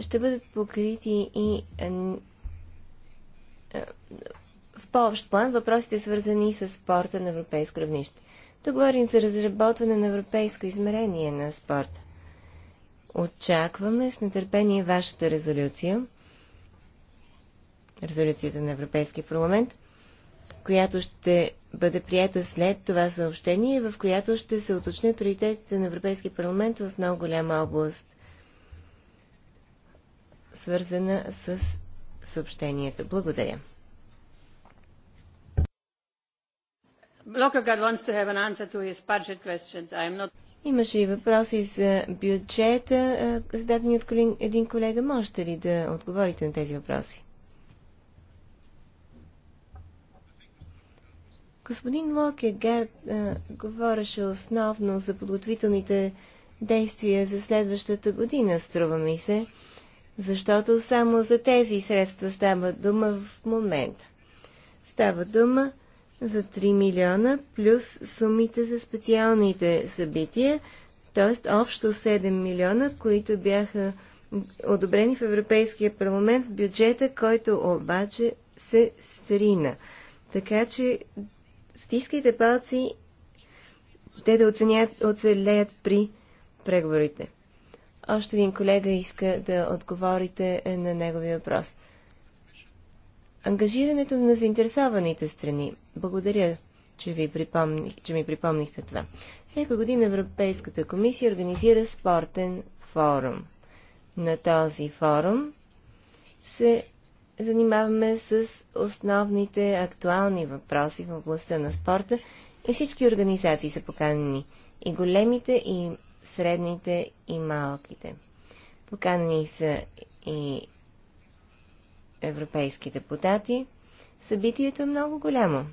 ще бъдат покрити и в по-общ план въпросите свързани с спорта на европейско равнище. Тук говорим за разработване на европейско измерение на спорта. Очакваме с нетърпение вашата резолюция, резолюцията на Европейския парламент – която ще бъде прията след това съобщение, в която ще се уточнят приоритетите на Европейския парламент в много голяма област, свързана с съобщението. Благодаря. Имаше и въпроси за бюджета, зададени от един колега. Можете ли да отговорите на тези въпроси? Господин Локегард говореше основно за подготвителните действия за следващата година, струва ми се, защото само за тези средства става дума в момента. Става дума за 3 милиона плюс сумите за специалните събития, т.е. общо 7 милиона, които бяха одобрени в Европейския парламент в бюджета, който обаче се срина. Така че стискайте палци те да оценят, оцелеят при преговорите. Още един колега иска да отговорите на неговия въпрос. Ангажирането на заинтересованите страни. Благодаря, че, ви припомних, че ми припомнихте това. Всяка година Европейската комисия организира спортен форум. На този форум се занимаваме с основните актуални въпроси в областта на спорта и всички организации са поканени. И големите, и средните, и малките. Поканени са и европейски депутати. Събитието е много голямо.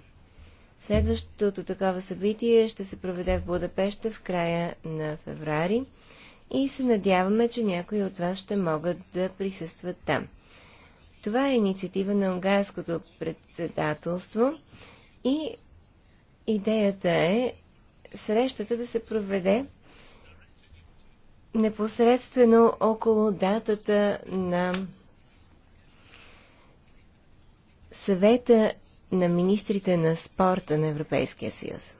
Следващото такова събитие ще се проведе в Будапешта в края на феврари и се надяваме, че някои от вас ще могат да присъстват там. Това е инициатива на унгарското председателство и идеята е срещата да се проведе непосредствено около датата на съвета на министрите на спорта на Европейския съюз.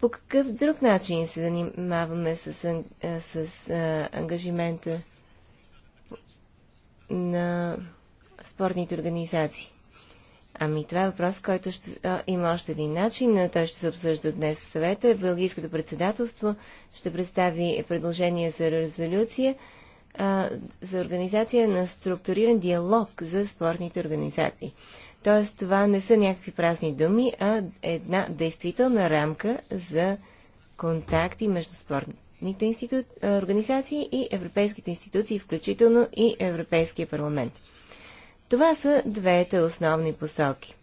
По какъв друг начин се занимаваме с, с а, ангажимента на спортните организации. Ами това е въпрос, който ще, а, има още един начин. Той ще се обсъжда днес в съвета. Белгийското председателство ще представи предложение за резолюция а, за организация на структуриран диалог за спортните организации. Тоест това не са някакви празни думи, а една действителна рамка за контакти между спортните съответните институ... организации и европейските институции, включително и Европейския парламент. Това са двете основни посоки.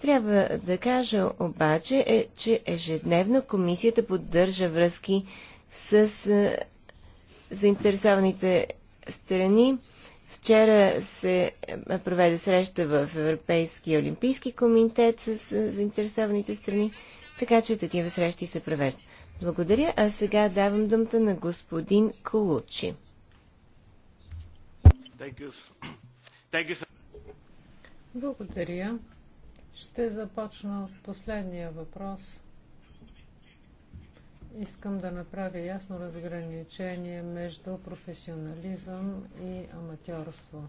Трябва да кажа обаче, е, че ежедневно комисията поддържа връзки с е, заинтересованите страни. Вчера се проведе среща в Европейския олимпийски комитет с е, заинтересованите страни, така че такива срещи се провеждат. Благодаря, а сега давам думата на господин Колучи. Благодаря. Ще започна от последния въпрос. Искам да направя ясно разграничение между професионализъм и аматьорство.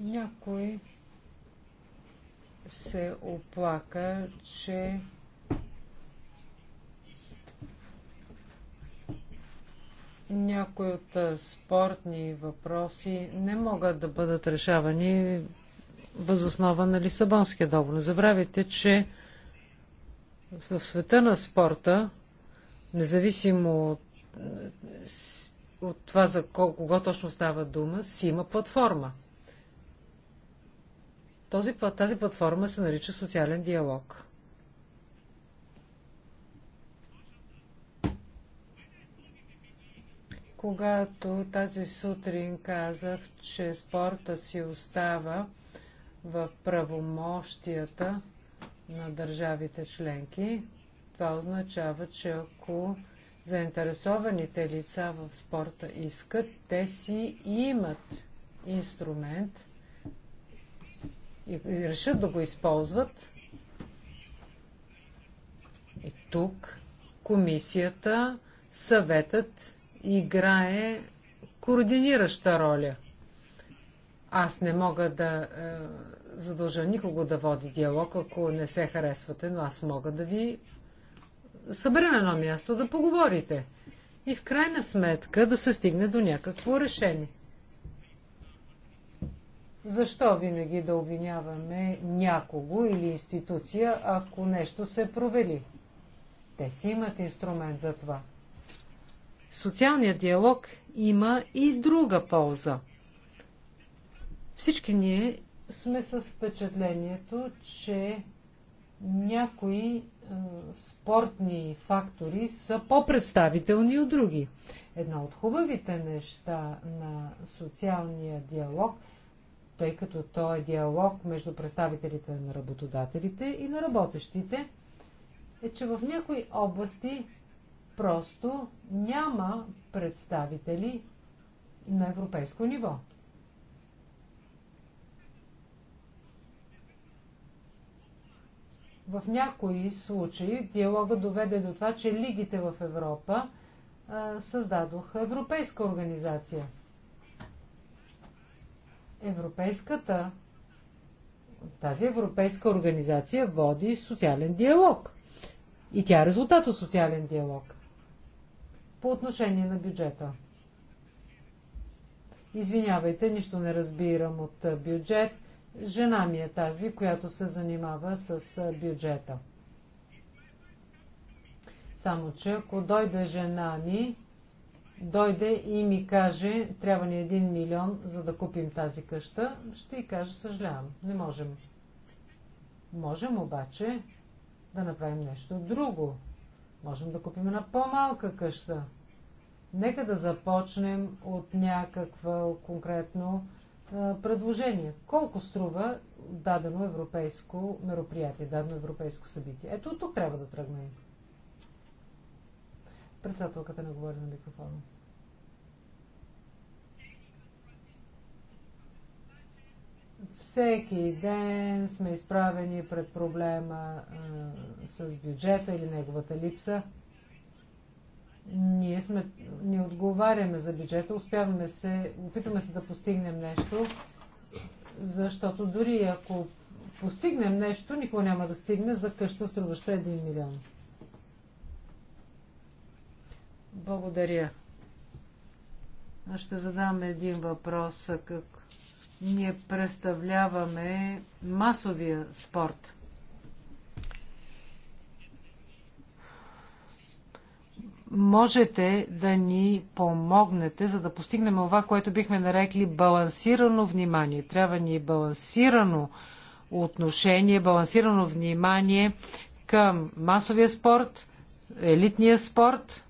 Някой се оплака, че Някои от спортни въпроси не могат да бъдат решавани възоснова на Лисабонския договор. Не забравяйте, че в света на спорта, независимо от, от това за кого, кого точно става дума, си има платформа. Този, тази платформа се нарича социален диалог. Когато тази сутрин казах, че спорта си остава в правомощията на държавите членки, това означава, че ако заинтересованите лица в спорта искат, те си имат инструмент и решат да го използват. И тук комисията, съветът играе координираща роля. Аз не мога да е, задължа никого да води диалог, ако не се харесвате, но аз мога да ви събера на едно място, да поговорите. И в крайна сметка да се стигне до някакво решение. Защо винаги да обвиняваме някого или институция, ако нещо се провели? Те си имат инструмент за това. Социалният диалог има и друга полза. Всички ние сме с впечатлението, че някои е, спортни фактори са по-представителни от други. Една от хубавите неща на социалния диалог, тъй като то е диалог между представителите на работодателите и на работещите, е, че в някои области Просто няма представители на европейско ниво. В някои случаи диалога доведе до това, че лигите в Европа създадоха европейска организация. Европейската тази европейска организация води социален диалог. И тя е резултат от социален диалог. По отношение на бюджета. Извинявайте, нищо не разбирам от бюджет. Жена ми е тази, която се занимава с бюджета. Само, че ако дойде жена ми, дойде и ми каже, трябва ни един милион, за да купим тази къща, ще й кажа, съжалявам, не можем. Можем обаче да направим нещо друго. Можем да купим една по-малка къща. Нека да започнем от някаква конкретно а, предложение. Колко струва дадено европейско мероприятие, дадено европейско събитие? Ето тук трябва да тръгнем. Председателката не говори на микрофона. Всеки ден сме изправени пред проблема а, с бюджета или неговата липса. Ние сме, не отговаряме за бюджета, успяваме се, опитваме се да постигнем нещо, защото дори ако постигнем нещо, никой няма да стигне за къща струваща 1 милион. Благодаря. Ще задам един въпрос. Как, ние представляваме масовия спорт. Можете да ни помогнете, за да постигнем това, което бихме нарекли балансирано внимание. Трябва ни балансирано отношение, балансирано внимание към масовия спорт, елитния спорт –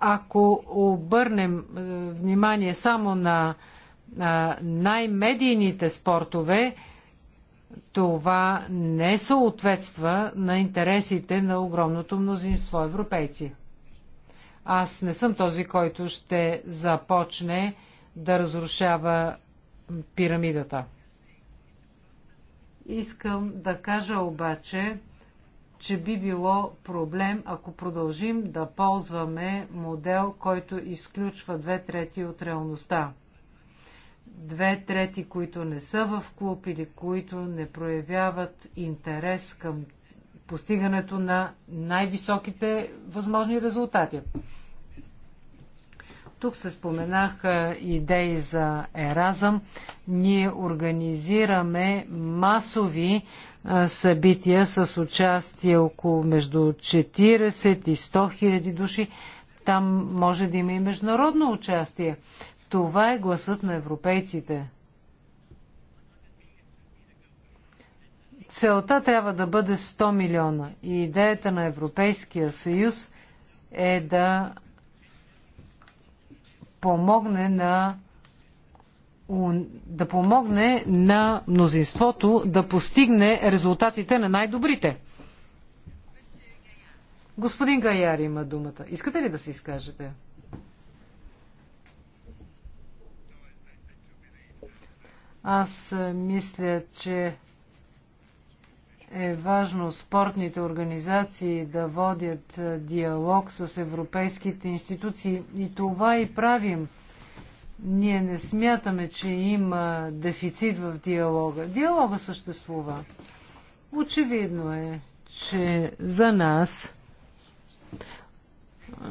Ако обърнем е, внимание само на най-медийните спортове, това не съответства на интересите на огромното мнозинство европейци. Аз не съм този, който ще започне да разрушава пирамидата. Искам да кажа обаче, че би било проблем, ако продължим да ползваме модел, който изключва две трети от реалността. Две трети, които не са в клуб или които не проявяват интерес към постигането на най-високите възможни резултати. Тук се споменах идеи за еразъм. Ние организираме масови събития с участие около между 40 и 100 хиляди души. Там може да има и международно участие. Това е гласът на европейците. Целта трябва да бъде 100 милиона и идеята на Европейския съюз е да помогне на да помогне на мнозинството да постигне резултатите на най-добрите. Господин Гаяри има думата. Искате ли да се изкажете? Аз е, мисля, че е важно спортните организации да водят е, диалог с европейските институции и това и правим. Ние не смятаме, че има дефицит в диалога. Диалога съществува. Очевидно е, че за нас,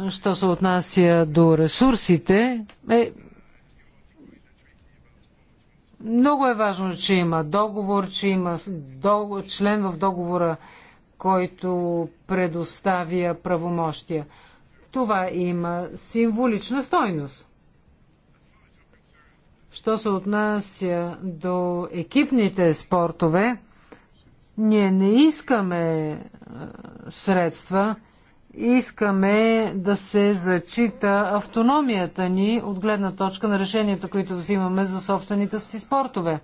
що се отнася до ресурсите, е много е важно, че има договор, че има дол... член в договора, който предоставя правомощия. Това има символична стойност. Що се отнася до екипните спортове, ние не искаме е, средства, искаме да се зачита автономията ни от гледна точка на решенията, които взимаме за собствените си спортове.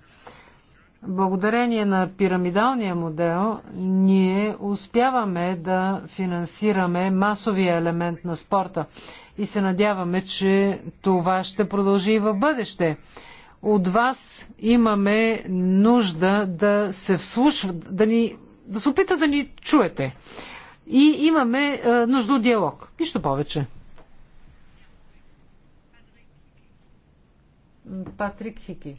Благодарение на пирамидалния модел ние успяваме да финансираме масовия елемент на спорта и се надяваме, че това ще продължи и в бъдеще. От вас имаме нужда да се вслушва, да, ни, да се опита да ни чуете. И имаме е, нужда от диалог. Нищо повече. Патрик Хики.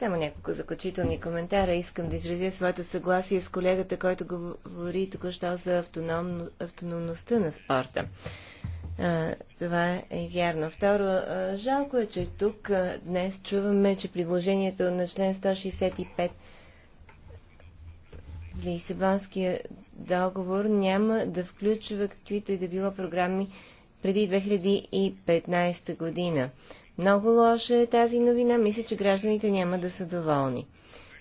Само няколко заключителни коментара. Искам да изразя своето съгласие с колегата, който говори току-що за автономно, автономността на спорта. Това е вярно. Второ, жалко е, че тук днес чуваме, че предложението на член 165 в Лисабонския договор няма да включва каквито и да било програми преди 2015 година. Много лоша е тази новина. Мисля, че гражданите няма да са доволни.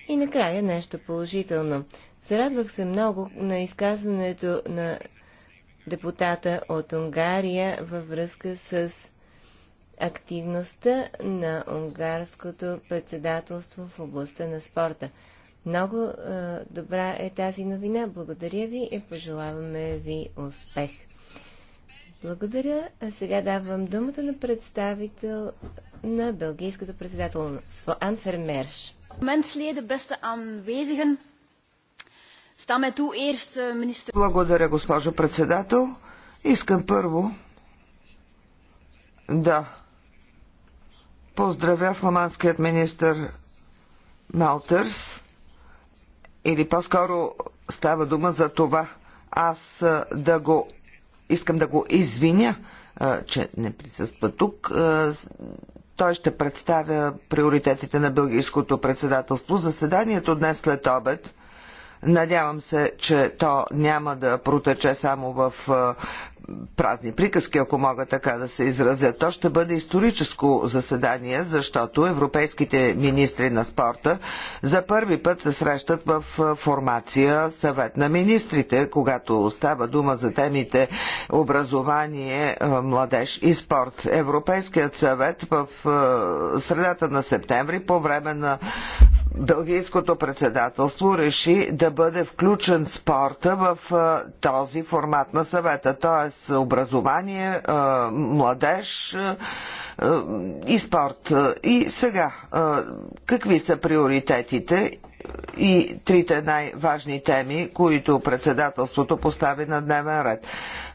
И накрая нещо положително. Зарадвах се много на изказването на депутата от Унгария във връзка с активността на унгарското председателство в областта на спорта. Много е, добра е тази новина. Благодаря ви и пожелаваме ви успех. Благодаря. А сега давам думата на представител на Белгийското председателство Анфер Мерш. Е, Благодаря, госпожо председател. Искам първо да поздравя фламандският министр Малтърс или по-скоро става дума за това аз е, да го искам да го извиня, че не присъства тук. Той ще представя приоритетите на Бългийското председателство. Заседанието днес след обед Надявам се, че то няма да протече само в празни приказки, ако мога така да се изразя. То ще бъде историческо заседание, защото европейските министри на спорта за първи път се срещат в формация съвет на министрите, когато става дума за темите образование, младеж и спорт. Европейският съвет в средата на септември по време на Белгийското председателство реши да бъде включен спорта в този формат на съвета, т.е. образование, младеж и спорт. И сега, какви са приоритетите и трите най-важни теми, които председателството постави на дневен ред.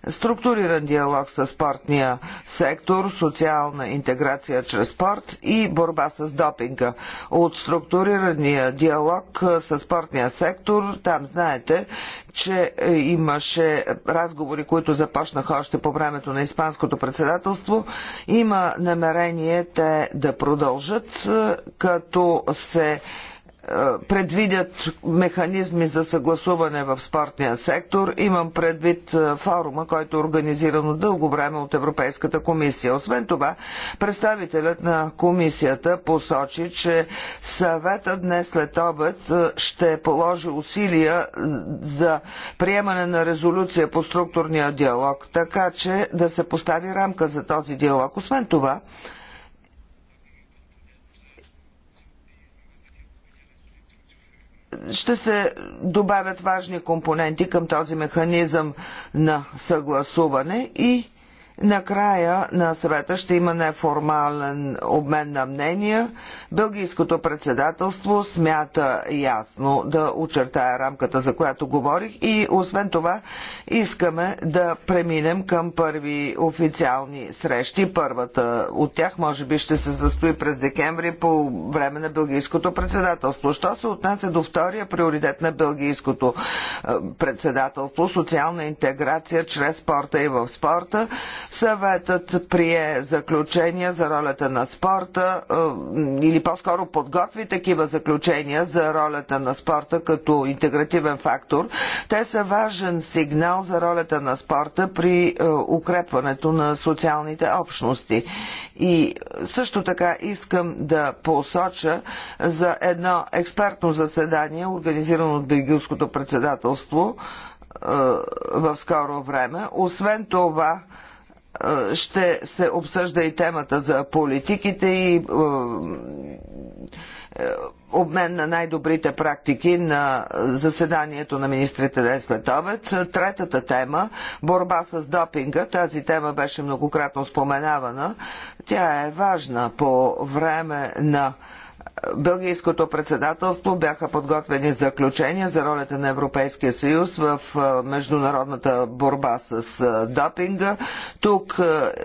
Структуриран диалог с спортния сектор, социална интеграция чрез спорт и борба с допинга. От структурирания диалог с спортния сектор, там знаете, че е, имаше разговори, които започнаха още по времето на Испанското председателство. Има намерение те да продължат, като се е, предвидят механизми за съгласуване в спортния сектор. Имам предвид е, форума, който е организиран от дълго време от Европейската комисия. Освен това, представителят на комисията посочи, че съвета днес след обед е, ще положи усилия за приемане на резолюция по структурния диалог, така че да се постави рамка за този диалог. Освен това, ще се добавят важни компоненти към този механизъм на съгласуване и накрая на съвета ще има неформален обмен на мнения Бългийското председателство смята ясно да очертая рамката, за която говорих и освен това искаме да преминем към първи официални срещи. Първата от тях може би ще се застои през декември по време на Бългийското председателство. Що се отнася до втория приоритет на Бългийското е, председателство, социална интеграция чрез спорта и в спорта, съветът прие заключения за ролята на спорта е, или по-скоро подготви такива заключения за ролята на спорта като интегративен фактор. Те са важен сигнал за ролята на спорта при е, укрепването на социалните общности. И също така искам да посоча за едно експертно заседание, организирано от Бельгийското председателство е, в скоро време. Освен това, ще се обсъжда и темата за политиките и обмен на най-добрите практики на заседанието на министрите ден след обед. Третата тема – борба с допинга. Тази тема беше многократно споменавана. Тя е важна по време на Бългийското председателство бяха подготвени заключения за ролята на Европейския съюз в международната борба с допинга. Тук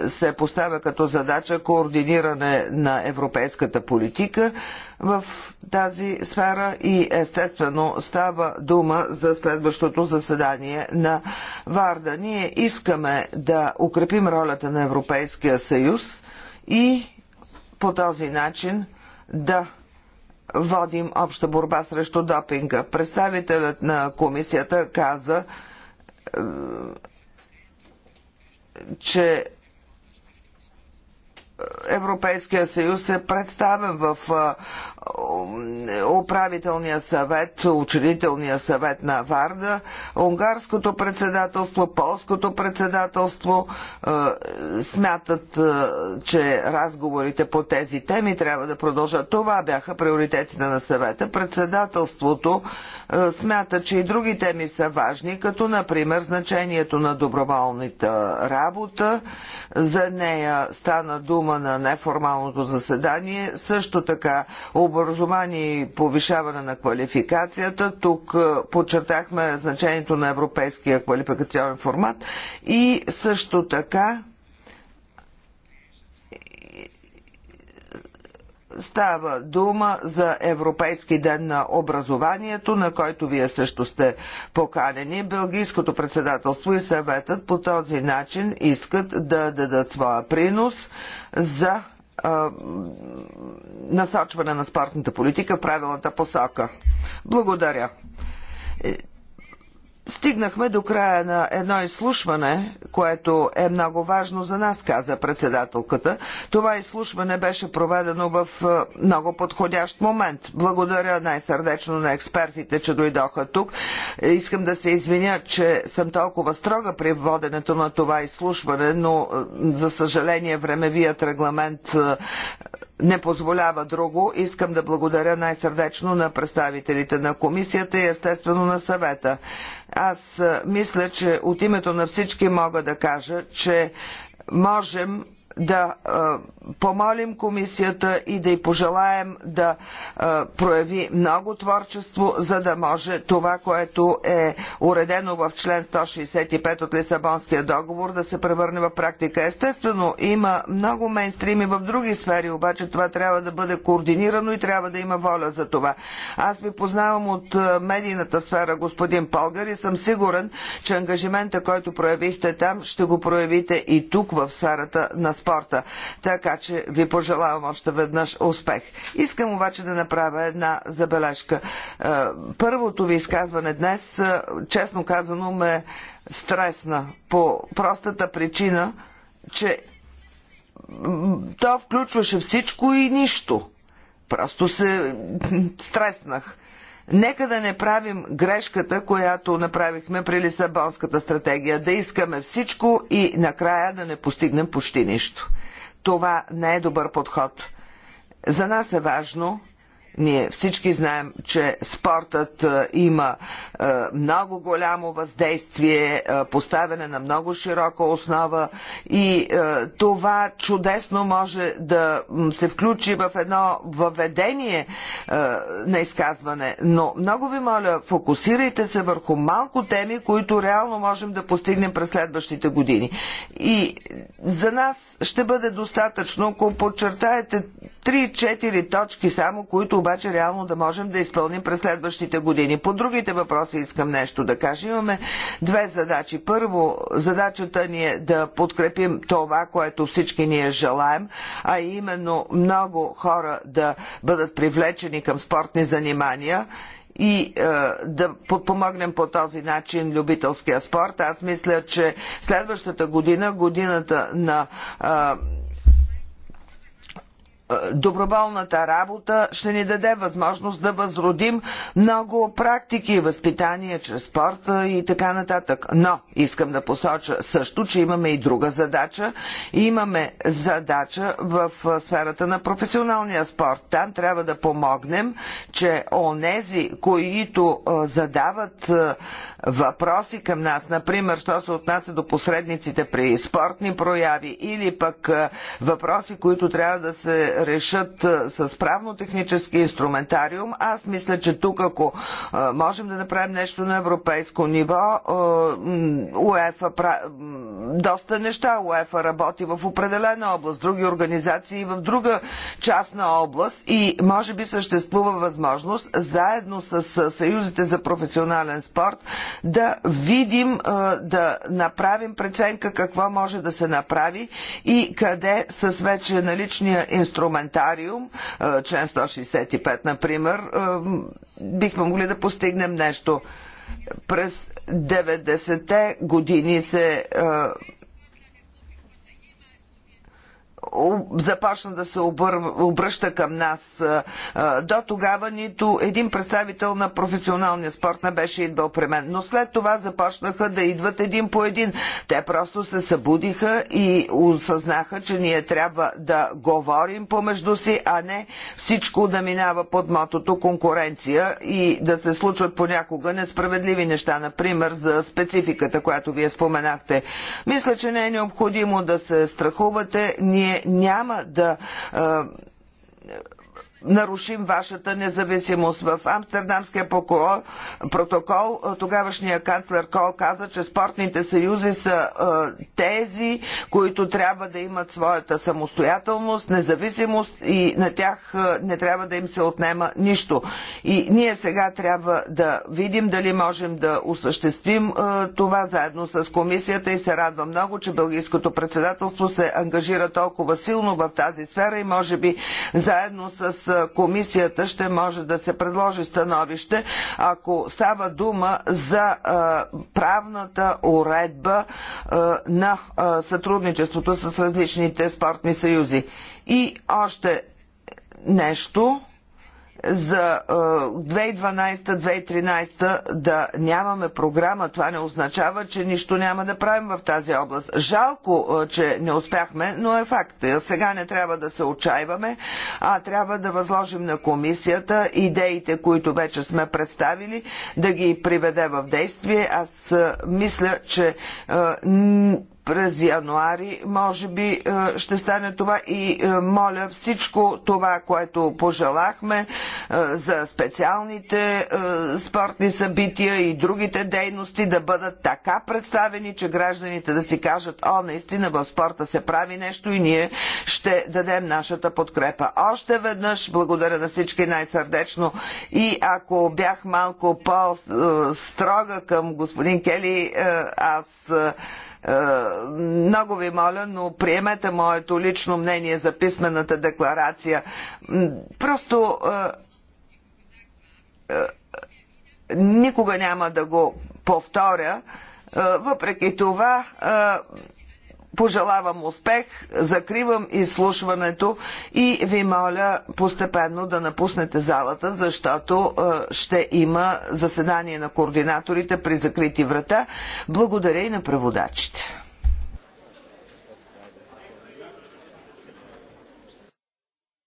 се поставя като задача координиране на европейската политика в тази сфера и естествено става дума за следващото заседание на Варда. Ние искаме да укрепим ролята на Европейския съюз и по този начин да водим обща борба срещу допинга. Представителят на комисията каза, е, че Европейския съюз е представен в е, управителния съвет, учредителния съвет на Варда, унгарското председателство, полското председателство е, смятат, е, че разговорите по тези теми трябва да продължат. Това бяха приоритетите на съвета. Председателството е, смята, че и други теми са важни, като например значението на доброволната работа. За нея стана дума на неформалното заседание. Също така образование и повишаване на квалификацията. Тук е, подчертахме значението на европейския квалификационен формат и също така Става дума за Европейски ден на образованието, на който вие също сте поканени. Белгийското председателство и съветът по този начин искат да дадат своя принос за насочване на спортната политика в правилната посока. Благодаря. Е, Стигнахме до края на едно изслушване, което е много важно за нас, каза председателката. Това изслушване беше проведено в е, много подходящ момент. Благодаря най-сърдечно на експертите, че дойдоха тук. Искам да се извиня, че съм толкова строга при воденето на това изслушване, но е, за съжаление времевият регламент е, не позволява друго, искам да благодаря най-сърдечно на представителите на комисията и естествено на съвета. Аз мисля, че от името на всички мога да кажа, че можем да е, помолим комисията и да й пожелаем да е, прояви много творчество, за да може това, което е уредено в член 165 от Лисабонския договор, да се превърне в практика. Естествено, има много мейнстрими в други сфери, обаче това трябва да бъде координирано и трябва да има воля за това. Аз ви познавам от е, медийната сфера, господин Полгар, и съм сигурен, че ангажимента, който проявихте там, ще го проявите и тук в сферата на спорта спорта. Така че ви пожелавам още веднъж успех. Искам обаче да направя една забележка. Е, първото ви изказване днес, е, честно казано, ме стресна по простата причина, че то включваше всичко и нищо. Просто се стреснах. Нека да не правим грешката, която направихме при Лисабонската стратегия, да искаме всичко и накрая да не постигнем почти нищо. Това не е добър подход. За нас е важно ние всички знаем, че спортът е, има е, много голямо въздействие, е, поставяне на много широка основа и това чудесно може да се включи в едно въведение на изказване. Но много ви моля, фокусирайте се върху малко теми, които реално можем да постигнем през следващите години. И за нас ще бъде достатъчно, ако подчертаете 3-4 точки само, които обаче реално да можем да изпълним през следващите години. По другите въпроси искам нещо да кажа. Имаме две задачи. Първо, задачата ни е да подкрепим това, което всички ние желаем, а именно много хора да бъдат привлечени към спортни занимания и е, да подпомогнем по този начин любителския спорт. Аз мисля, че следващата година, годината на е, е, доброволната работа ще ни даде възможност да възродим много практики, възпитание чрез спорта и така нататък. Но искам да посоча също, че имаме и друга задача. Имаме задача в е, сферата на професионалния спорт. Там трябва да помогнем, че онези, които е, задават въпроси към нас, например, що се отнася до посредниците при спортни прояви или пък е, въпроси, които трябва да се решат е, с правно-технически инструментариум, аз мисля, че тук ако е, можем да направим нещо на европейско ниво, УЕФА доста неща. УЕФА работи в определена област, други организации в друга частна област и може би съществува възможност заедно с съюзите за професионален спорт да видим, да направим преценка какво може да се направи и къде с вече наличния инструментариум, член 165, например, бихме могли да постигнем нещо. През 90-те години се започна да се обръща към нас. До тогава нито един представител на професионалния спорт не беше идвал при мен. Но след това започнаха да идват един по един. Те просто се събудиха и осъзнаха, че ние трябва да говорим помежду си, а не всичко да минава под мотото конкуренция и да се случват понякога несправедливи неща. Например, за спецификата, която вие споменахте. Мисля, че не е необходимо да се страхувате. Ние няма да нарушим вашата независимост. В Амстердамския протокол тогавашния канцлер Кол каза, че спортните съюзи са е, тези, които трябва да имат своята самостоятелност, независимост и на тях е, не трябва да им се отнема нищо. И ние сега трябва да видим дали можем да осъществим е, това заедно с комисията и се радва много, че Бългийското председателство се ангажира толкова силно в тази сфера и може би заедно с комисията ще може да се предложи становище, ако става дума за правната уредба на сътрудничеството с различните спортни съюзи. И още нещо за 2012-2013 да нямаме програма, това не означава, че нищо няма да правим в тази област. Жалко, че не успяхме, но е факт. Сега не трябва да се отчаиваме, а трябва да възложим на комисията идеите, които вече сме представили, да ги приведе в действие. Аз мисля, че през януари, може би е, ще стане това и е, моля всичко това, което пожелахме е, за специалните спортни събития и другите дейности да бъдат така представени, че гражданите да си кажат, о, наистина в спорта се прави нещо и ние ще дадем нашата подкрепа. Още веднъж благодаря на всички най-сърдечно и ако бях малко по-строга към господин Кели, аз е, много ви моля, но приемете моето лично мнение за писмената декларация. Просто е, е, никога няма да го повторя. Въпреки това, пожелавам успех, закривам изслушването и ви моля постепенно да напуснете залата, защото е, ще има заседание на координаторите при закрити врата. Благодаря и на преводачите.